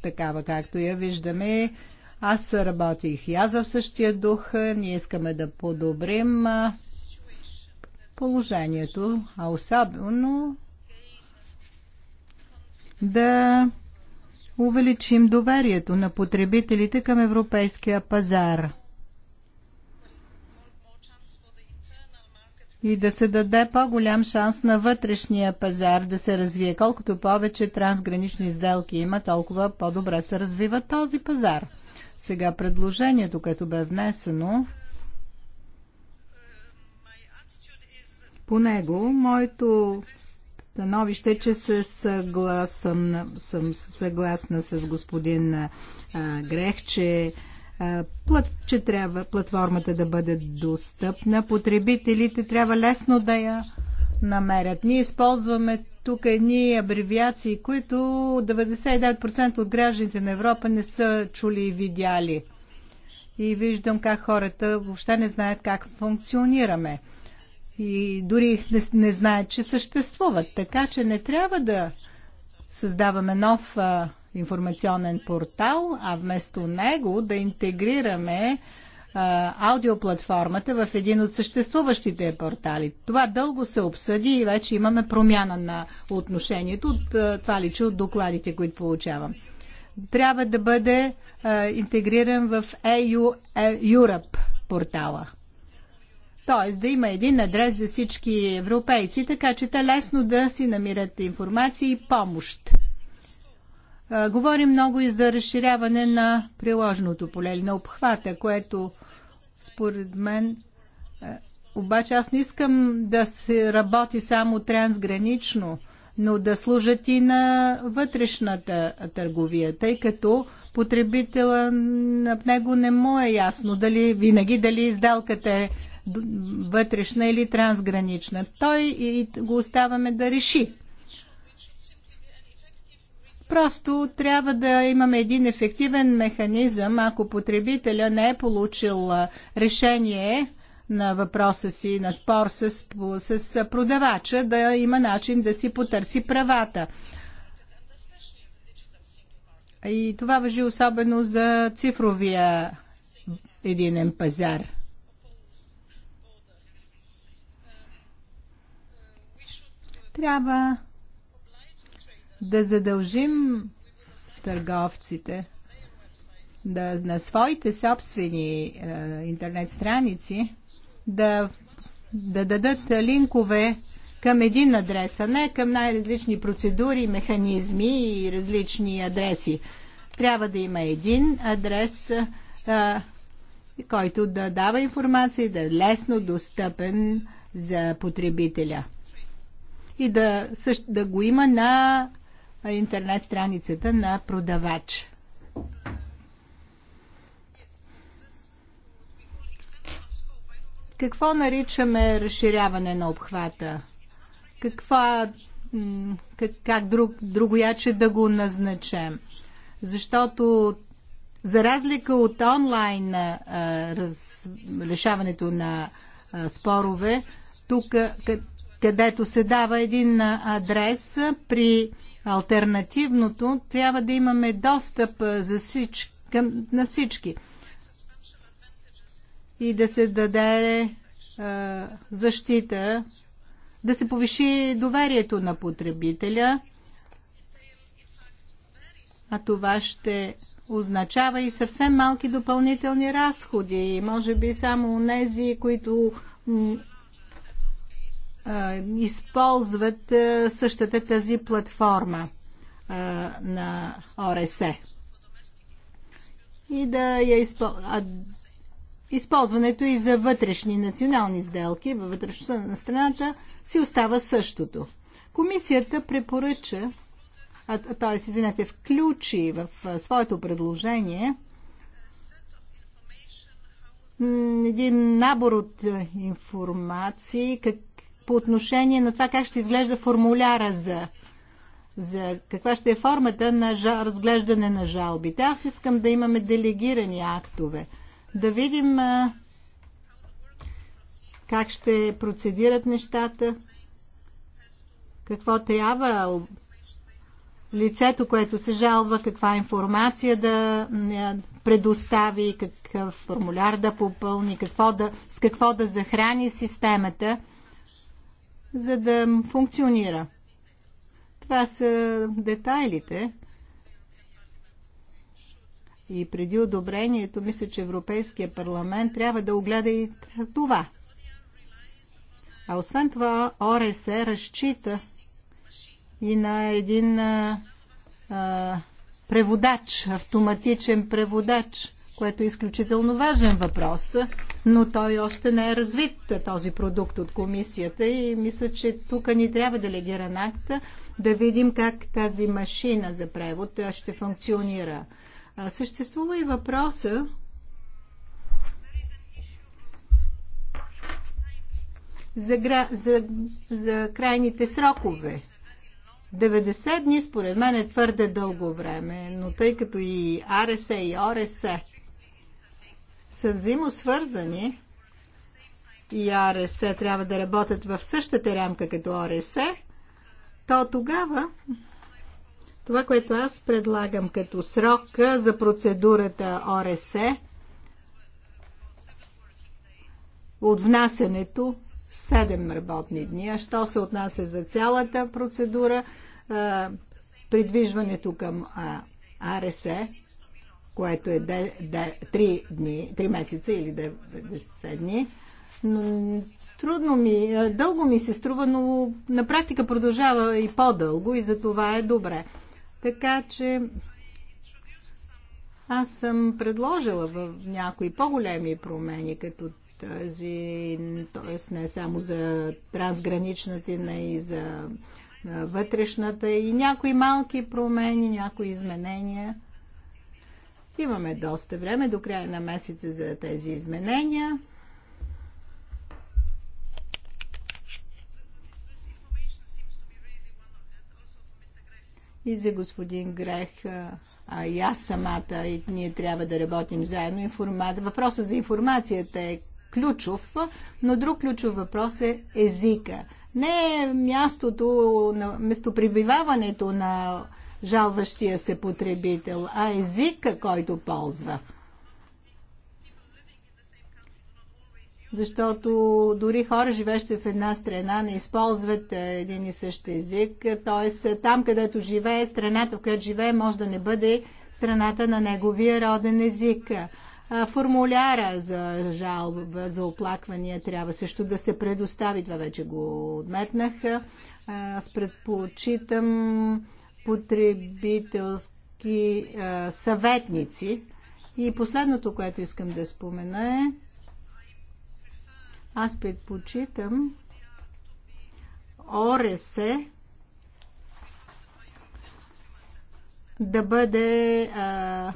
Speaker 4: такава както я виждаме. Аз работих и аз в същия дух. Ние искаме да подобрим положението, а особено да увеличим доверието на потребителите към европейския пазар. и да се даде по-голям шанс на вътрешния пазар да се развие. Колкото повече трансгранични сделки има, толкова по-добре се развива този пазар. Сега предложението, което бе внесено, по него, моето становище, е, че се съгласна, съм съгласна с господин а, Грех, че че трябва платформата да бъде достъпна. Потребителите трябва лесно да я намерят. Ние използваме тук едни абревиации, които 99% от гражданите на Европа не са чули и видяли. И виждам как хората въобще не знаят как функционираме. И дори не, не знаят, че съществуват. Така че не трябва да създаваме нов а, информационен портал, а вместо него да интегрираме аудиоплатформата в един от съществуващите портали. Това дълго се обсъди и вече имаме промяна на отношението. От, това личи от докладите, които получавам. Трябва да бъде а, интегриран в EU e, Europe портала. Тоест да има един адрес за всички европейци, така че те лесно да си намират информация и помощ Говори говорим много и за разширяване на приложеното поле или на обхвата, което според мен обаче аз не искам да се работи само трансгранично, но да служат и на вътрешната търговия, тъй като потребителя на него не му е ясно дали винаги дали изделката е вътрешна или трансгранична. Той и го оставаме да реши. Просто трябва да имаме един ефективен механизъм, ако потребителя не е получил решение на въпроса си, на спор с, с продавача, да има начин да си потърси правата. И това въжи особено за цифровия единен пазар. Трябва да задължим търговците да, на своите собствени е, интернет страници да, да дадат линкове към един адрес, а не към най-различни процедури, механизми и различни адреси. Трябва да има един адрес, е, който да дава информация и да е лесно достъпен за потребителя. И да, също, да го има на интернет страницата на продавач. Какво наричаме разширяване на обхвата? Каква, как, как друг, другояче да го назначем? Защото за разлика от онлайн а, раз, решаването на а, спорове, тук където се дава един адрес при альтернативното, трябва да имаме достъп за всич, към, на всички и да се даде а, защита, да се повиши доверието на потребителя, а това ще означава и съвсем малки допълнителни разходи. Може би само у нези, които използват същата тази платформа на ОРСЕ. И да я използването и за вътрешни национални сделки във вътрешността на страната си остава същото. Комисията препоръча, т.е. извинете, включи в своето предложение един набор от информации, как по отношение на това как ще изглежда формуляра за, за каква ще е формата на жал, разглеждане на жалбите. Аз искам да имаме делегирани актове. Да видим а, как ще процедират нещата, какво трябва лицето, което се жалва, каква информация да е, предостави, какъв формуляр да попълни, какво да, с какво да захрани системата – за да функционира. Това са детайлите. И преди одобрението, мисля, че Европейския парламент трябва да огледа и това. А освен това, ОРС разчита и на един а, преводач, автоматичен преводач което е изключително важен въпрос, но той още не е развит този продукт от комисията и мисля, че тук ни трябва делегиран акт да видим как тази машина за превод ще функционира. Съществува и въпроса за, гра... за... за крайните срокове. 90 дни според мен е твърде дълго време, но тъй като и АРСЕ и ОРС са взаимосвързани и ОРС трябва да работят в същата рамка като ОРС, то тогава това, което аз предлагам като срок за процедурата ОРС от внасенето 7 работни дни. А що се отнася за цялата процедура, придвижването към АРС, което е 3 дни, 3 месеца или 90 дни. Но трудно ми, е, дълго ми се струва, но на практика продължава и по-дълго и за това е добре. Така че аз съм предложила в някои по-големи промени, като тази, т.е. не само за трансграничната, но и за вътрешната и някои малки промени, някои изменения – Имаме доста време до края на месеца за тези изменения. и за господин Грех, а и аз самата, и ние трябва да работим заедно. Информация. Въпросът за информацията е ключов, но друг ключов въпрос е езика. Не е мястото, на местопребиваването на жалващия се потребител, а езика, който ползва. Защото дори хора, живещи в една страна, не използват един и същ език. Т.е. там, където живее, страната, в която живее, може да не бъде страната на неговия роден език. Формуляра за жалба, за оплаквания трябва също да се предостави. Това вече го отметнах. Аз предпочитам потребителски а, съветници. И последното, което искам да спомена е, аз предпочитам ОРЕСЕ да бъде а,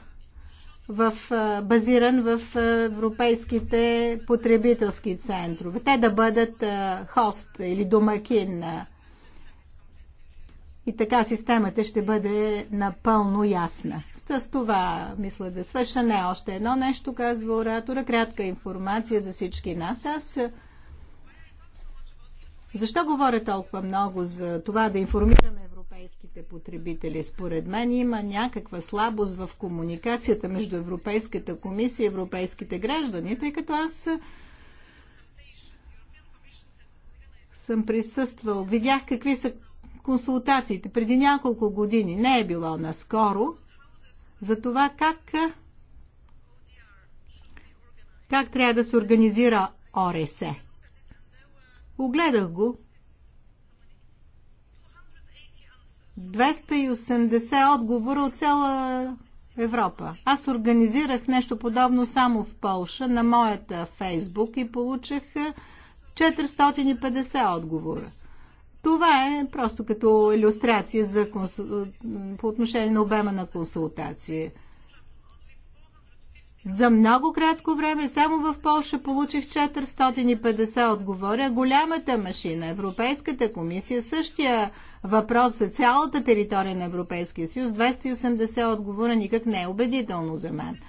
Speaker 4: в, а, базиран в европейските потребителски центрове. Те да бъдат а, хост или домакин на и така системата ще бъде напълно ясна. С това мисля да свърша. Не, още едно нещо, казва оратора. Кратка информация за всички нас. Аз защо говоря толкова много за това да информираме европейските потребители? Според мен има някаква слабост в комуникацията между Европейската комисия и европейските граждани, тъй като аз съм присъствал, видях какви са консултациите преди няколко години, не е било наскоро, за това как, как трябва да се организира ОРС. Огледах го. 280 отговора от цяла Европа. Аз организирах нещо подобно само в Полша на моята Фейсбук и получих 450 отговора. Това е просто като иллюстрация за консу... по отношение на обема на консултации. За много кратко време само в Польша получих 450 отговоря. Голямата машина, Европейската комисия, същия въпрос за цялата територия на Европейския съюз, 280 отговора никак не е убедително за мен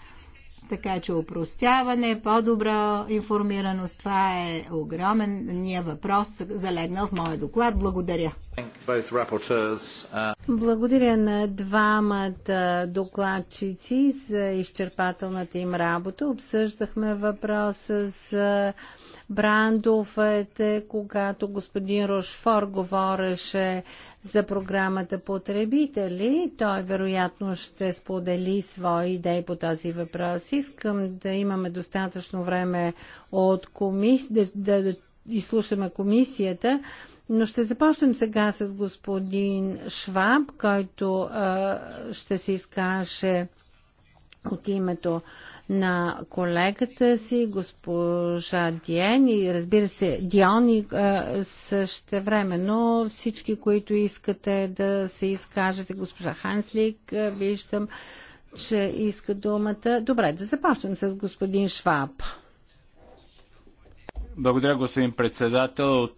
Speaker 4: така че упростяване, по-добра информираност, това е огромен ния
Speaker 2: въпрос, залегнал в моя доклад. Благодаря.
Speaker 1: Uh,
Speaker 2: Благодаря на двамата докладчици за изчерпателната им работа. Обсъждахме въпроса за брандовете, когато господин Рошфор говореше за програмата потребители. Той вероятно ще сподели свои идеи по този въпрос. Искам да имаме достатъчно време от комисия, да, да изслушаме комисията, но ще започнем сега с господин Шваб, който а, ще се изкаже от името на колегата си, госпожа Диен и разбира се Дион и също но всички, които искате да се изкажете, госпожа Ханслик, виждам, че иска думата. Добре, да започнем с господин Шваб.
Speaker 3: Благодаря, господин председател. От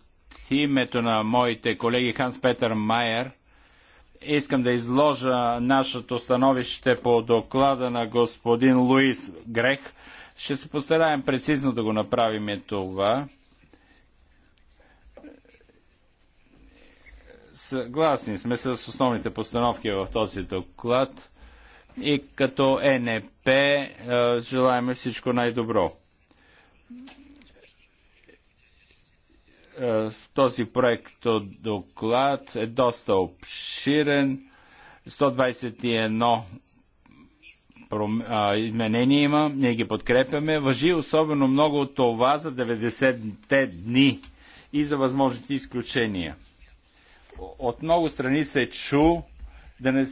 Speaker 3: името на моите колеги Ханс Петър Майер – искам да изложа нашето становище по доклада на господин Луис Грех. Ще се постараем прецизно да го направим това. Съгласни сме с основните постановки в този доклад и като ЕНП желаем всичко най-добро. Е, този проект доклад е доста обширен. 121 изменения има, ние ги подкрепяме. Въжи особено много от това за 90-те дни и за възможните изключения. От много страни се чу да не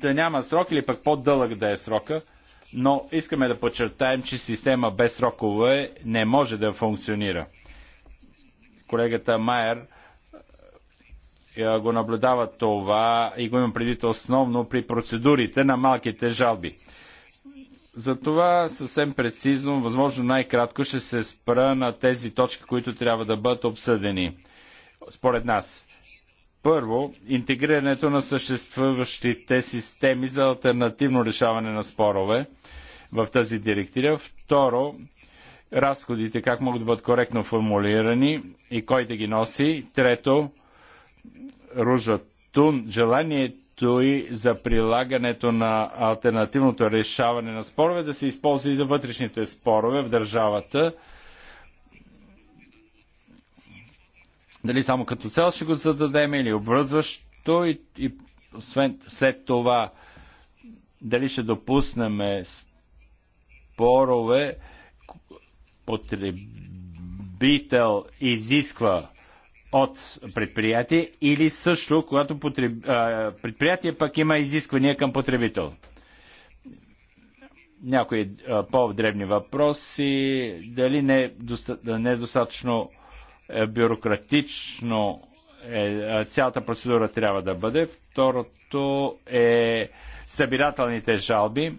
Speaker 3: да няма срок или пък по-дълъг да е срока но искаме да подчертаем, че система без срокове не може да функционира. Колегата Майер е, го наблюдава това и го има предвид основно при процедурите на малките жалби. Затова съвсем прецизно, възможно най-кратко ще се спра на тези точки, които трябва да бъдат обсъдени. Според нас първо, интегрирането на съществуващите системи за альтернативно решаване на спорове в тази директива. Второ, разходите как могат да бъдат коректно формулирани и кой да ги носи. Трето, Ружа Тун, желанието и за прилагането на альтернативното решаване на спорове да се използва и за вътрешните спорове в държавата – Дали само като цел ще го зададем или обвързващо и, и освен, след това дали ще допуснем спорове, потребител изисква от предприятие или също, когато потреб... предприятие пък има изисквания към потребител. Някои по-древни въпроси, дали не е доста... не е достатъчно е бюрократично е, е, цялата процедура трябва да бъде. Второто е събирателните жалби.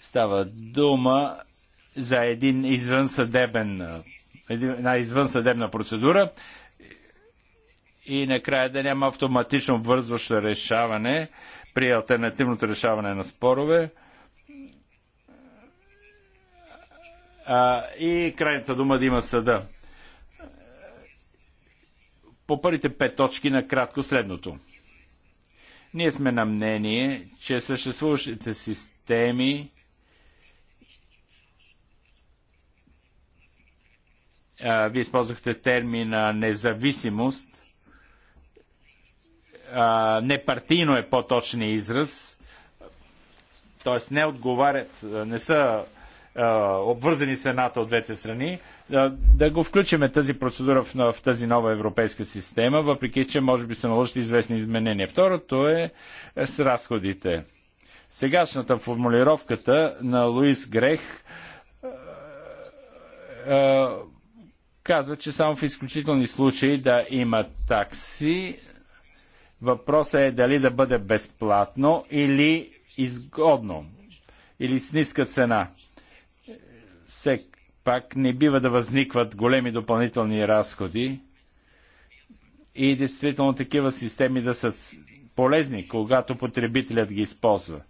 Speaker 3: Става дума за един извънсъдебен, една извънсъдебна процедура и накрая да няма автоматично обвързващо решаване при альтернативното решаване на спорове. а, и крайната дума да има съда. По първите пет точки на кратко следното. Ние сме на мнение, че съществуващите системи а, вие използвахте термина независимост, а, непартийно е по точния израз, т.е. не отговарят, не са обвързани с едната от двете страни, да, да го включиме тази процедура в, в тази нова европейска система, въпреки че може би се наложат известни изменения. Второто е с разходите. Сегашната формулировката на Луис Грех е, казва, че само в изключителни случаи да има такси. Въпросът е дали да бъде безплатно или изгодно или с ниска цена все пак не бива да възникват големи допълнителни разходи и действително такива системи да са полезни, когато потребителят ги използва.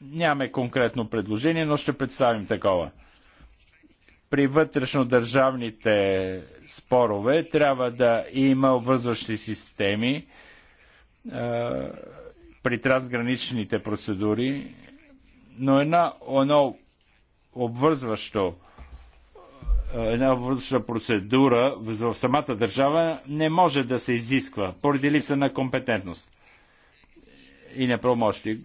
Speaker 3: Нямаме конкретно предложение, но ще представим такова. При вътрешно-държавните спорове трябва да има обвързващи системи, при трансграничните процедури, но една, едно обвързващо една обвързваща процедура в самата държава не може да се изисква поради липса на компетентност и на промощи.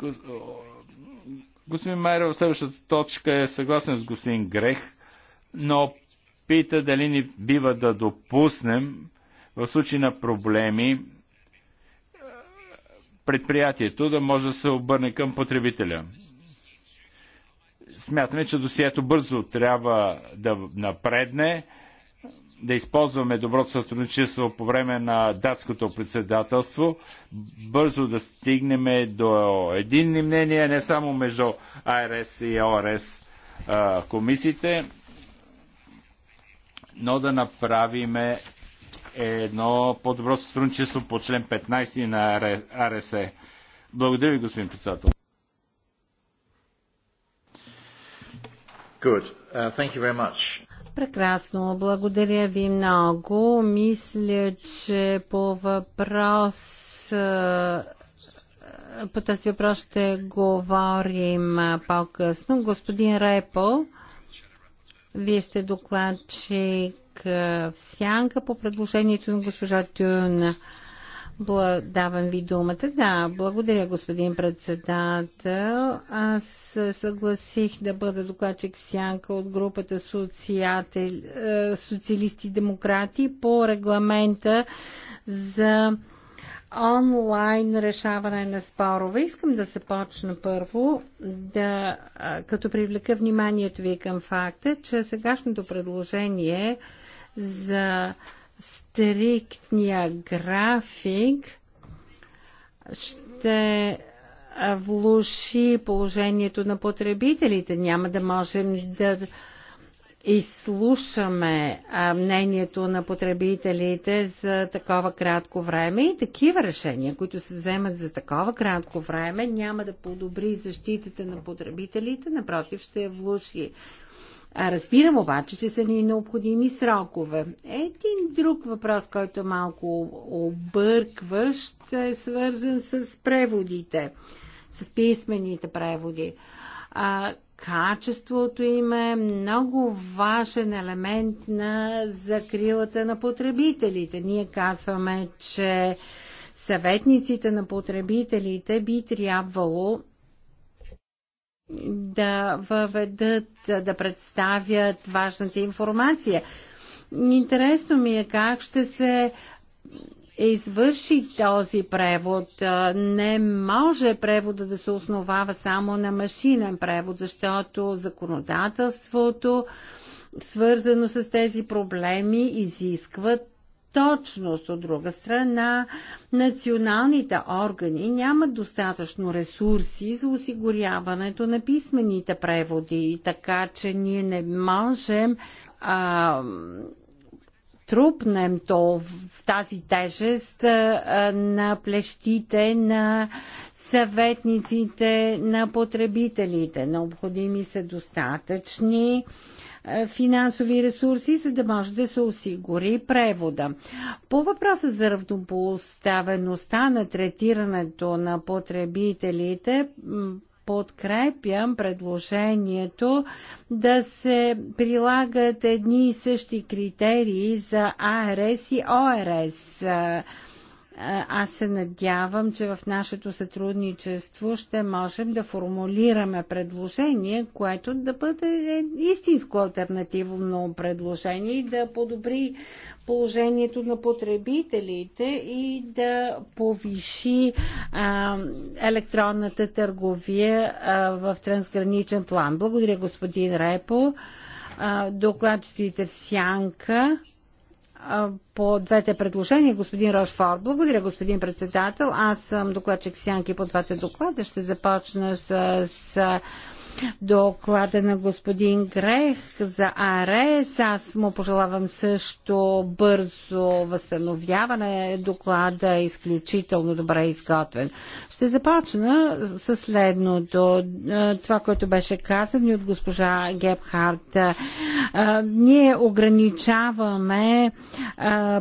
Speaker 3: Господин Майер в следващата точка е съгласен с господин Грех, но пита дали ни бива да допуснем в случай на проблеми предприятието да може да се обърне към потребителя. Смятаме, че досието бързо трябва да напредне, да използваме доброто сътрудничество по време на датското председателство, бързо да стигнем до единни мнения, не само между АРС и ОРС комисиите, но да направиме е едно по-добро сътрудничество по член 15 на РСЕ. Е благодаря ви, господин председател. Good. Uh, thank you very much.
Speaker 2: Прекрасно, благодаря ви много. Мисля, че по въпрос по тази въпрос ще говорим по-късно. Господин Репо, вие сте докладчик в сянка по предложението на госпожа Тюн. Давам ви думата. Да, благодаря, господин председател. Аз съгласих да бъда докладчик в сянка от групата социател, социалисти-демократи по регламента за онлайн решаване на спорове. Искам да започна първо, да, като привлека вниманието ви към факта, че сегашното предложение за стриктния график ще влуши положението на потребителите. Няма да можем да изслушаме мнението на потребителите за такова кратко време и такива решения, които се вземат за такова кратко време, няма да подобри защитата на потребителите, напротив ще я влуши. Разбирам обаче, че са ни необходими срокове. Един друг въпрос, който е малко объркващ, е свързан с преводите, с писмените преводи. А, качеството им е много важен елемент на закрилата на потребителите. Ние казваме, че съветниците на потребителите би трябвало да въведат, да представят важната информация. Интересно ми е как ще се извърши този превод. Не може превода да се основава само на машинен превод, защото законодателството, свързано с тези проблеми, изискват точност. От друга страна, националните органи нямат достатъчно ресурси за осигуряването на писмените преводи, така че ние не можем а, трупнем то в тази тежест а, на плещите на съветниците на потребителите. Необходими са достатъчни а, е, финансови ресурси, за да може да се осигури превода. По въпроса за равнопоставеността на третирането на потребителите, подкрепям предложението да се прилагат едни и същи критерии за АРС и ОРС аз се надявам, че в нашето сътрудничество ще можем да формулираме предложение, което да бъде е истинско альтернативно предложение и да подобри положението на потребителите и да повиши а, електронната търговия а, в трансграничен план. Благодаря, господин Репо. А, в Сянка по двете предложения, господин Рошфор. Благодаря, господин председател. Аз съм докладчик Сянки по двата доклада. Ще започна с, с доклада на господин Грех за АРЕС. Аз му пожелавам също бързо възстановяване. Доклада е изключително добре изготвен. Ще започна с следното. Това, което беше казано и от госпожа Гебхарт. Ние ограничаваме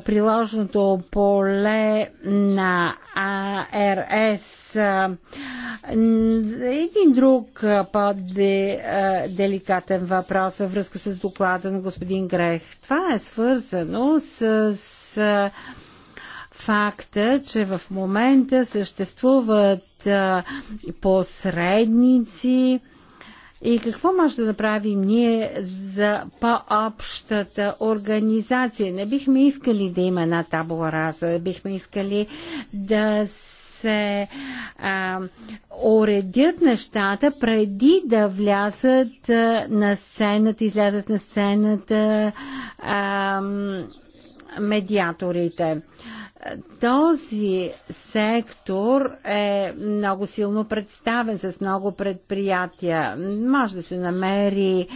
Speaker 2: приложното поле на АРС. Един друг де, а, деликатен въпрос във връзка с доклада на господин Грех. Това е свързано с, с факта, че в момента съществуват а, посредници, и какво може да направим ние за по-общата организация? Не бихме искали да има една табула раза, бихме искали да се а, уредят нещата преди да влязат а, на сцената, излязат на сцената а, медиаторите. А, този сектор е много силно представен с много предприятия. Може да се намери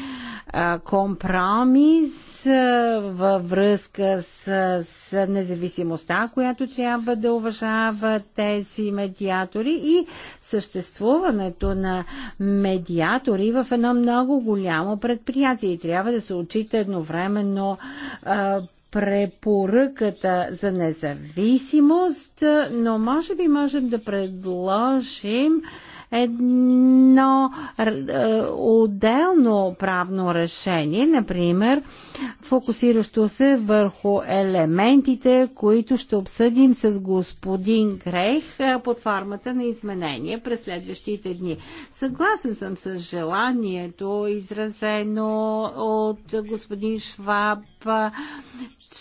Speaker 2: компромис във връзка с, с независимостта, която трябва да уважава тези медиатори и съществуването на медиатори в едно много голямо предприятие. И трябва да се отчита едновременно а, препоръката за независимост, но може би можем да предложим едно е, отделно правно решение, например, фокусиращо се върху елементите, които ще обсъдим с господин Грех е, под формата на изменения през следващите дни. Съгласен съм с желанието, изразено от господин Шваб,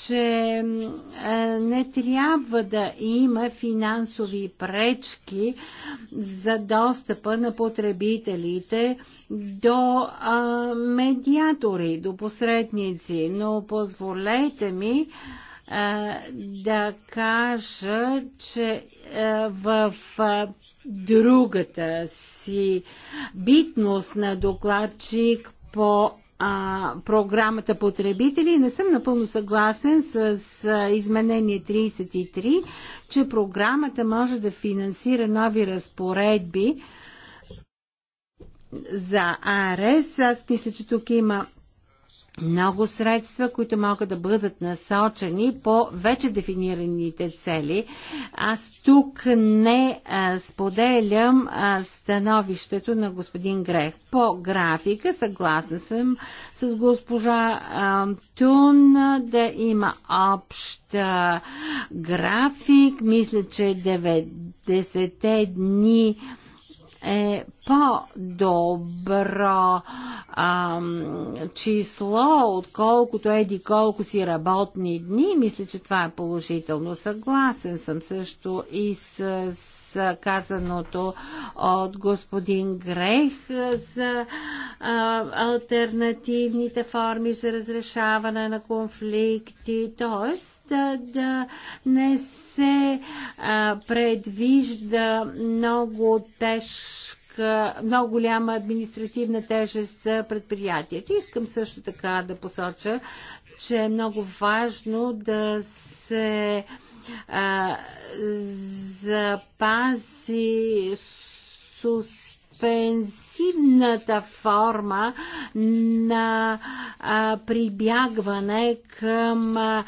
Speaker 2: че е, не трябва да има финансови пречки за достъпа на потребителите до медиатори, до посредници, но позволете ми е, да кажа, че е, в другата си битност на докладчик по а, програмата потребители. Не съм напълно съгласен с а, изменение 33, че програмата може да финансира нови разпоредби за АРС. Аз мисля, че тук има много средства, които могат да бъдат насочени по вече дефинираните цели. Аз тук не а, споделям а, становището на господин Грех. По графика съгласна съм с госпожа а, Тун да има общ а, график. Мисля, че 90 дни е по-добро число, отколкото еди колко си работни дни. Мисля, че това е положително. Съгласен съм също и с, с казаното от господин Грех за а, альтернативните форми за разрешаване на конфликти. Тоест, да не се а, предвижда много тежка, много голяма административна тежест за предприятията. Искам също така да посоча, че е много важно да се а, запази суспензия альтернативната форма на а, прибягване към а,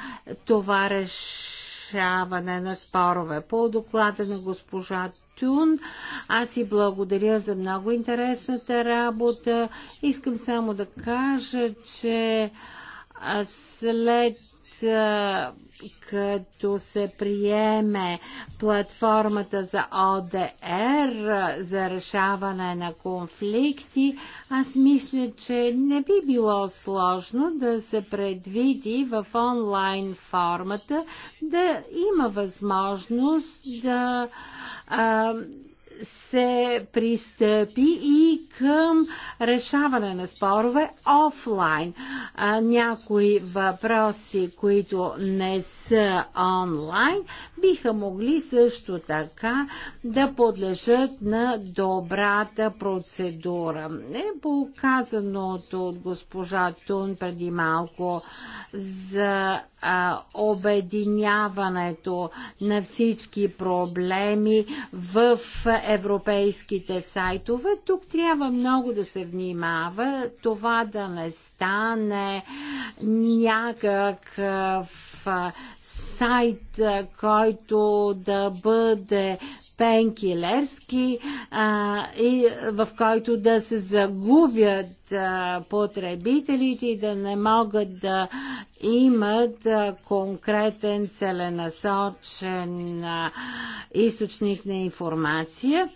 Speaker 2: това решаване на спорове. По доклада на госпожа Тюн. Аз си благодаря за много интересната работа. Искам само да кажа, че след като се приеме платформата за ОДР за решаване на конфликти, аз мисля, че не би било сложно да се предвиди в онлайн формата да има възможност да а, се пристъпи и към решаване на спорове офлайн. А, някои въпроси, които не са онлайн, биха могли също така да подлежат на добрата процедура. Е показаното от госпожа Тун преди малко за а, обединяването на всички проблеми в европейските сайтове. Тук трябва много да се внимава това да не стане някакъв сайт, който да бъде пенкилерски а, и в който да се загубят а, потребителите и да не могат да имат а, конкретен целенасочен а, източник на информация.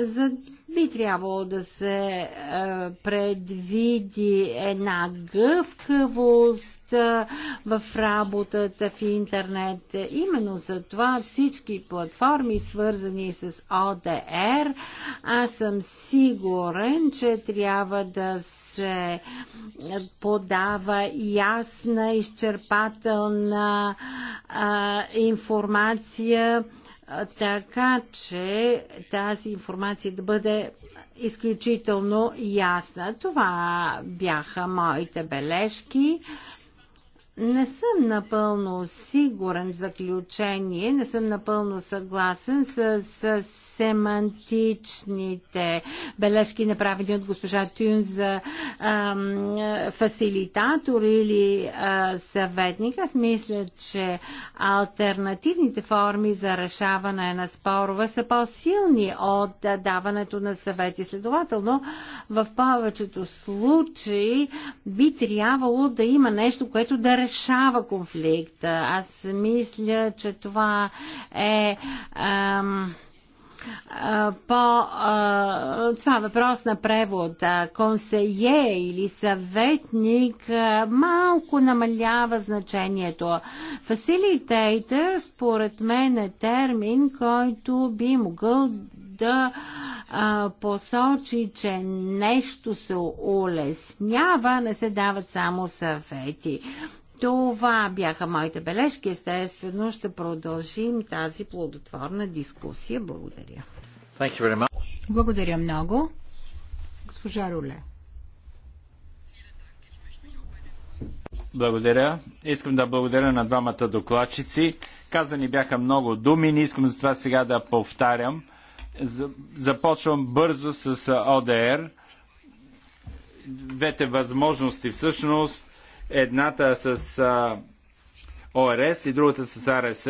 Speaker 2: За, би трябвало да се а, предвиди една гъвкавост а, в работата в интернет. Именно за това всички платформи, свързани с ОДР, аз съм сигурен, че трябва да се подава ясна, изчерпателна а, информация така че тази информация да бъде изключително ясна. Това бяха моите бележки. Не съм напълно сигурен в заключение, не съм напълно съгласен с, с семантичните бележки, направени от госпожа Тюн за ам, фасилитатор или а, съветник. Аз мисля, че альтернативните форми за решаване на спорове са по-силни от даването на съвети. Следователно, в повечето случаи би трябвало да има нещо, което да решава конфликта. Аз мисля, че това е. Ам, по това е въпрос на превод. Консее или съветник малко намалява значението. Facilitator според мен е термин, който би могъл да а, посочи, че нещо се улеснява, не се дават само съвети. Това бяха моите бележки. Естествено, ще продължим тази плодотворна дискусия. Благодаря. Благодаря много. Госпожа Руле.
Speaker 3: Благодаря. Искам да благодаря на двамата докладчици. Казани бяха много думи, не искам за това сега да повтарям. Започвам бързо с ОДР. Двете възможности всъщност едната с а, ОРС и другата с АРС.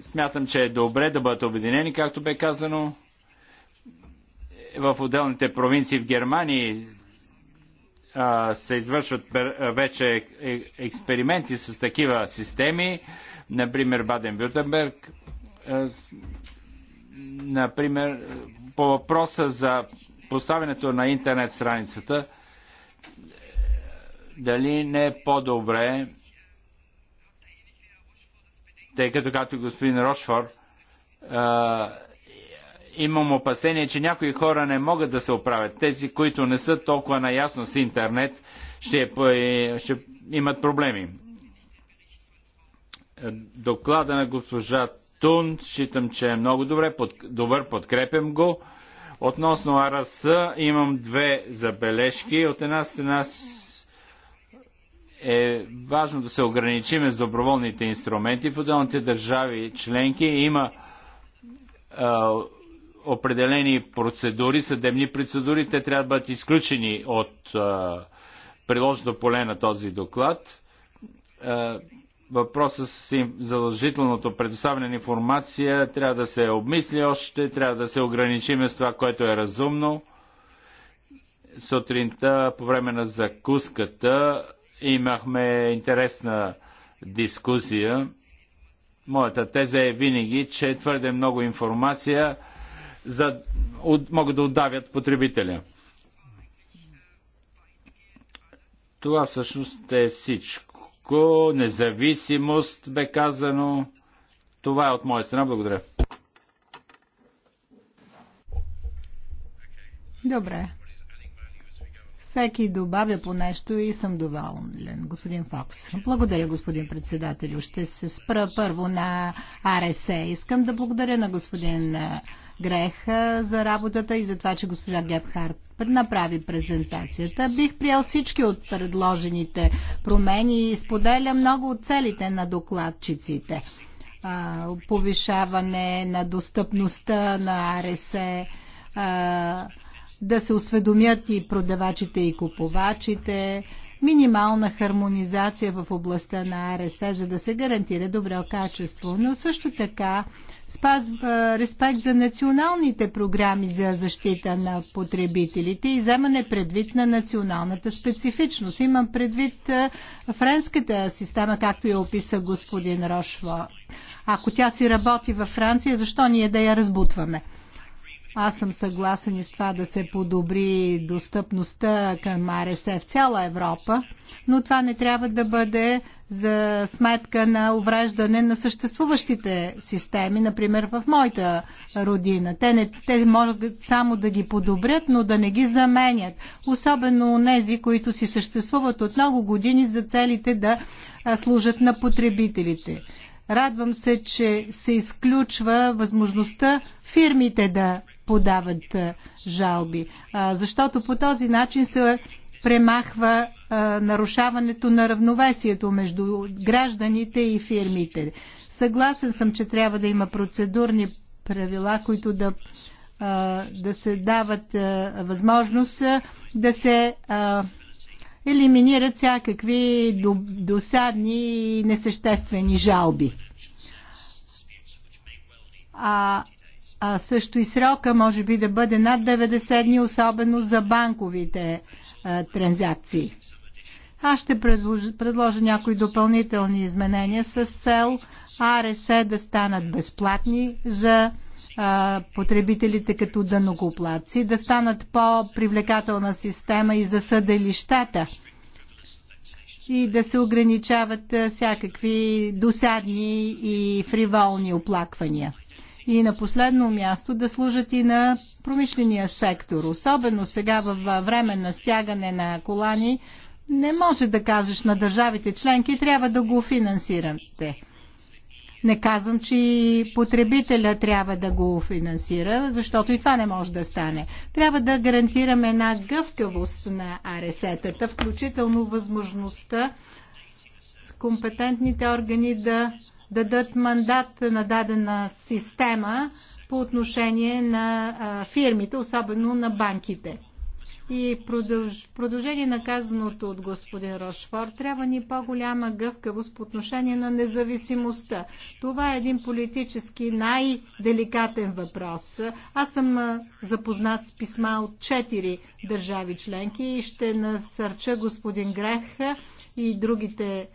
Speaker 3: Смятам, че е добре да бъдат обединени, както бе казано, в отделните провинции в Германии а, се извършват вече е, е, експерименти с такива системи, например Баден-Вюртенберг, например по въпроса за поставянето на интернет страницата, дали не е по-добре, тъй като както господин Рошфор, а, имам опасение, че някои хора не могат да се оправят. Тези, които не са толкова наясно с интернет, ще, ще имат проблеми. Доклада на госпожа Тун, считам, че е много добре, под, добър, подкрепям го. Относно АРС имам две забележки. От една страна е важно да се ограничиме с доброволните инструменти. В отделните държави членки има а, определени процедури, съдебни процедури. Те трябва да бъдат изключени от а, приложното поле на този доклад. А, въпросът с задължителното предоставяне на информация трябва да се обмисли още, трябва да се ограничиме с това, което е разумно сутринта по време на закуската Имахме интересна дискусия. Моята теза е винаги, че твърде много информация за, от, могат да отдавят потребителя. Това всъщност е всичко. Независимост бе казано. Това е от моя страна. Благодаря.
Speaker 4: Добре. Всеки добавя по нещо и съм доволен, господин Фокс. Благодаря, господин председател. Ще се спра първо на АРС. Искам да благодаря на господин Грех за работата и за това, че госпожа Гебхарт направи презентацията. Бих приел всички от предложените промени и споделя много от целите на докладчиците. повишаване на достъпността на АРС, да се осведомят и продавачите и купувачите, минимална хармонизация в областта на АРС, за да се гарантира добро качество, но също така спазва респект за националните програми за защита на потребителите и вземане предвид на националната специфичност. Имам предвид френската система, както я описа господин Рошво. Ако тя си работи във Франция, защо ние да я разбутваме? Аз съм съгласен и с това да се подобри достъпността към АРС в цяла Европа, но това не трябва да бъде за сметка на увреждане на съществуващите системи, например в моята родина. Те, не, те могат само да ги подобрят, но да не ги заменят. Особено нези, които си съществуват от много години за целите да служат на потребителите. Радвам се, че се изключва възможността фирмите да подават жалби. Защото по този начин се премахва нарушаването на равновесието между гражданите и фирмите. Съгласен съм, че трябва да има процедурни правила, които да, да се дават възможност да се елиминират всякакви досадни и несъществени жалби. А а също и срока може би да бъде над 90 дни, особено за банковите а, е, транзакции. Аз ще предложа, предложа някои допълнителни изменения с цел АРС да станат безплатни за а, потребителите като дъногоплаци, да станат по-привлекателна система и за съделищата и да се ограничават всякакви досадни и фриволни оплаквания и на последно място да служат и на промишления сектор. Особено сега във време на стягане на колани не може да кажеш на държавите членки, трябва да го финансирате. Не казвам, че и потребителя трябва да го финансира, защото и това не може да стане. Трябва да гарантираме една гъвкавост на аресетата, включително възможността компетентните органи да дадат мандат на дадена система по отношение на фирмите, особено на банките. И продълж, продължение на казаното от господин Рошфор, трябва ни по-голяма гъвкавост по отношение на независимостта. Това е един политически най-деликатен въпрос. Аз съм запознат с писма от четири държави членки и ще насърча господин Грех и другите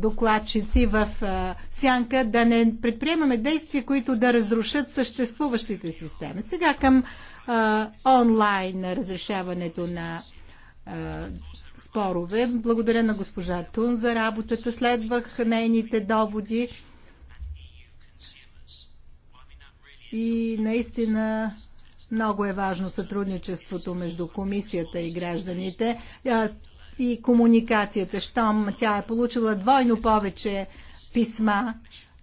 Speaker 4: докладчици в сянка да не предприемаме действия, които да разрушат съществуващите системи. Сега към а, онлайн разрешаването на а, спорове. Благодаря на госпожа Тун за работата. Следвах нейните доводи. И наистина много е важно сътрудничеството между комисията и гражданите и комуникацията. Щом тя е получила двойно повече писма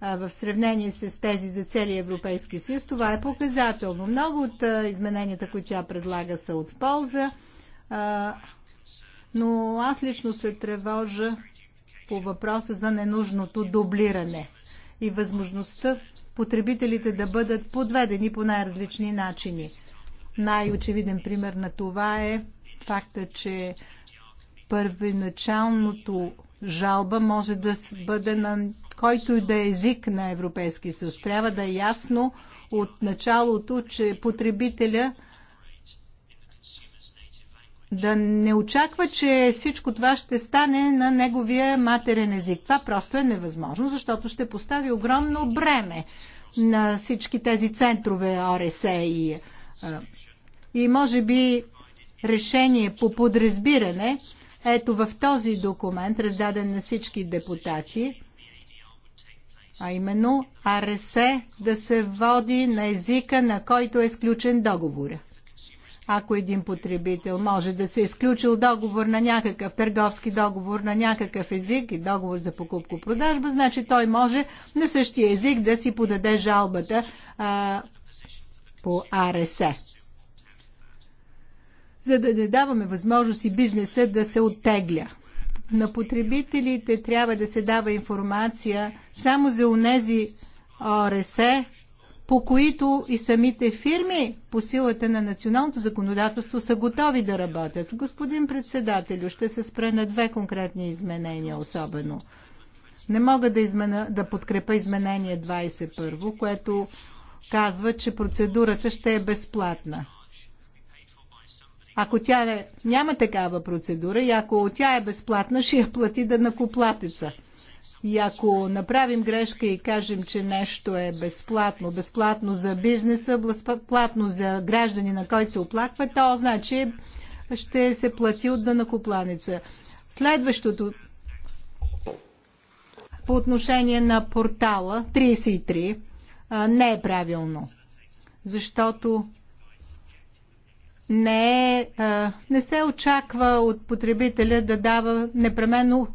Speaker 4: в сравнение с тези за целия Европейски съюз, това е показателно. Много от измененията, които тя предлага, са от полза, но аз лично се тревожа по въпроса за ненужното дублиране и възможността потребителите да бъдат подведени по най-различни начини. Най-очевиден пример на това е факта, че първоначалното жалба може да бъде на който и да е език на Европейския съюз. Трябва да е ясно от началото, че потребителя да не очаква, че всичко това ще стане на неговия матерен език. Това просто е невъзможно, защото ще постави огромно бреме на всички тези центрове ОРСЕ и, и може би решение по подразбиране ето в този документ, раздаден на всички депутати, а именно АРС да се води на езика, на който е изключен договор. Ако един потребител може да се е изключил договор на някакъв търговски договор на някакъв език и договор за покупко-продажба, значи той може на същия език да си подаде жалбата а, по АРС за да не даваме възможност и бизнеса да се оттегля. На потребителите трябва да се дава информация само за унези ОРС, по които и самите фирми по силата на националното законодателство са готови да работят. Господин председател, ще се спре на две конкретни изменения особено. Не мога да, измена, да подкрепа изменение 21, което казва, че процедурата ще е безплатна. Ако тя е, няма такава процедура и ако тя е безплатна, ще я плати да накоплатеца. И ако направим грешка и кажем, че нещо е безплатно, безплатно за бизнеса, безплатно за граждани, на който се оплаква, то значи ще се плати от дънакопланица. Следващото по отношение на портала 33 не е правилно, защото не, е, а, не се очаква от потребителя да дава непременно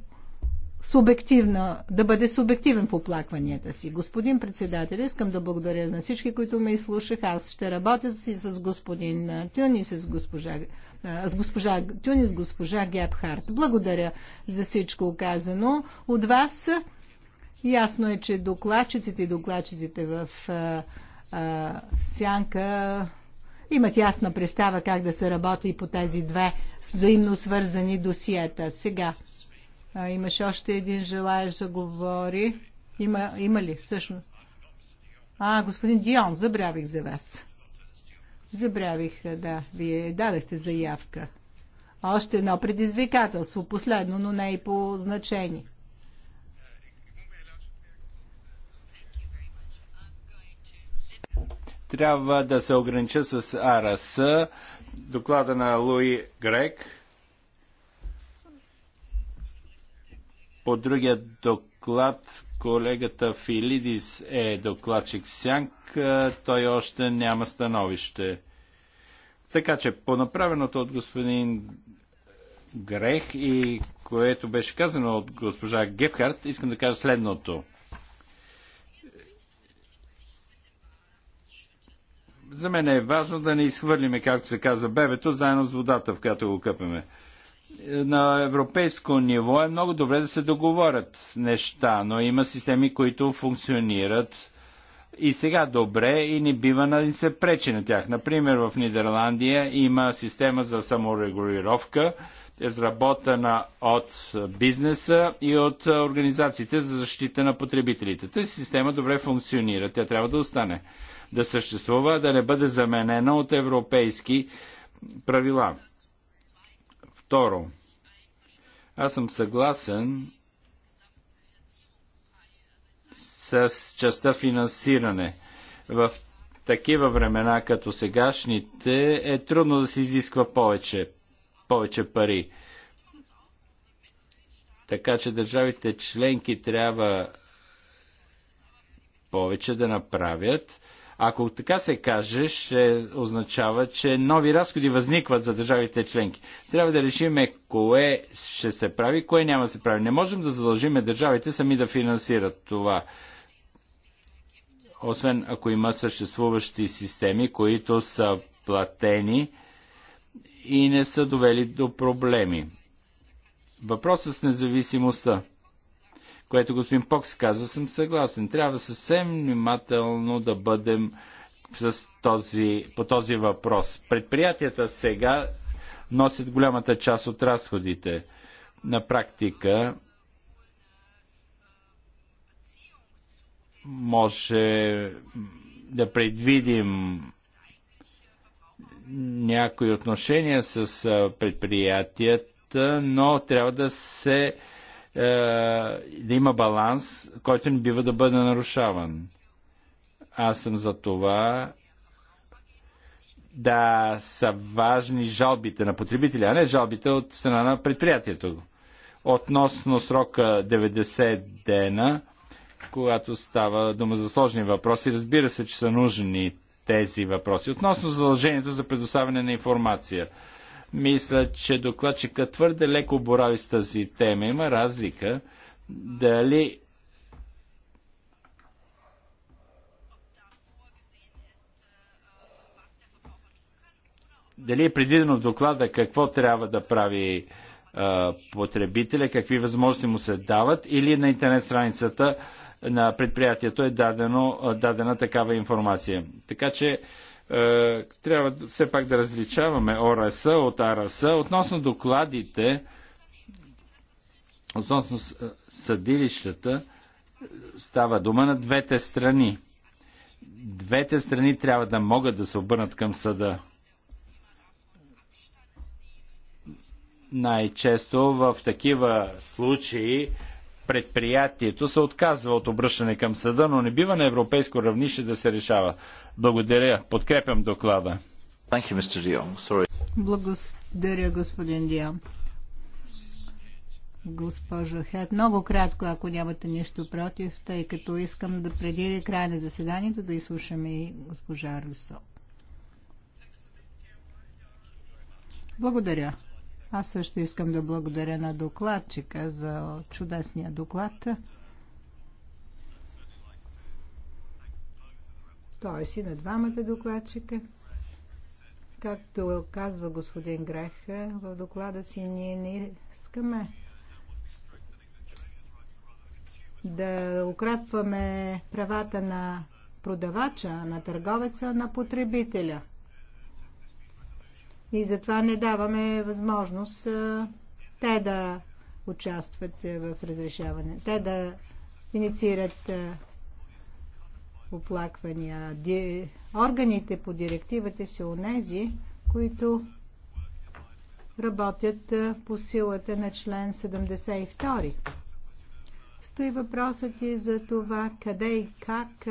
Speaker 4: субективна, да бъде субективен в оплакванията си. Господин председател, искам да благодаря на всички, които ме изслушах. Аз ще работя си с господин Тюни, с госпожа, с госпожа Тюни, с госпожа Гебхарт. Благодаря за всичко казано от вас. Ясно е, че докладчиците и докладчиците в а, а, сянка имат ясна представа как да се работи по тези две взаимно свързани досиета. Сега а, имаш още един желаящ да говори. Има, има ли всъщност? А, господин Дион, забравих за вас. Забравих, да. Вие дадахте заявка. Още едно предизвикателство, последно, но не и по значение.
Speaker 3: трябва да се огранича с АРС, доклада на Луи Грек. По другия доклад колегата Филидис е докладчик в Сянк. Е, той още няма становище. Така че по направеното от господин Грех и което беше казано от госпожа Гепхарт, искам да кажа следното. за мен е важно да не изхвърлиме, както се казва, бебето заедно с водата, в която го къпеме. На европейско ниво е много добре да се договорят неща, но има системи, които функционират и сега добре и не бива да се пречи на тях. Например, в Нидерландия има система за саморегулировка, изработена от бизнеса и от организациите за защита на потребителите. Тази система добре функционира. Тя трябва да остане да съществува, да не бъде заменена от европейски правила. Второ, аз съм съгласен с частта финансиране. В такива времена като сегашните е трудно да се изисква повече, повече пари. Така че държавите членки трябва повече да направят ако така се каже, ще означава, че нови разходи възникват за държавите членки. Трябва да решиме кое ще се прави, кое няма да се прави. Не можем да задължиме държавите сами да финансират това. Освен ако има съществуващи системи, които са платени и не са довели до проблеми. Въпросът с независимостта което господин Покс каза, съм съгласен. Трябва съвсем внимателно да бъдем с този, по този въпрос. Предприятията сега носят голямата част от разходите. На практика може да предвидим някои отношения с предприятията, но трябва да се е, да има баланс, който не бива да бъде нарушаван. Аз съм за това да са важни жалбите на потребителя, а не жалбите от страна на предприятието. Относно срока 90 дена, когато става дума за сложни въпроси, разбира се, че са нужни тези въпроси. Относно задължението за предоставяне на информация – мисля, че докладчика твърде леко борави с тази тема. Има разлика дали дали е предвидено в доклада какво трябва да прави а, потребителя, какви възможности му се дават или на интернет страницата на предприятието е дадено, дадена такава информация. Така че е, трябва все пак да различаваме ОРС от АРС. Относно докладите, относно е, съдилищата, става дума на двете страни. Двете страни трябва да могат да се обърнат към съда. Най-често в такива случаи предприятието се отказва от обръщане към съда, но не бива на европейско равнище да се решава. Благодаря. Подкрепям доклада.
Speaker 4: Благодаря, господин Диам, Госпожо Хед, много кратко, ако нямате нищо против, тъй като искам да преди края на заседанието да изслушаме и госпожа Русо. Благодаря. Аз също искам да благодаря на докладчика за чудесния доклад. Той си на двамата докладчика. Както казва господин Грех, в доклада си ние не искаме да укрепваме правата на продавача, на търговеца, на потребителя – и затова не даваме възможност те да участват е, в разрешаване, те да инициират оплаквания. Органите по директивата са онези, които работят по силата на член 72. Стои въпросът и за това къде и как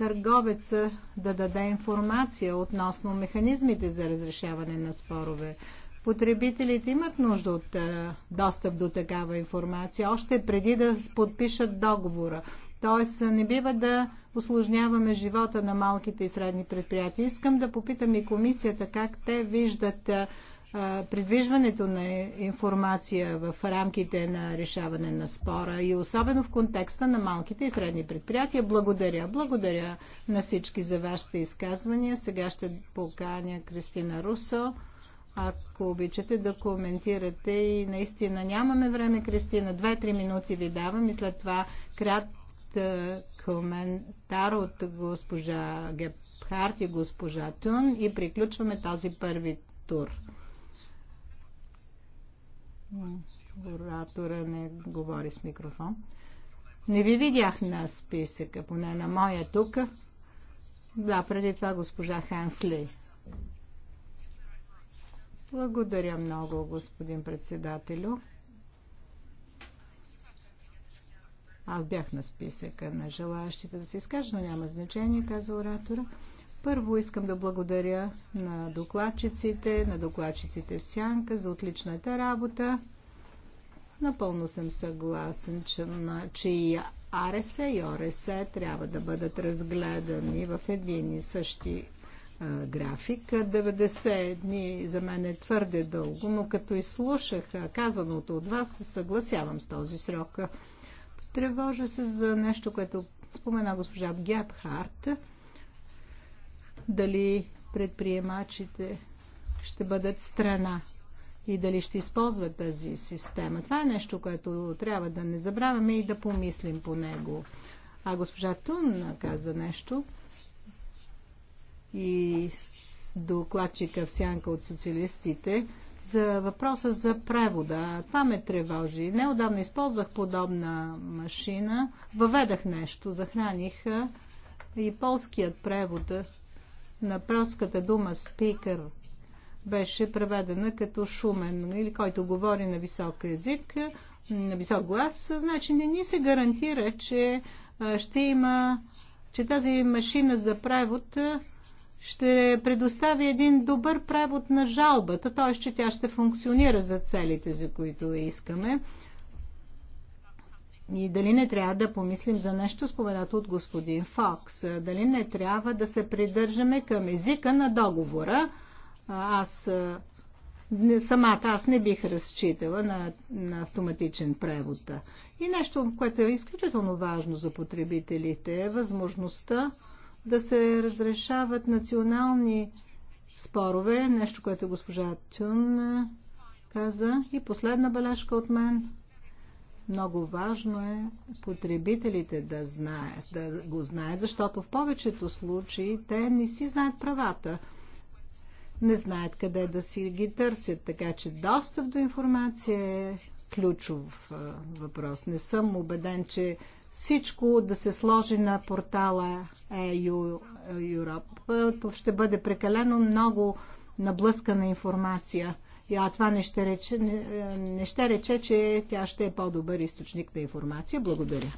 Speaker 4: търговеца да даде информация относно механизмите за разрешаване на спорове. Потребителите имат нужда от достъп до такава информация още преди да подпишат договора. Тоест не бива да осложняваме живота на малките и средни предприятия. Искам да попитам и комисията как те виждат придвижването на информация в рамките на решаване на спора и особено в контекста на малките и средни предприятия. Благодаря. Благодаря на всички за вашите изказвания. Сега ще поканя Кристина Русо. Ако обичате да коментирате и наистина нямаме време, Кристина, 2-3 минути ви давам и след това крат коментар от госпожа Гепхарт и госпожа Тун и приключваме този първи тур. Оратора не говори с микрофон. Не ви видях на списъка, поне на моя тук. Да, преди това госпожа Хансли. Благодаря много, господин председателю. Аз бях на списъка на желаящите да се изкажа, но няма значение, каза оратора. Първо искам да благодаря на докладчиците, на докладчиците в Сянка за отличната работа. Напълно съм съгласен, че, че и АРСЕ и ОРСЕ трябва да бъдат разгледани в един и същи график. 90 дни за мен е твърде дълго, но като изслушах казаното от вас, се съгласявам с този срок. Тревожа се за нещо, което спомена госпожа Гебхарт дали предприемачите ще бъдат страна и дали ще използват тази система. Това е нещо, което трябва да не забравяме и да помислим по него. А госпожа Тун каза нещо и докладчика в сянка от социалистите за въпроса за превода. Това ме тревожи. Неодавна използвах подобна машина, въведах нещо, захраних и полският превод на пралската дума спикър беше преведена като шумен, или който говори на висок език, на висок глас, значи не ни се гарантира, че ще има, че тази машина за превод ще предостави един добър превод на жалбата, т.е. че тя ще функционира за целите, за които искаме. И дали не трябва да помислим за нещо споменато от господин Фокс? Дали не трябва да се придържаме към езика на договора? Аз не, самата аз не бих разчитала на, на автоматичен превод. И нещо, което е изключително важно за потребителите е възможността да се разрешават национални спорове, нещо, което госпожа Тюн каза. И последна бележка от мен. Много важно е потребителите да знаят, да го знаят, защото в повечето случаи те не си знаят правата. Не знаят къде да си ги търсят, така че достъп до информация е ключов въпрос. Не съм убеден, че всичко да се сложи на портала EU Europe ще бъде прекалено много наблъскана информация. А това не ще, рече, не, е, не ще рече, че тя ще е по-добър източник на информация. Благодаря.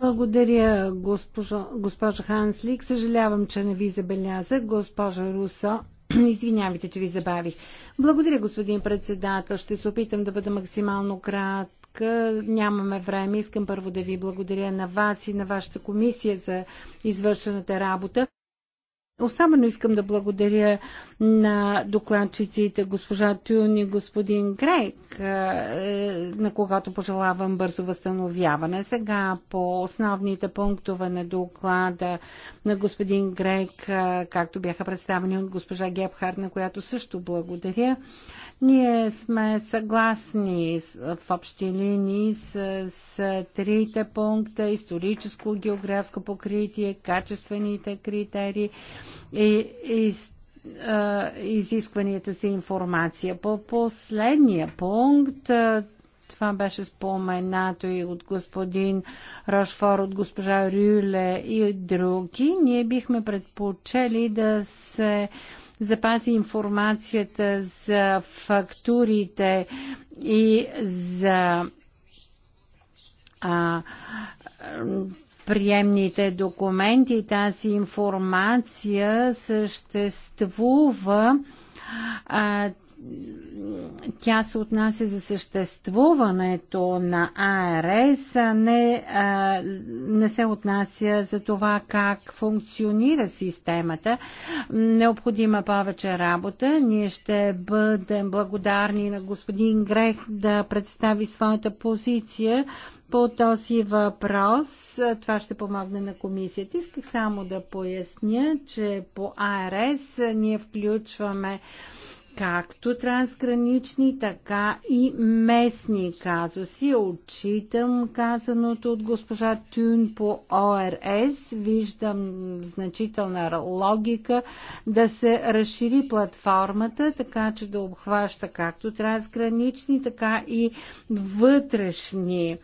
Speaker 2: Благодаря, госпожо, госпожа Ханслик. Съжалявам, че не ви забеляза. Госпожа Русо, извинявайте, че ви забавих. Благодаря, господин председател. Ще се опитам да бъда максимално кратка. Нямаме време. Искам първо да ви благодаря на вас и на вашата комисия за извършената работа. Особено искам да благодаря на докладчиците госпожа Тюн и господин Грейк, е, на когато пожелавам бързо възстановяване. Сега по основните пунктове на доклада на господин Грейк, е, както бяха представени от госпожа Гебхар, на която също благодаря. Ние сме съгласни в общи линии с, с трите пункта историческо, географско покритие, качествените критерии и, и изискванията за информация. По последния пункт, това беше споменато и от господин Рошфор, от госпожа Рюле и от други, ние бихме предпочели да се а, запази информацията за фактурите и за а, приемните документи. Тази информация съществува а, тя се отнася за съществуването на АРС, а не, а, не се отнася за това как функционира системата. Необходима повече работа. Ние ще бъдем благодарни на господин Грех да представи своята позиция по този въпрос. Това ще помогне на комисията. Исках само да поясня, че по АРС ние включваме както трансгранични, така и местни казуси. Отчитам казаното от госпожа Тюн по ОРС. Виждам значителна логика да се разшири платформата, така че да обхваща както трансгранични, така и вътрешни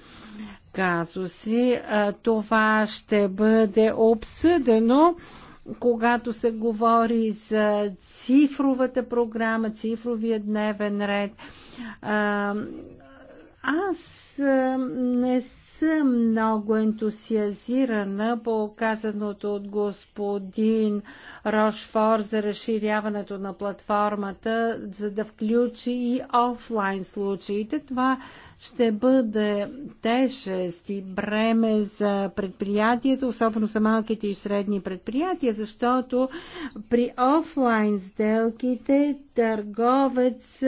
Speaker 2: казуси. Това ще бъде обсъдено когато се говори за цифровата програма, цифровия дневен ред. Аз не съм много ентусиазирана по казаното от господин Рошфор за разширяването на платформата, за да включи и офлайн случаите. Това ще бъде тежест и бреме за предприятията, особено за малките и средни предприятия, защото при офлайн сделките търговец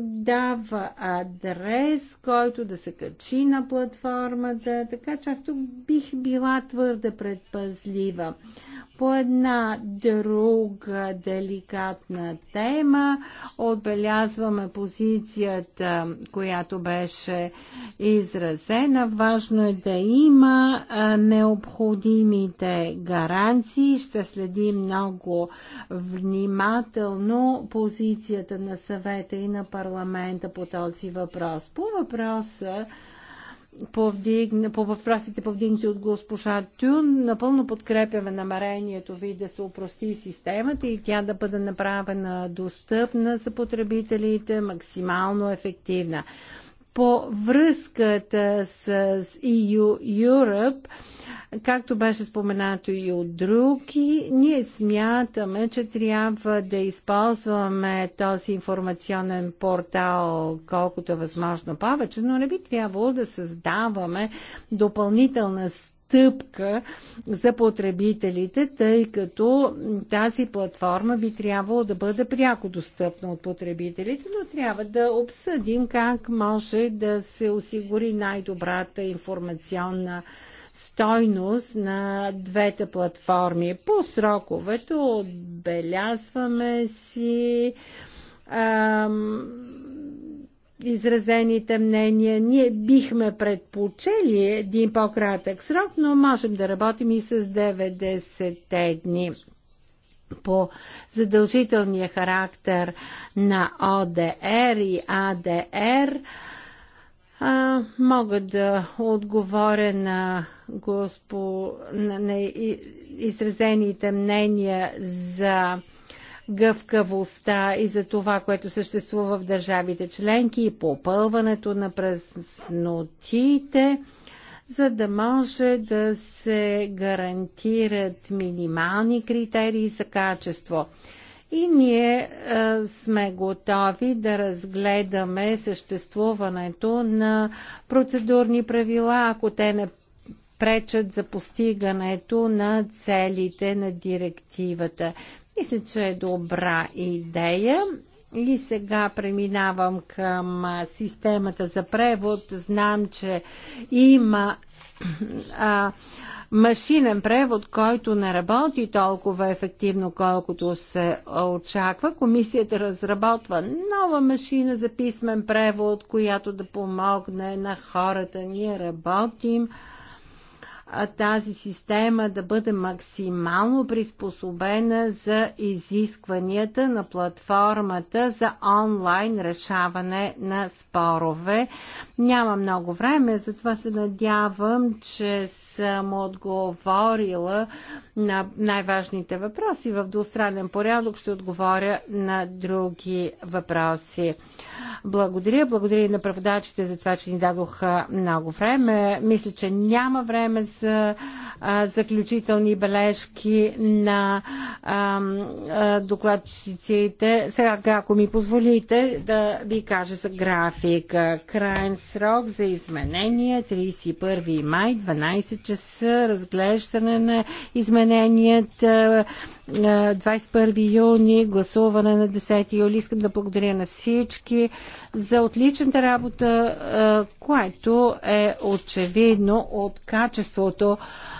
Speaker 2: дава адрес, който да се качи на платформата, така че аз тук бих била твърде предпазлива. По една друга деликатна тема отбелязваме позицията, която беше изразена. Важно е да има необходимите гаранции. Ще следим много внимателно позицията на съвета и на парламента парламента по този въпрос. По въпроса по въпросите повдигнати от госпожа Тюн. Напълно подкрепяме намерението ви да се упрости системата и тя да бъде направена достъпна за потребителите, максимално ефективна по връзката с EU Europe, както беше споменато и от други, ние смятаме, че трябва да използваме този информационен портал колкото е възможно повече, но не би трябвало да създаваме допълнителна стъпка за потребителите, тъй като тази платформа би трябвало да бъде пряко достъпна от потребителите, но трябва да обсъдим как може да се осигури най-добрата информационна стойност на двете платформи. По сроковете отбелязваме си ам, изразените мнения. Ние бихме предпочели един по-кратък срок, но можем да работим и с 90 дни по задължителния характер на ОДР и АДР. А, мога да отговоря на, госпо, на, на изразените мнения за гъвкавостта и за това, което съществува в държавите членки и попълването на празнотите, за да може да се гарантират минимални критерии за качество. И ние а, е, сме готови да разгледаме съществуването на процедурни правила, ако те не пречат за постигането на целите на директивата. Мисля, че е добра идея. И сега преминавам към системата за превод. Знам, че има а, машинен превод, който не работи толкова ефективно, колкото се очаква. Комисията разработва нова машина за писмен превод, която да помогне на хората. Ние работим тази система да бъде максимално приспособена за изискванията на платформата за онлайн решаване на спорове. Няма много време, затова се надявам, че съм отговорила на най-важните въпроси. В двустранен порядък ще отговоря на други въпроси. Благодаря, благодаря и на праводачите за това, че ни дадоха много време. Мисля, че няма време за а, заключителни бележки на а, а, докладчиците. Сега, ако ми позволите, да ви кажа за графика. Крайен Срок за изменения 31 май 12 часа. Разглеждане на измененията 21 юни, гласуване на 10 юли. Искам да благодаря на всички за отличната работа, което е очевидно от качеството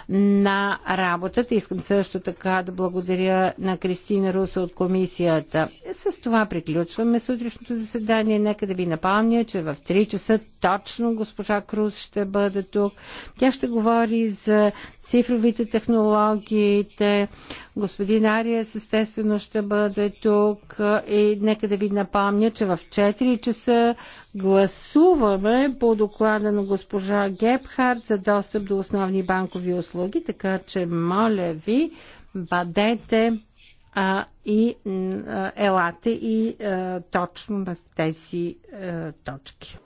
Speaker 2: на работата. Искам също така да благодаря на Кристина Руса от комисията. С това приключваме сутрешното заседание. Нека да ви напомня, че в 3 часа точно госпожа Круз ще бъде тук. Тя ще говори за цифровите технологиите, Господин Ариес естествено ще бъде тук и нека да ви напомня, че в 4 часа гласуваме по доклада на госпожа Гепхард за достъп до основни банкови услуги, така че моля ви, бъдете а, и а, елате и а, точно на тези а, точки.